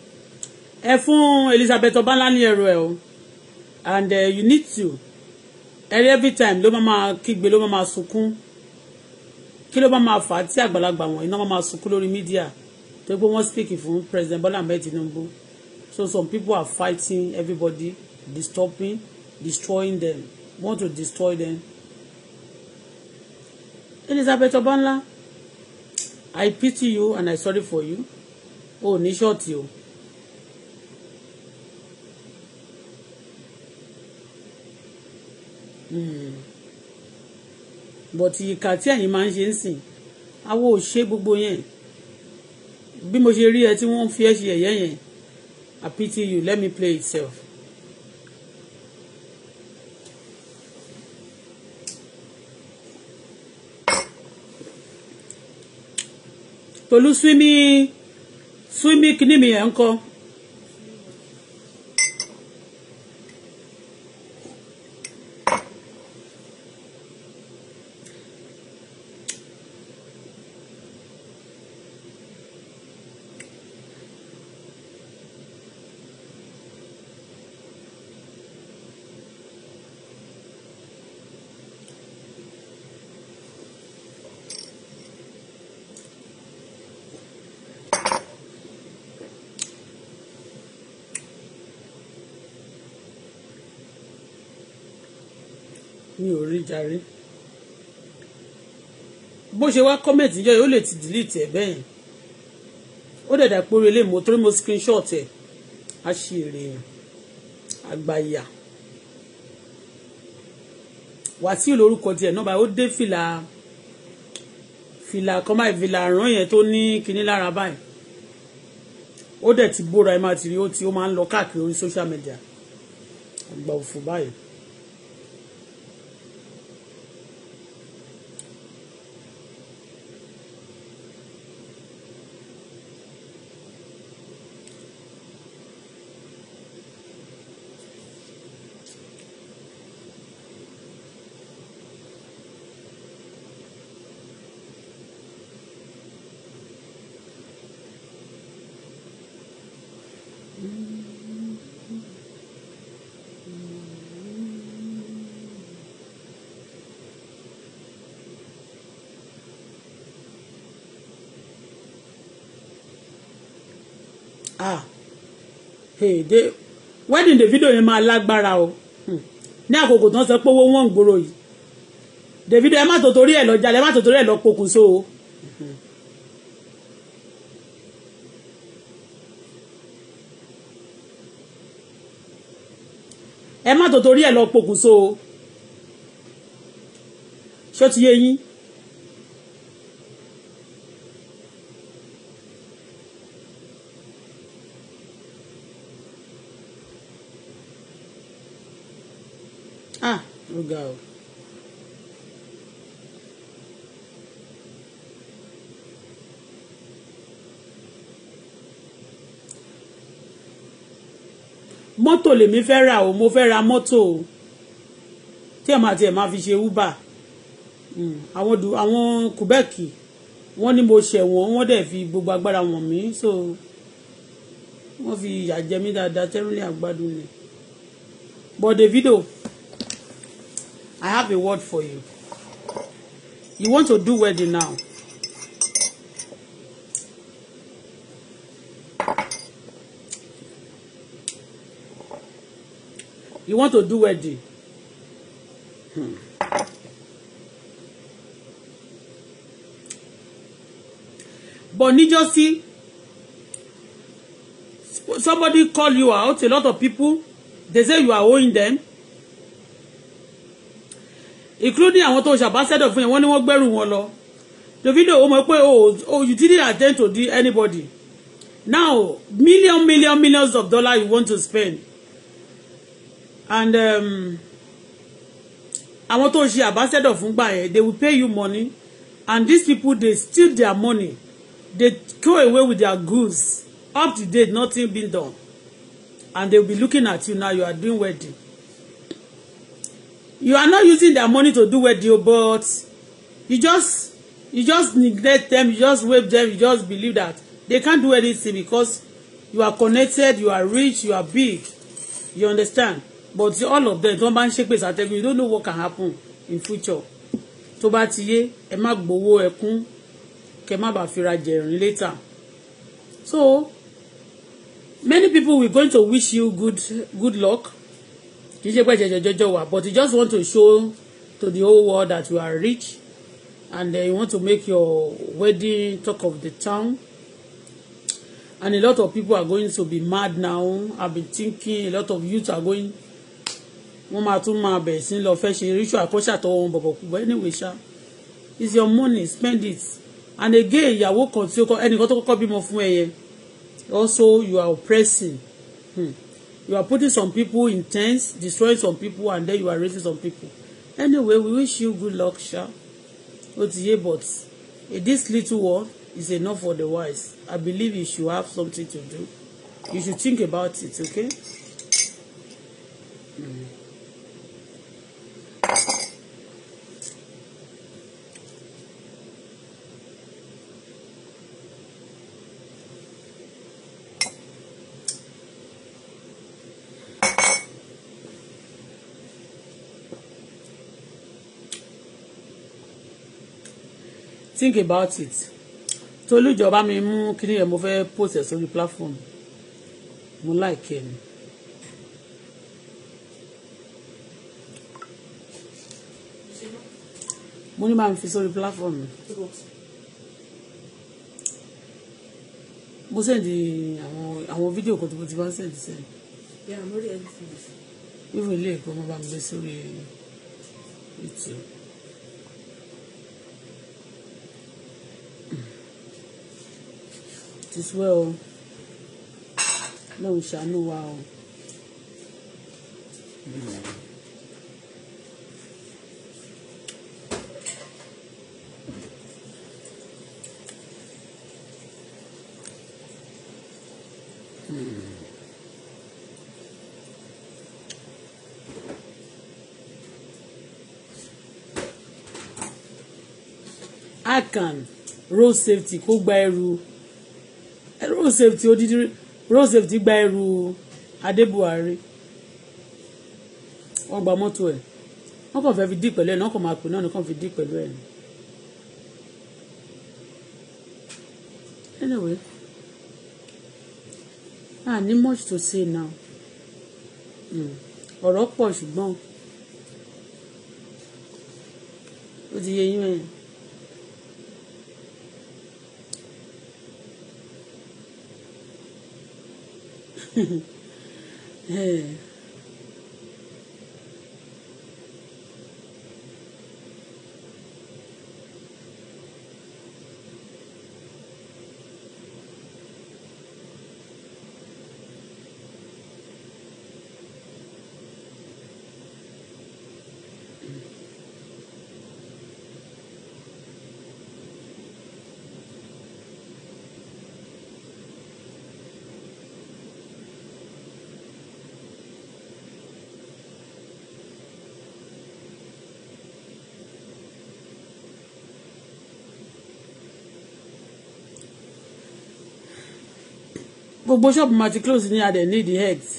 ẹ fún Elizabeth Ọbanla ní ẹrù ẹ o and uh, you need to every time ló máa kígbe ló máa sunkún kí ló máa fà á tí àgbàlagbà wọn iná máa sunkún lórí mídíà tó gbé wọn speak fún President Bola Ahmed Tinubu so some people are fighting everybody disturbing destroying them want to destroy them Elizabeth Ọbanla I pity you and I sorry for you o ò ní ṣọ́ọ̀tì o. Hmm. bọ̀tì ìka tí ẹ̀yin máa ń ṣe ń sìn awo ò ṣe gbogbo yẹn bí mo ṣe rí ẹ tí wọ́n fi ẹ́ ṣe ẹ̀yẹ́ yẹn I pity you let me play itself. Tolu Swimi swimming kìíní mi yẹn ń mi ò rí jàre bó ṣe wá comment níjọ́ yìí ó lè ti delete ẹ̀ bẹ́ẹ̀ ó dẹ̀ dàpọ̀ ilé mo torí mo screenshot ẹ̀ á ṣe èrè àgbàyà wàsíù lórúkọ tiẹ̀ náà báyìí ó dé fìlà fìlà kan báyìí fìlà àrán yẹn tó ní kinní lára báyìí ó dẹ̀ ti bóra ẹ máa ti rí ó ti ó máa ń lọ káàkiri orí social media àgbà òfò báyìí hey they wedding Davido yẹn máa lágbára o hmm. ní àkókò tó ń sọ pé owó wọn ń gbòòrò yìí Davido ẹ má tó torí ẹ lọ jalè ẹ má tó torí ẹ lọ pokùnso o. ẹ má tó torí ẹ lọ pokùnso o ṣó ti yé yín. ga o. mọ́tò lèmi fẹ́ rà o mo fẹ́ ra mọ́tò o tí ẹ̀ máa tiẹ̀ máa fi ṣe uber hmm, àwọn àwọn Quebec wọ́n ní mo ṣẹ̀ wọ́n wọ́n dẹ̀ fi gbogbo agbára wọ̀n mí so wọ́n fi ìyà jẹ mí dáadáa tẹ́rùlẹ̀ àgbàdo ni but Davido I have a word for you. You want to do wedding now. You want to do wedding. Hmm. But see? somebody call you out, a lot of people, they say you are owing them including àwọn tó ṣàbáṣẹ́dọ̀ fún yẹn wọ́n ní wọ́n gbẹ́rù wọn lọ Davido ó mọ̀ pé oh, oh you didn't attend to the anybody now million million millions of dollars you want to spend and um, àwọn tó ṣe àbáṣẹ́dọ̀ fún gbà yẹn they will pay you money and these people they steal their money they go away with their goods up to date nothing been done and they will be looking at you now you are doing wedding you are not using their money to do wedding but you just you just neglect them you just wave them you just believe that they can't do anything because you are connected you are rich you are big you understand but all of them tó ban ń ṣépè sàtẹ́gùn you don't know what can happen in future tó bá ti yé ẹ má gbowó ẹkún kẹ má bàa fira jẹrin later so many people will going to wish you good good luck kì í ṣe pé ṣẹ̀ṣẹ̀ jọjọ wà but you just want to show to the whole world that you are rich and uh, you want to make your wedding talk of the town and a lot of people are going to be mad now I've been thinking a lot of youth are going wọ́n máa tún máa bẹ̀rẹ̀ sí lọ fẹ́ ṣe ritual kó ṣàtọwọ́ bọ̀bọ̀ kú but anyway ṣá it's your money spend it and again ìyàwó kan tí ó kọ ẹnìkan tó kọ́kọ́ bímọ fún ẹ yẹn also you are oppressing. Hmm. You are putting some people in tents, destroying some people, and then you are raising some people. Anyway, we wish you good luck, Sha. Otiye, but this little world is enough for the wise. I believe you should have something to do. You should think about it, okay? Mm-hmm. think about it tolújọba mi mú kíní yẹn mo fẹ́ post ẹ̀ sórí platform mo like ẹ̀ ni. mo ní máa fi sórí platform mi mo sẹ́ndì àwọn àwọn fídíò kan tó mo ti bá sẹ́ndì sẹ́ndì even ilé ẹ̀kọ́ mo bá ń gbé sórí ètò. it is well lóun ṣàánú wa o. akan road safety kó gba ẹrù road safety odidi road safety gba ẹrù adébuhari wọ́n gba mọ́tò ẹ̀ wọ́n kàn fẹ́ fi dí pẹ̀lú ẹ̀ náà kàn máa pè náà nìkan fi dí pẹ̀lú ẹ̀ anyway ah ní much to say now hmm, ọ̀rọ̀ pọ̀ ṣùgbọ́n ó ti yẹ yín ẹ̀yìn. [LAUGHS] Yeah. gbogbo ṣọ́ọ̀bù máa ti close ní adẹ̀ need the eggs.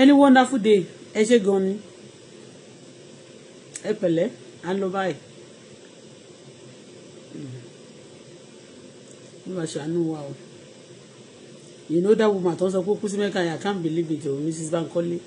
any wonderful day ẹ ṣe gan ni ẹ pẹ̀lẹ́ à ń lọ báyìí nígbà ṣàánú wa o you know that woman tó sọ pé kú sí i can't believe it o mrs bankole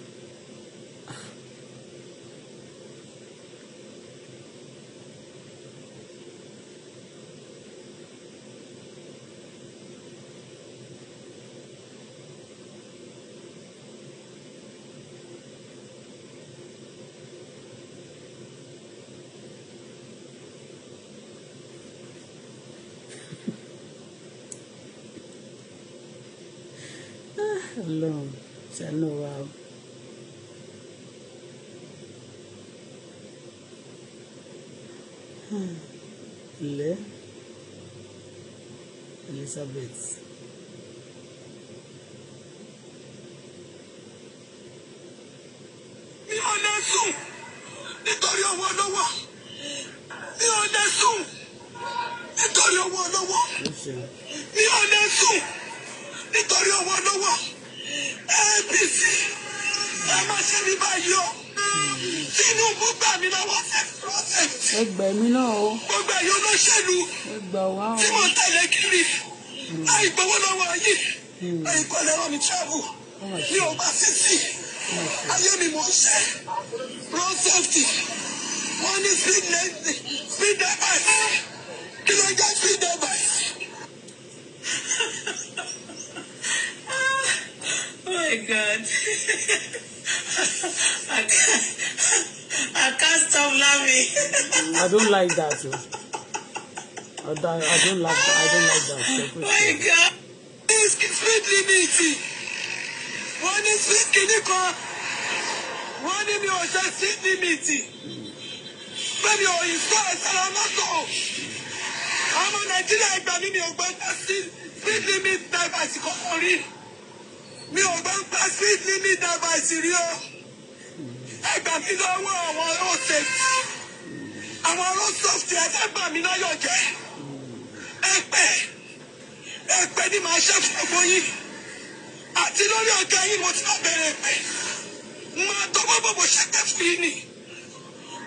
ṣàánú wa o. ilẹ̀ Elizabeth. tí mò ń tẹ̀lé kiri àìgbowó lọ́wọ́ ayé hmm. àìkọ́ lẹ́rọ mi travel ní ọgbà sísì ayé mi mò ń ṣe road safety wọ́n ní speed lẹ́sìn speed dẹ́bàì kí ló ń jẹ́ speed dẹ́bàì. [LAUGHS] Oh my God. [LAUGHS] I can't, I can't stop laughing. I don't like that. Oh. I don't like that. I don't like that. Oh my God! This is speed limit. Wọ́n is speed kìíní kan. Wọ́n ní mi ò ṣe speed limit. Bẹ́ẹ̀ni ò yí sọ ìṣẹ̀lẹ̀ mọ́tò. Ọmọ Nàìjíríà ìgbà mi mi ò gbọ́ gbà speed limit divers kọ̀ọ̀kan rí. Mi ò gbọ́ gbà speed limit divers rí o. Ẹgbà mi lọ́wọ́ àwọn ọ̀sẹ̀. Àwọn ọlọ́sọ̀ọ̀sì ẹ̀fẹ́ gbà mí láyọ̀ jẹ́ ẹ̀pẹ̀ ẹ̀pẹ̀ ni màá ṣe fún ọgbọ́n yín àti lórí ọ̀gá yín mo ti máa bẹ̀rẹ̀ ẹ̀pẹ̀ máa tọwọ́ bọ̀bọ̀ ṣẹ́pẹ̀ fún yín ni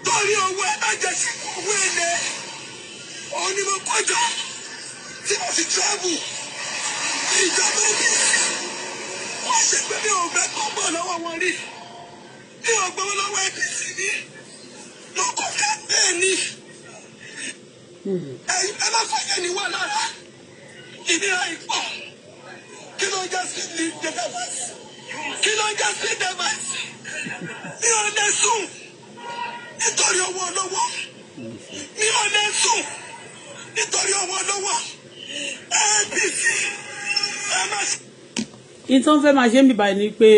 torí owó alájẹsíkú owó ẹlẹ òun ni mo kọjọ tí mo fi travel ìjọba ẹbí wọ́n ṣe pé mi ò gbẹ́ kọ́ bọ̀ lọ́wọ́ wọn rí mi ò gbowó lọ́wọ́ APC ní mo kọ́ ká bẹ́ẹ̀ ni ẹ má fàyè ní wà lára ìnira ìpọ kí ló ń jẹ sí ní dẹfẹsì kí ló ń jẹ sí dẹfẹsì ní ọdẹ sùn nítorí owó lọ́wọ́ ní ọdẹ sùn nítorí owó lọ́wọ́ APC ẹ má. ìtàn fẹ́ máa ṣe ń bíbá ni pé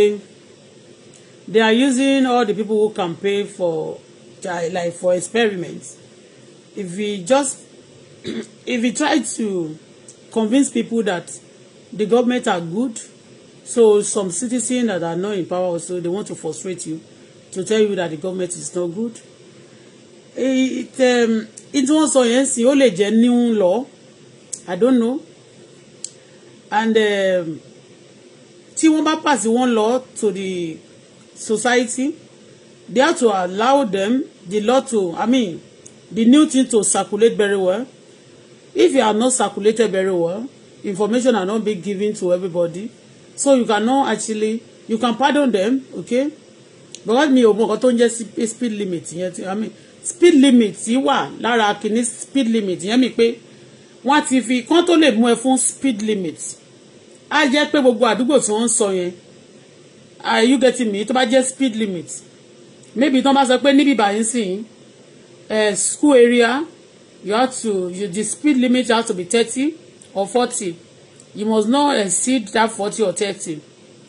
they are using all the people who campaign for like for experiments if we just [CLEARS THROAT] if we try to convince people that the government are good so some citizens that are not in power also they want to frustrate you to tell you that the government is not good it um it wọn sọ yẹn sì ó lè jẹ new law i don't know and um, tí wọn bá pass the one law to the society they have to allow them the law to i mean the new thing to circulate very well if you are not circulated very well information are not being given to everybody so you cannot actually you can pardon them okay because mi ò mọ nǹkan tó just speed limit yẹn i mean speed limit wà can kìíní speed limit You mi pé what if you kán tó lè mú speed limit I just pé gbogbo àdúgbò you wọ́n to sọ yẹn are you getting me tó bá jẹ́ speed limit maybe tí wọ́n bá sọ pé níbi ìbàyín uh, school area you have to you, the speed limit has to be thirty or forty you must not exceed that forty or thirty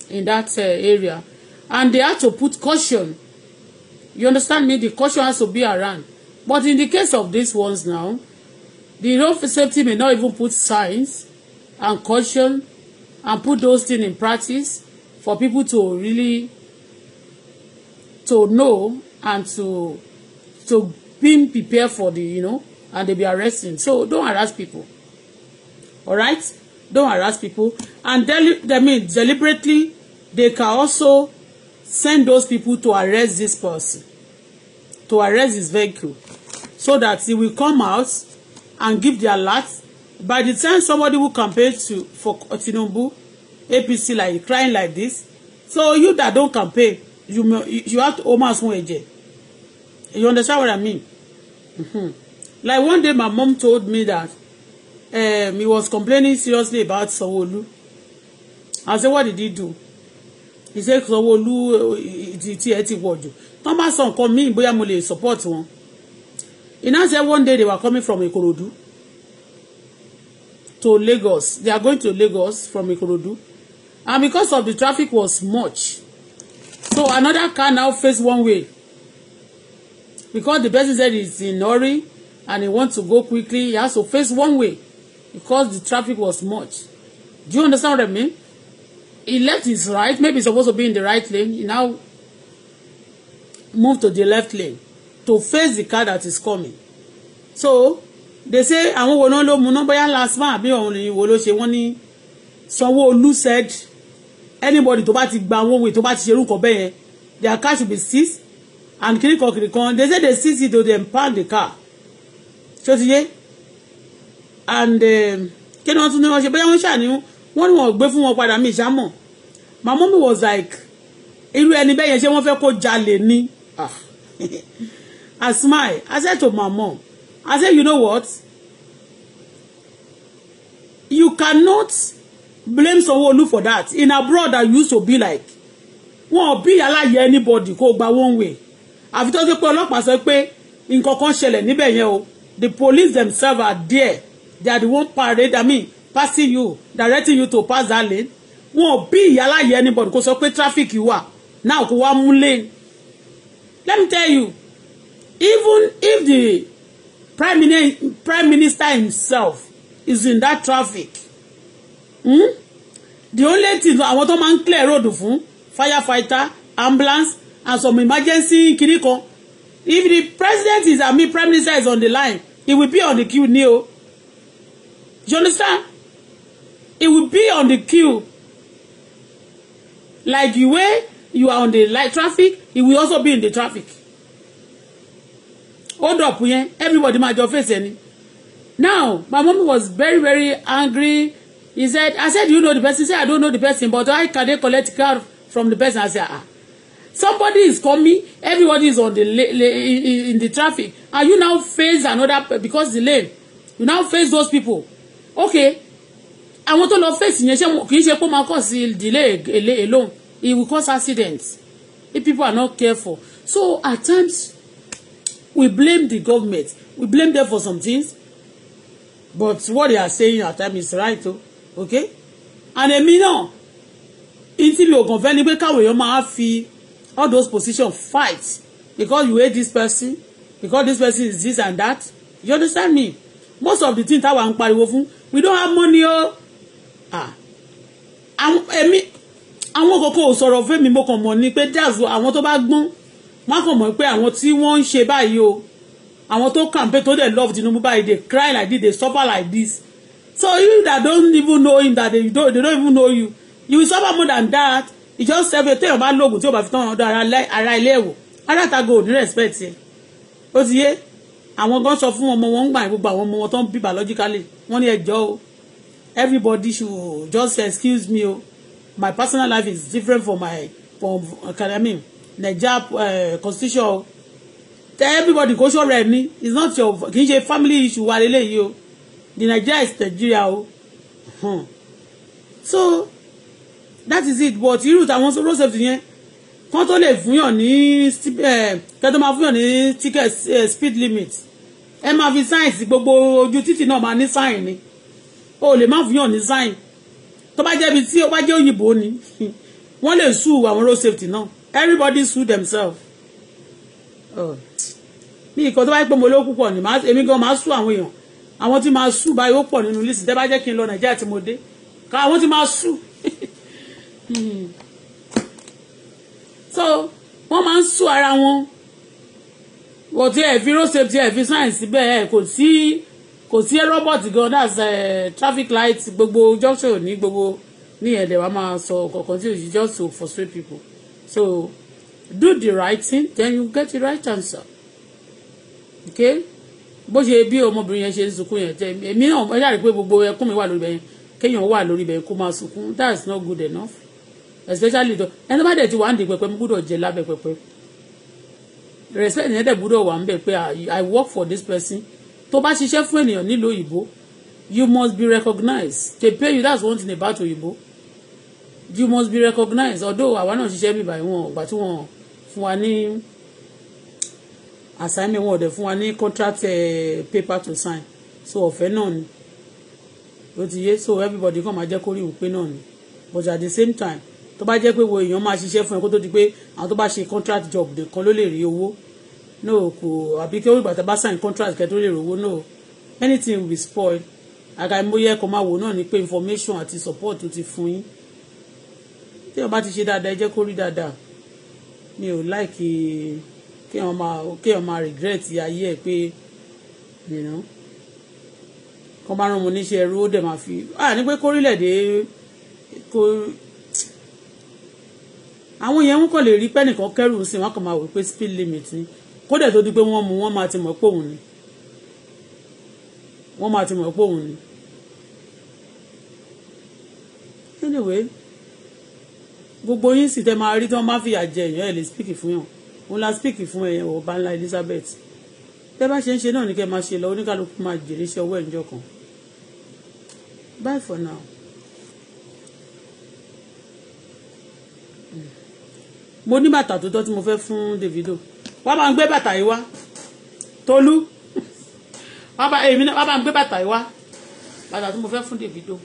in that uh, area and they have to put caution you understand me the caution has to be around but in the case of these ones now the road safety may not even put signs and caution and put those things in practice for people to really to know and to to being prepared for the you know and they be arresting so don't harass people all right don't harass people and deli I mean deliberately they can also send those people to arrest this person to arrest his vehicle so that he will come out and give the alert by the time somebody will campaign to for Tinubu APC like crying like this so you that don't campaign you you have to almost one you understand what I mean Mm-hmm. Like one day my mom told me that um, he was complaining seriously about sanwo I said, what did he do? He said, Sanwo-Olu eh, eh, ti ẹ ti wọ̀jù. Tán bá sọ nǹkan support one." He now said one day they were coming from Ikorodu to Lagos. They are going to Lagos from Ikorodu. And because of the traffic was much, so another car now faced one way because the person said he's in hurry and he want to go quickly he has to face one way because the traffic was much do you understand what I mean he left his right maybe he's supposed to be in the right lane he now move to the left lane to face the car that is coming so they say àwọn wo náà ló mu náà bóyá last man àbí òun ni ló ṣe wọ́n ní Sanwó-Olú said anybody tó bá ti gba àwọn tó bá ti ṣe irú bẹ́ẹ̀ yẹn their car should be seized and kìnìkan kìnìkan they say they see it to dem park the car So ti yé and um, kí ni wọ́n tún ní wọ́n ṣe bóyá wọ́n ṣàní wọ́n ní wọ́n gbé fún wọn padà mí ìṣámọ̀ my mummy was like irú ẹni bẹ́ẹ̀ yẹn ṣé wọ́n fẹ́ kó jalè ni ah. [LAUGHS] I smile I said to my mom I said you know what you cannot blame Sanwó-Olú for that in abroad I used to be like wọn ò bí yàrá anybody kó gba one way àfi tó ti pé ọlọ́pàá sọ pé nǹkan kan ṣẹlẹ̀ níbẹ̀ yẹn o the police themselves are there they are the one parade i mean passing you directing you to pass that lane wọn ò bí ìyáláyé anybody kò sọ pé traffic wà now kò wá mú lane let me tell you even if the prime, minister, prime minister himself is in that traffic hmm? the only thing àwọn tó máa ń clear road fún firefighter ambulance and some emergency kìnnì kan if the president is I mean prime minister is on the line he will be on the queue ni o you understand he will be on the queue like the way you are on the light traffic he will also be in the traffic hold up yẹn everybody ma jọ face ẹni now my mom was very very angry he said i said you know the person he said i don't know the person but I can they collect card from the person i said ah somebody is coming everybody is on the in, in the traffic and you now face another because the lane you now face those people okay àwọn tó lọ face yẹn ṣé kì í ṣe pé máa cause delay alone it will cause accidents if people are not careful so at times we blame the government we blame them for some things but what they are saying at times is right o oh. okay and èmi náà n tí mi ò kàn fẹ́ ni pé káwọn èèyàn máa fi all those position fight because you hate this person because this person is this and that you understand me most of the things táwa ń pariwo fún we don't have money o ah àwọn èmi àwọn kòkó sọ̀rọ̀ fẹ́mi mo kàn mọ̀ ni pé that's àwọn tó bá gbọ́n wọ́n kàn mọ̀ pé àwọn tí wọ́n ń ṣe báyìí o àwọn tó campaign tó dey love Tinubu báyìí dey cry like this dey suffer like this so you that don't even know him that they don't, they don't even know you you suffer more than that ìjọ sẹ́fẹ̀ téèyàn bá lóògùn tí ó bá fi tán ọ̀dọ̀ ara ilé ẹ̀wò arátago ò ní respect yẹ ó ti yé àwọn gan sọ fún ọmọ wọn ń gbà gbogbo àwọn ọmọ wọn tó ń bí biologically wọ́n ní ẹjọ́ o everybody should just excuse me o my personal life is different from my from academy naija uh, eh, constitution o tell everybody kó ṣọ́ra ẹ̀ ní it's not your kì í ṣe family issue wa lélẹ́yìí o the Nigeria is nigeria o hmm. so that is it but irú tàwọn road safety yẹn kán tó lè fúnyàn ní eh, kẹtọ́ máa fúnyàn ní ticket eh, speed limit ẹ máa fi sign sí gbogbo ojú títì náà máa ní sign ni o lè má fúnyàn ní sign tó bá jẹ́ ibi tí ó bá jẹ́ òyìnbó ni [LAUGHS] wọ́n lè sue àwọn road safety náà everybody sue themselves ní oh. ìkan tó bá yẹ pé mo lówó púpọ̀ ni èmi gan máa sue àwọn èèyàn àwọn tí máa sue báyìí ó pọ̀ nínú lísì tẹ́ bá jẹ́ kí n lọ nàìjíríà tí mo dé ká àwọn tí máa sue. [LAUGHS] so wọ́n máa ń sú ara wọn wọ́n ti ẹ̀ fi road safety ẹ̀ fi sign síbẹ̀ ẹ̀ kò sí kò sí robot gan that's uh, traffic light gbogbo junction ní gbogbo ní ẹ̀dẹ̀ wa máa sọ kankan tí òjì just to frustrate people so do the right thing then you get the right answer okay bó ṣe bí ọmọbìnrin yẹn ṣe ń sunkún yẹn tẹ èmi náà ẹ ṣáà pé gbogbo ẹkún mi wà lórí bẹ́ẹ̀ kéèyàn wà lórí bẹ́ẹ̀ kó máa sunkún that's not good enough especially tó ẹni tó bá dẹ̀ ti wà ń di pẹpẹ mo gbọ́dọ̀ jẹ lábẹ́ pẹpẹ respect yẹn dẹ̀ gbọ́dọ̀ wà ń bẹ̀ pé i work for this person tó bá ṣiṣẹ́ fún ènìyàn nílò òyìnbó you must be recognized they pay you that's one thing about òyìnbó you must be recognized although àwa náà ṣiṣẹ́ bíbá ìwọ̀n ọ̀gbà tí wọ́n fún wa ní assignment wọn ọ̀dẹ̀ fún wa ní contract eh, paper to sign so ọ̀fẹ́ náà ni ó ti yé so everybody kàn máa jẹ́ kórìí òpin náà ni but at the same time tó bá jẹ́ pé wo èèyàn máa ṣiṣẹ́ fún ẹ kó tó di pé àwọn tó bá ṣe contract job nìkan ló lè rí owó no kò àbí kí ó ìgbà tó bá sign contract kẹ́ tó lè rí owó no anything will be spoil àkàìmọye ẹ̀kọ́ máa wò náà ni pé information àti support ti fún yín tí wọ́n bá ti ṣe dáadáa ẹ jẹ́ kó rí dáadáa mi ò láìkí kéèyàn máa kéèyàn máa regret ayé ẹ̀ pé kọ́ bá rán mo níṣẹ́ ẹrú ó dẹ̀ máa fi à ní pé kórìlẹ̀ kó àwọn yẹn ń kò lè rí pẹ́nìkan kẹ́rù sí wọn kàn máa wò pé speed limit ni kódà tó di pé wọ́n mú wọ́n máa ti mọ̀ pé òun ni wọ́n máa ti mọ̀ pé òun ni. anyway gbogbo yín sì tẹ máa rí tí wọ́n bá fìyà jẹ èèyàn ẹ̀ lè speak fún yàn òun la speak fún ẹ̀yàn ọba ńlá Elizabeth tẹ bá ṣe ń ṣe náà ní kẹ́ máa ṣe lọ oníkàlùkù máa jèrè iṣẹ́ owó ẹ̀ níjọ́ kan bye for now. mo ní bàtà tó tọ́ tí mo fẹ́ fún Davido wọ́n máa ń gbé bàtà yìí wá Tolú wọ́n bá èmi náà wọ́n máa ń gbé bàtà yìí wá bàtà tí mo fẹ́ fún Davido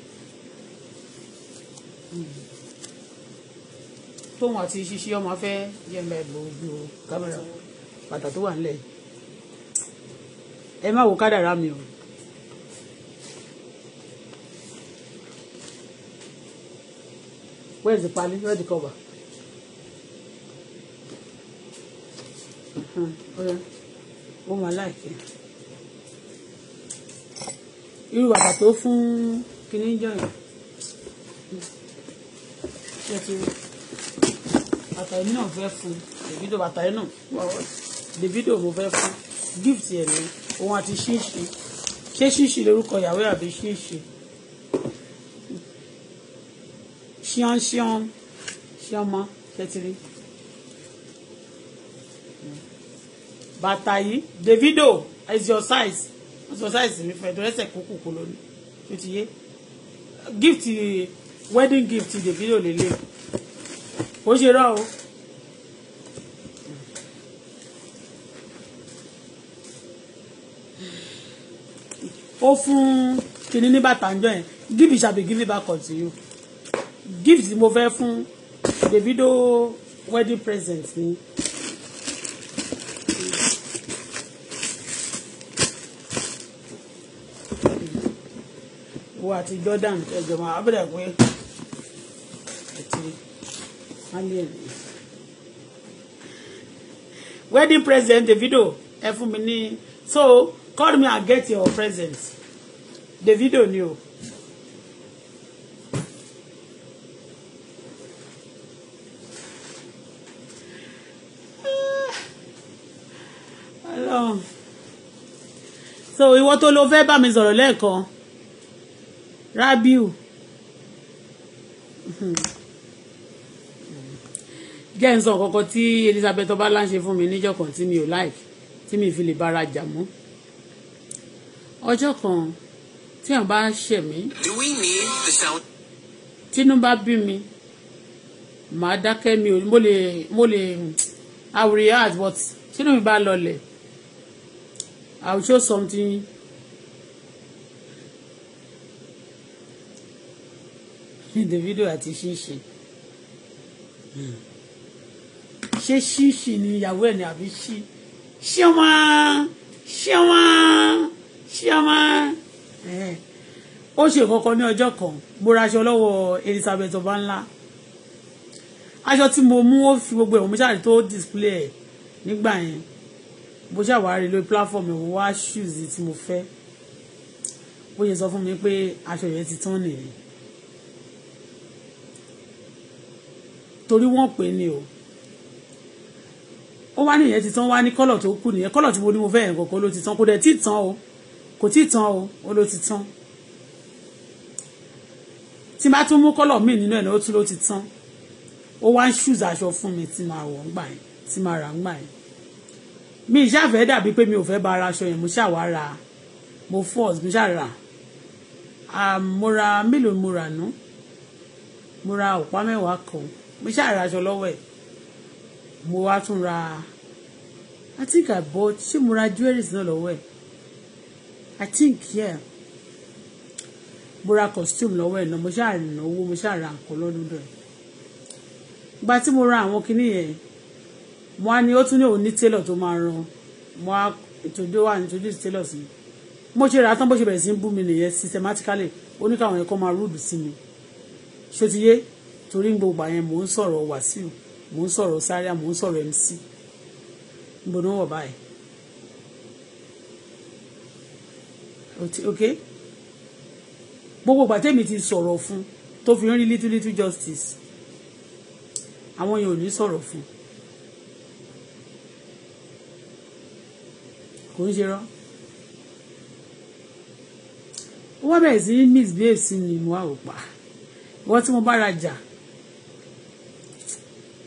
tóun àti ṣíṣí ọmọ fẹ́ yẹ mẹ́ gbòógbò kámẹ́rà bàtà tó wà nílẹ̀ ẹ má wò kádàrá mi o. Where the pali? Where the cover? ó máa láìpẹ́ irú bàbá tó fún kinní jọyìn ṣe ti àtàrí náà fẹ́ fún dèbídò àtàrí náà dèbídò mo fẹ́ fún gift ẹ̀ ní òun àti ṣíṣe ṣé ṣíṣe lórúkọ ìyàwó àbí ṣíṣe ṣíọ́nṣíọ́n ṣíọ́mọ́ kẹtìrì. bàtà yìí Davido is your size is your size mi fẹ́ ìdọ́lẹ́sẹ̀ kókò kò lónìí tó ti yé gift wedding gift Davido lélẹ̀ ó ṣe rán o. ó fún kinní ní bàtà ń jọ yẹn give it shall be given back unto you gift mo fẹ́ fún Davido wedding present ni. wo àti Jordan ẹjọ máa abẹ́rẹ́ pé àti alien. wedding present Davido ẹ fún mi ní so call me and get your present Davido ni o. Ah, so ìwọ tó lọ fẹ́ bá mi sọ̀rọ̀ lẹ́ẹ̀kan. Rabiu hmm. jẹ́ ń sọ kankan tí Elizabeth Ọbalá ń ṣe fún mi níjọ́ kan tí mi ò like tí mi fi lè bára jà mọ́ ọjọ́ kan tí àwọn bá ṣẹ̀ mí tínú bá bí mi màá dákẹ́ mi ò mo lè mo lè I will react but tínú mi bá lọlẹ̀ I will show something Davido àti ṣíṣe ṣé ṣíṣì ni ìyàwó ẹ̀ ní àbí ṣí ṣé wọ́n ṣé wọ́n ṣé wọ́n ó ṣe kọ́kọ́ ní ọjọ́ kan mo ra aṣọ lọ́wọ́ Elizabeth Ọbańlá aṣọ tí mo mú ó fi gbogbo ẹ̀wọ̀n mi ṣáà tó display ẹ̀ nígbà yẹn bó ṣàwárí lórí platform ẹ̀ wá shoes tí mo fẹ́ bó ṣe sọ fún mi pé aṣọ yẹn ti tán nìyẹn torí wọ́n pè ní o ó wá nìyẹn ti tán wá ní kọ́lọ̀ tó kù nìyẹn kọ́lọ̀ tí mo ní mo fẹ́ yẹn kọ̀ọ̀kan ló ti tán kò dẹ̀ tí tán o kò tí tán o ó ló ti tán tí n bá tún mú kọ́lọ̀ míì nínú ẹ̀ náà ó tún ló ti tán ó wá ń ṣùzà aṣọ fún mi tí màá wọ̀ ńgbà yẹn tí màá rà ńgbà yẹn mi ìṣàfẹ́ dàbí pé mi ò fẹ́ ba ara aṣọ yẹn mo ṣàwá ra mo fọ́ọ̀s mo ṣàrà àmúra mélòó mo rà nú mo ra ọ̀pá mẹ́wàá kan mo ṣáà ra aṣọ lọ́wọ́ ẹ̀ mo wá tún ra i think i bought ṣé mo ra jewelry náà lọ́wọ́ ẹ̀ i think yeah mo ra costume lọ́wọ́ ẹ̀ náà mo ṣáà náwó mo ṣáà ra nǹkan lọ́dún dọ̀ ẹ̀ gba tí mo ra àwọn kinní yẹn wọn á ní ó tún ní òun ní tailor tó máa ran wọn á ìtòjú wà nítorí tailor sí mo ṣe rà tán bó ṣe bẹ̀rẹ̀ sí ń bú mi nìyẹn systematically ó ní káwọn yẹn kọ́ máa rúdù sí mi ṣòtìyé torí gbogbo àyẹn mò ń sọ̀rọ̀ Wàsíù mò ń sọ̀rọ̀ Zaria mò ń sọ̀rọ̀ MC níbo ni wọ́n wọ̀ báyìí ok gbogbo ìgbà tẹ́mi ti sọ̀rọ̀ fún tó fi rí little little justice àwọn yẹn ò ní sọ̀rọ̀ fún kò ń ṣe rán wọ́n bẹ̀rẹ̀ sí misbehave sí ni mo á ò pa ah, wọ́n tí mo bá ra jà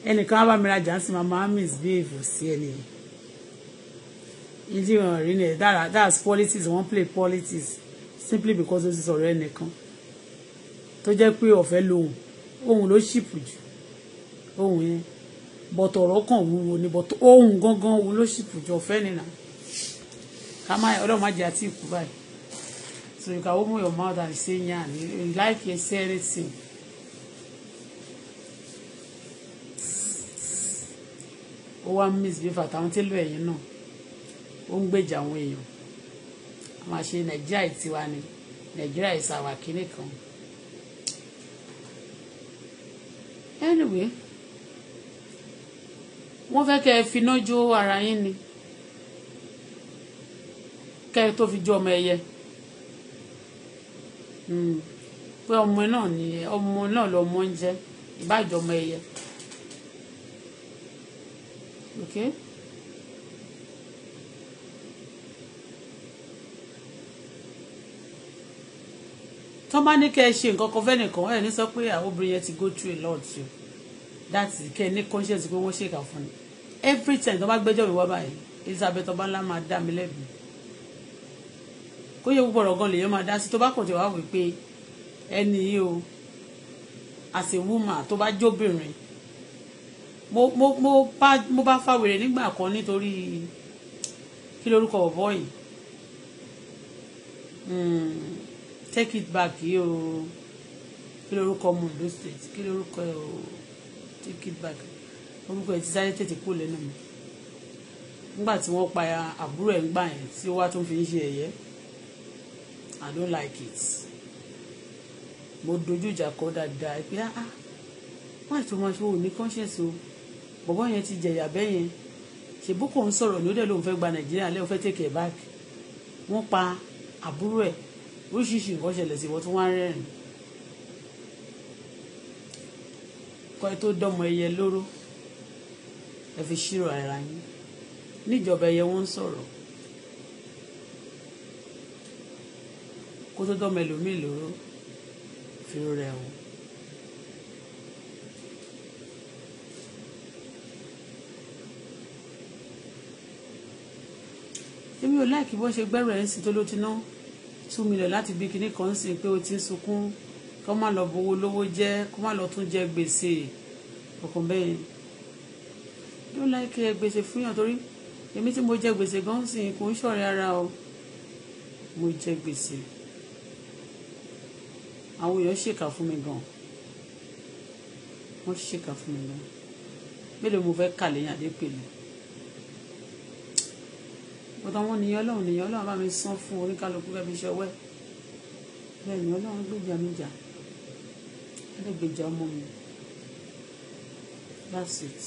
ẹnìkan á bá mi rajà sí mama misbehave sí ẹni ìdí wọn rí ni that that's politics wọ́n play politics simply because ó ti sọ̀rọ̀ ẹnìkan tó jẹ́ pé ọ̀fẹ́ lòun òun ló ṣìpù jù òun yẹn bọ̀tọ̀ ọ̀rọ̀ kan wúwo ni bọ̀tọ̀ òun gangan òun ló ṣìpù jù ọ̀fẹ́ nìyà ká má ọlọ́run má jẹ́ àti ìkú báyìí so you can open your mouth and say yan you like say anything. ó wá ń miss bífà táwọn tí lù ẹ̀yìn náà ó ń gbèjà àwọn èèyàn àwọn àṣẹ nàìjíríà tiwa ni nàìjíríà ìsàwà kínní kan anyway wọ́n fẹ́ kẹ́ ẹ finá jó ara yín ni kẹ́ ẹ tó fi jó ọmọ ẹyẹ hmm. pé ọmọ náà ni ọmọ náà lọmọ ń jẹ ìbájọ ọmọ ẹyẹ okay tó bá ní kẹ́ ẹ ṣe nǹkan kan fẹ́nìkan ẹ̀ ní sọ pé àwọn obìnrin yẹn ti go through a lot o that's kẹ́ ẹ ní conscience pé wọ́n ṣèkà fún mi every time tó bá gbẹ́jọ́ mi wá báyìí Elizabeth ọbańlá máa dá mi lẹ́bi kó yẹ gbogbo ọ̀rọ̀ gan lèyàn máa dá sí tó bá kàn tí wàá wí pé ẹni yìí o as a woman tó bá jóbìnrin mo bá fáwèrè nígbà kan nítorí kí lórúkọ ọ̀bọ yìí hmm, take it back yìí o kí lórúkọ Ondo state kí lórúkọ o take it back orúkọ ẹ ti sáré tètè kú lẹ́nu mi nígbà tí wọ́n pa àbúrò ẹ̀ ń yẹn tí ó tún fi ń ṣe ẹ̀yẹ I don't like it mo dojú ìjà kọ dáadáa pé ah ah wọ́n àti ọmọ ṣe òní conscience o bọ̀bọ́ yẹn ti jẹ̀yà bẹ́yẹn ṣèbú kò ń sọ̀rọ̀ ní ó dẹ̀ lóun fẹ́ gba nàìjíríà lẹ́yìn ó fẹ́ take it back wọ́n pa àbúrò ẹ̀ oríṣiríṣi nǹkan ṣẹlẹ̀ sí wọ́n tún wá rẹ́rìn kọ́ ẹ tó dọ́mọ ẹyẹ lóró ẹ fi ṣírò ara yín níjọba ẹyẹ wọ́n ń sọ̀rọ̀ kó tó dọ́mọ ẹlòmíì lóró fi rẹ̀ wọ́n. èmi ò láìkí bó ṣe gbẹ́rù ẹ̀ sí tó ló ti ná two million láti bí kinní kan sí pé o ti ń sunkún kó má lọ bowó lówó jẹ́ kó má lọ tún jẹ gbèsè ọkàn bẹ́ẹ̀ yóò láìkí eh, gbèsè fún yàn torí èmi tí mo jẹ gbèsè gan sì kò ń ṣọ̀rẹ́ ara o mo jẹ gbèsè àwọn èèyàn ṣèkà fún mi gan wọ́n ṣèkà fún mi gan mélòó mo fẹ́ kà lẹ́yìn àdépèlè bọ́tọ̀ wọn nìyẹn ọlọ́run nìyẹn ọlọ́run bá mi san fún oníkálukú bẹ́ẹ̀ mi ṣọwẹ́ bẹ́ẹ̀ ni ọlọ́run gbèjà mi jà ó lè gbèjà ọmọ mi that's it.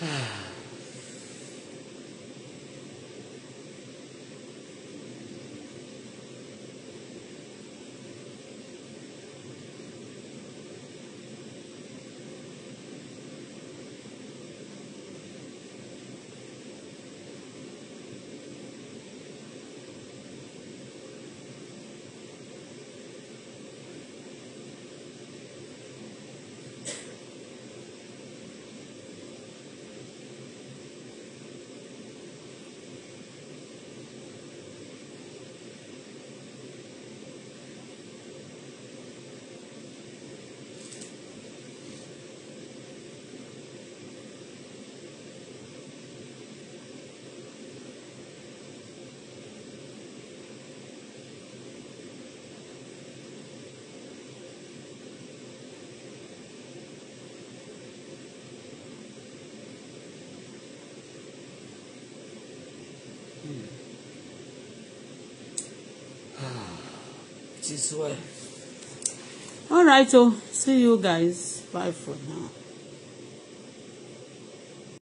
Ah. [SIGHS] it well. all right o oh, see you guys bye for now.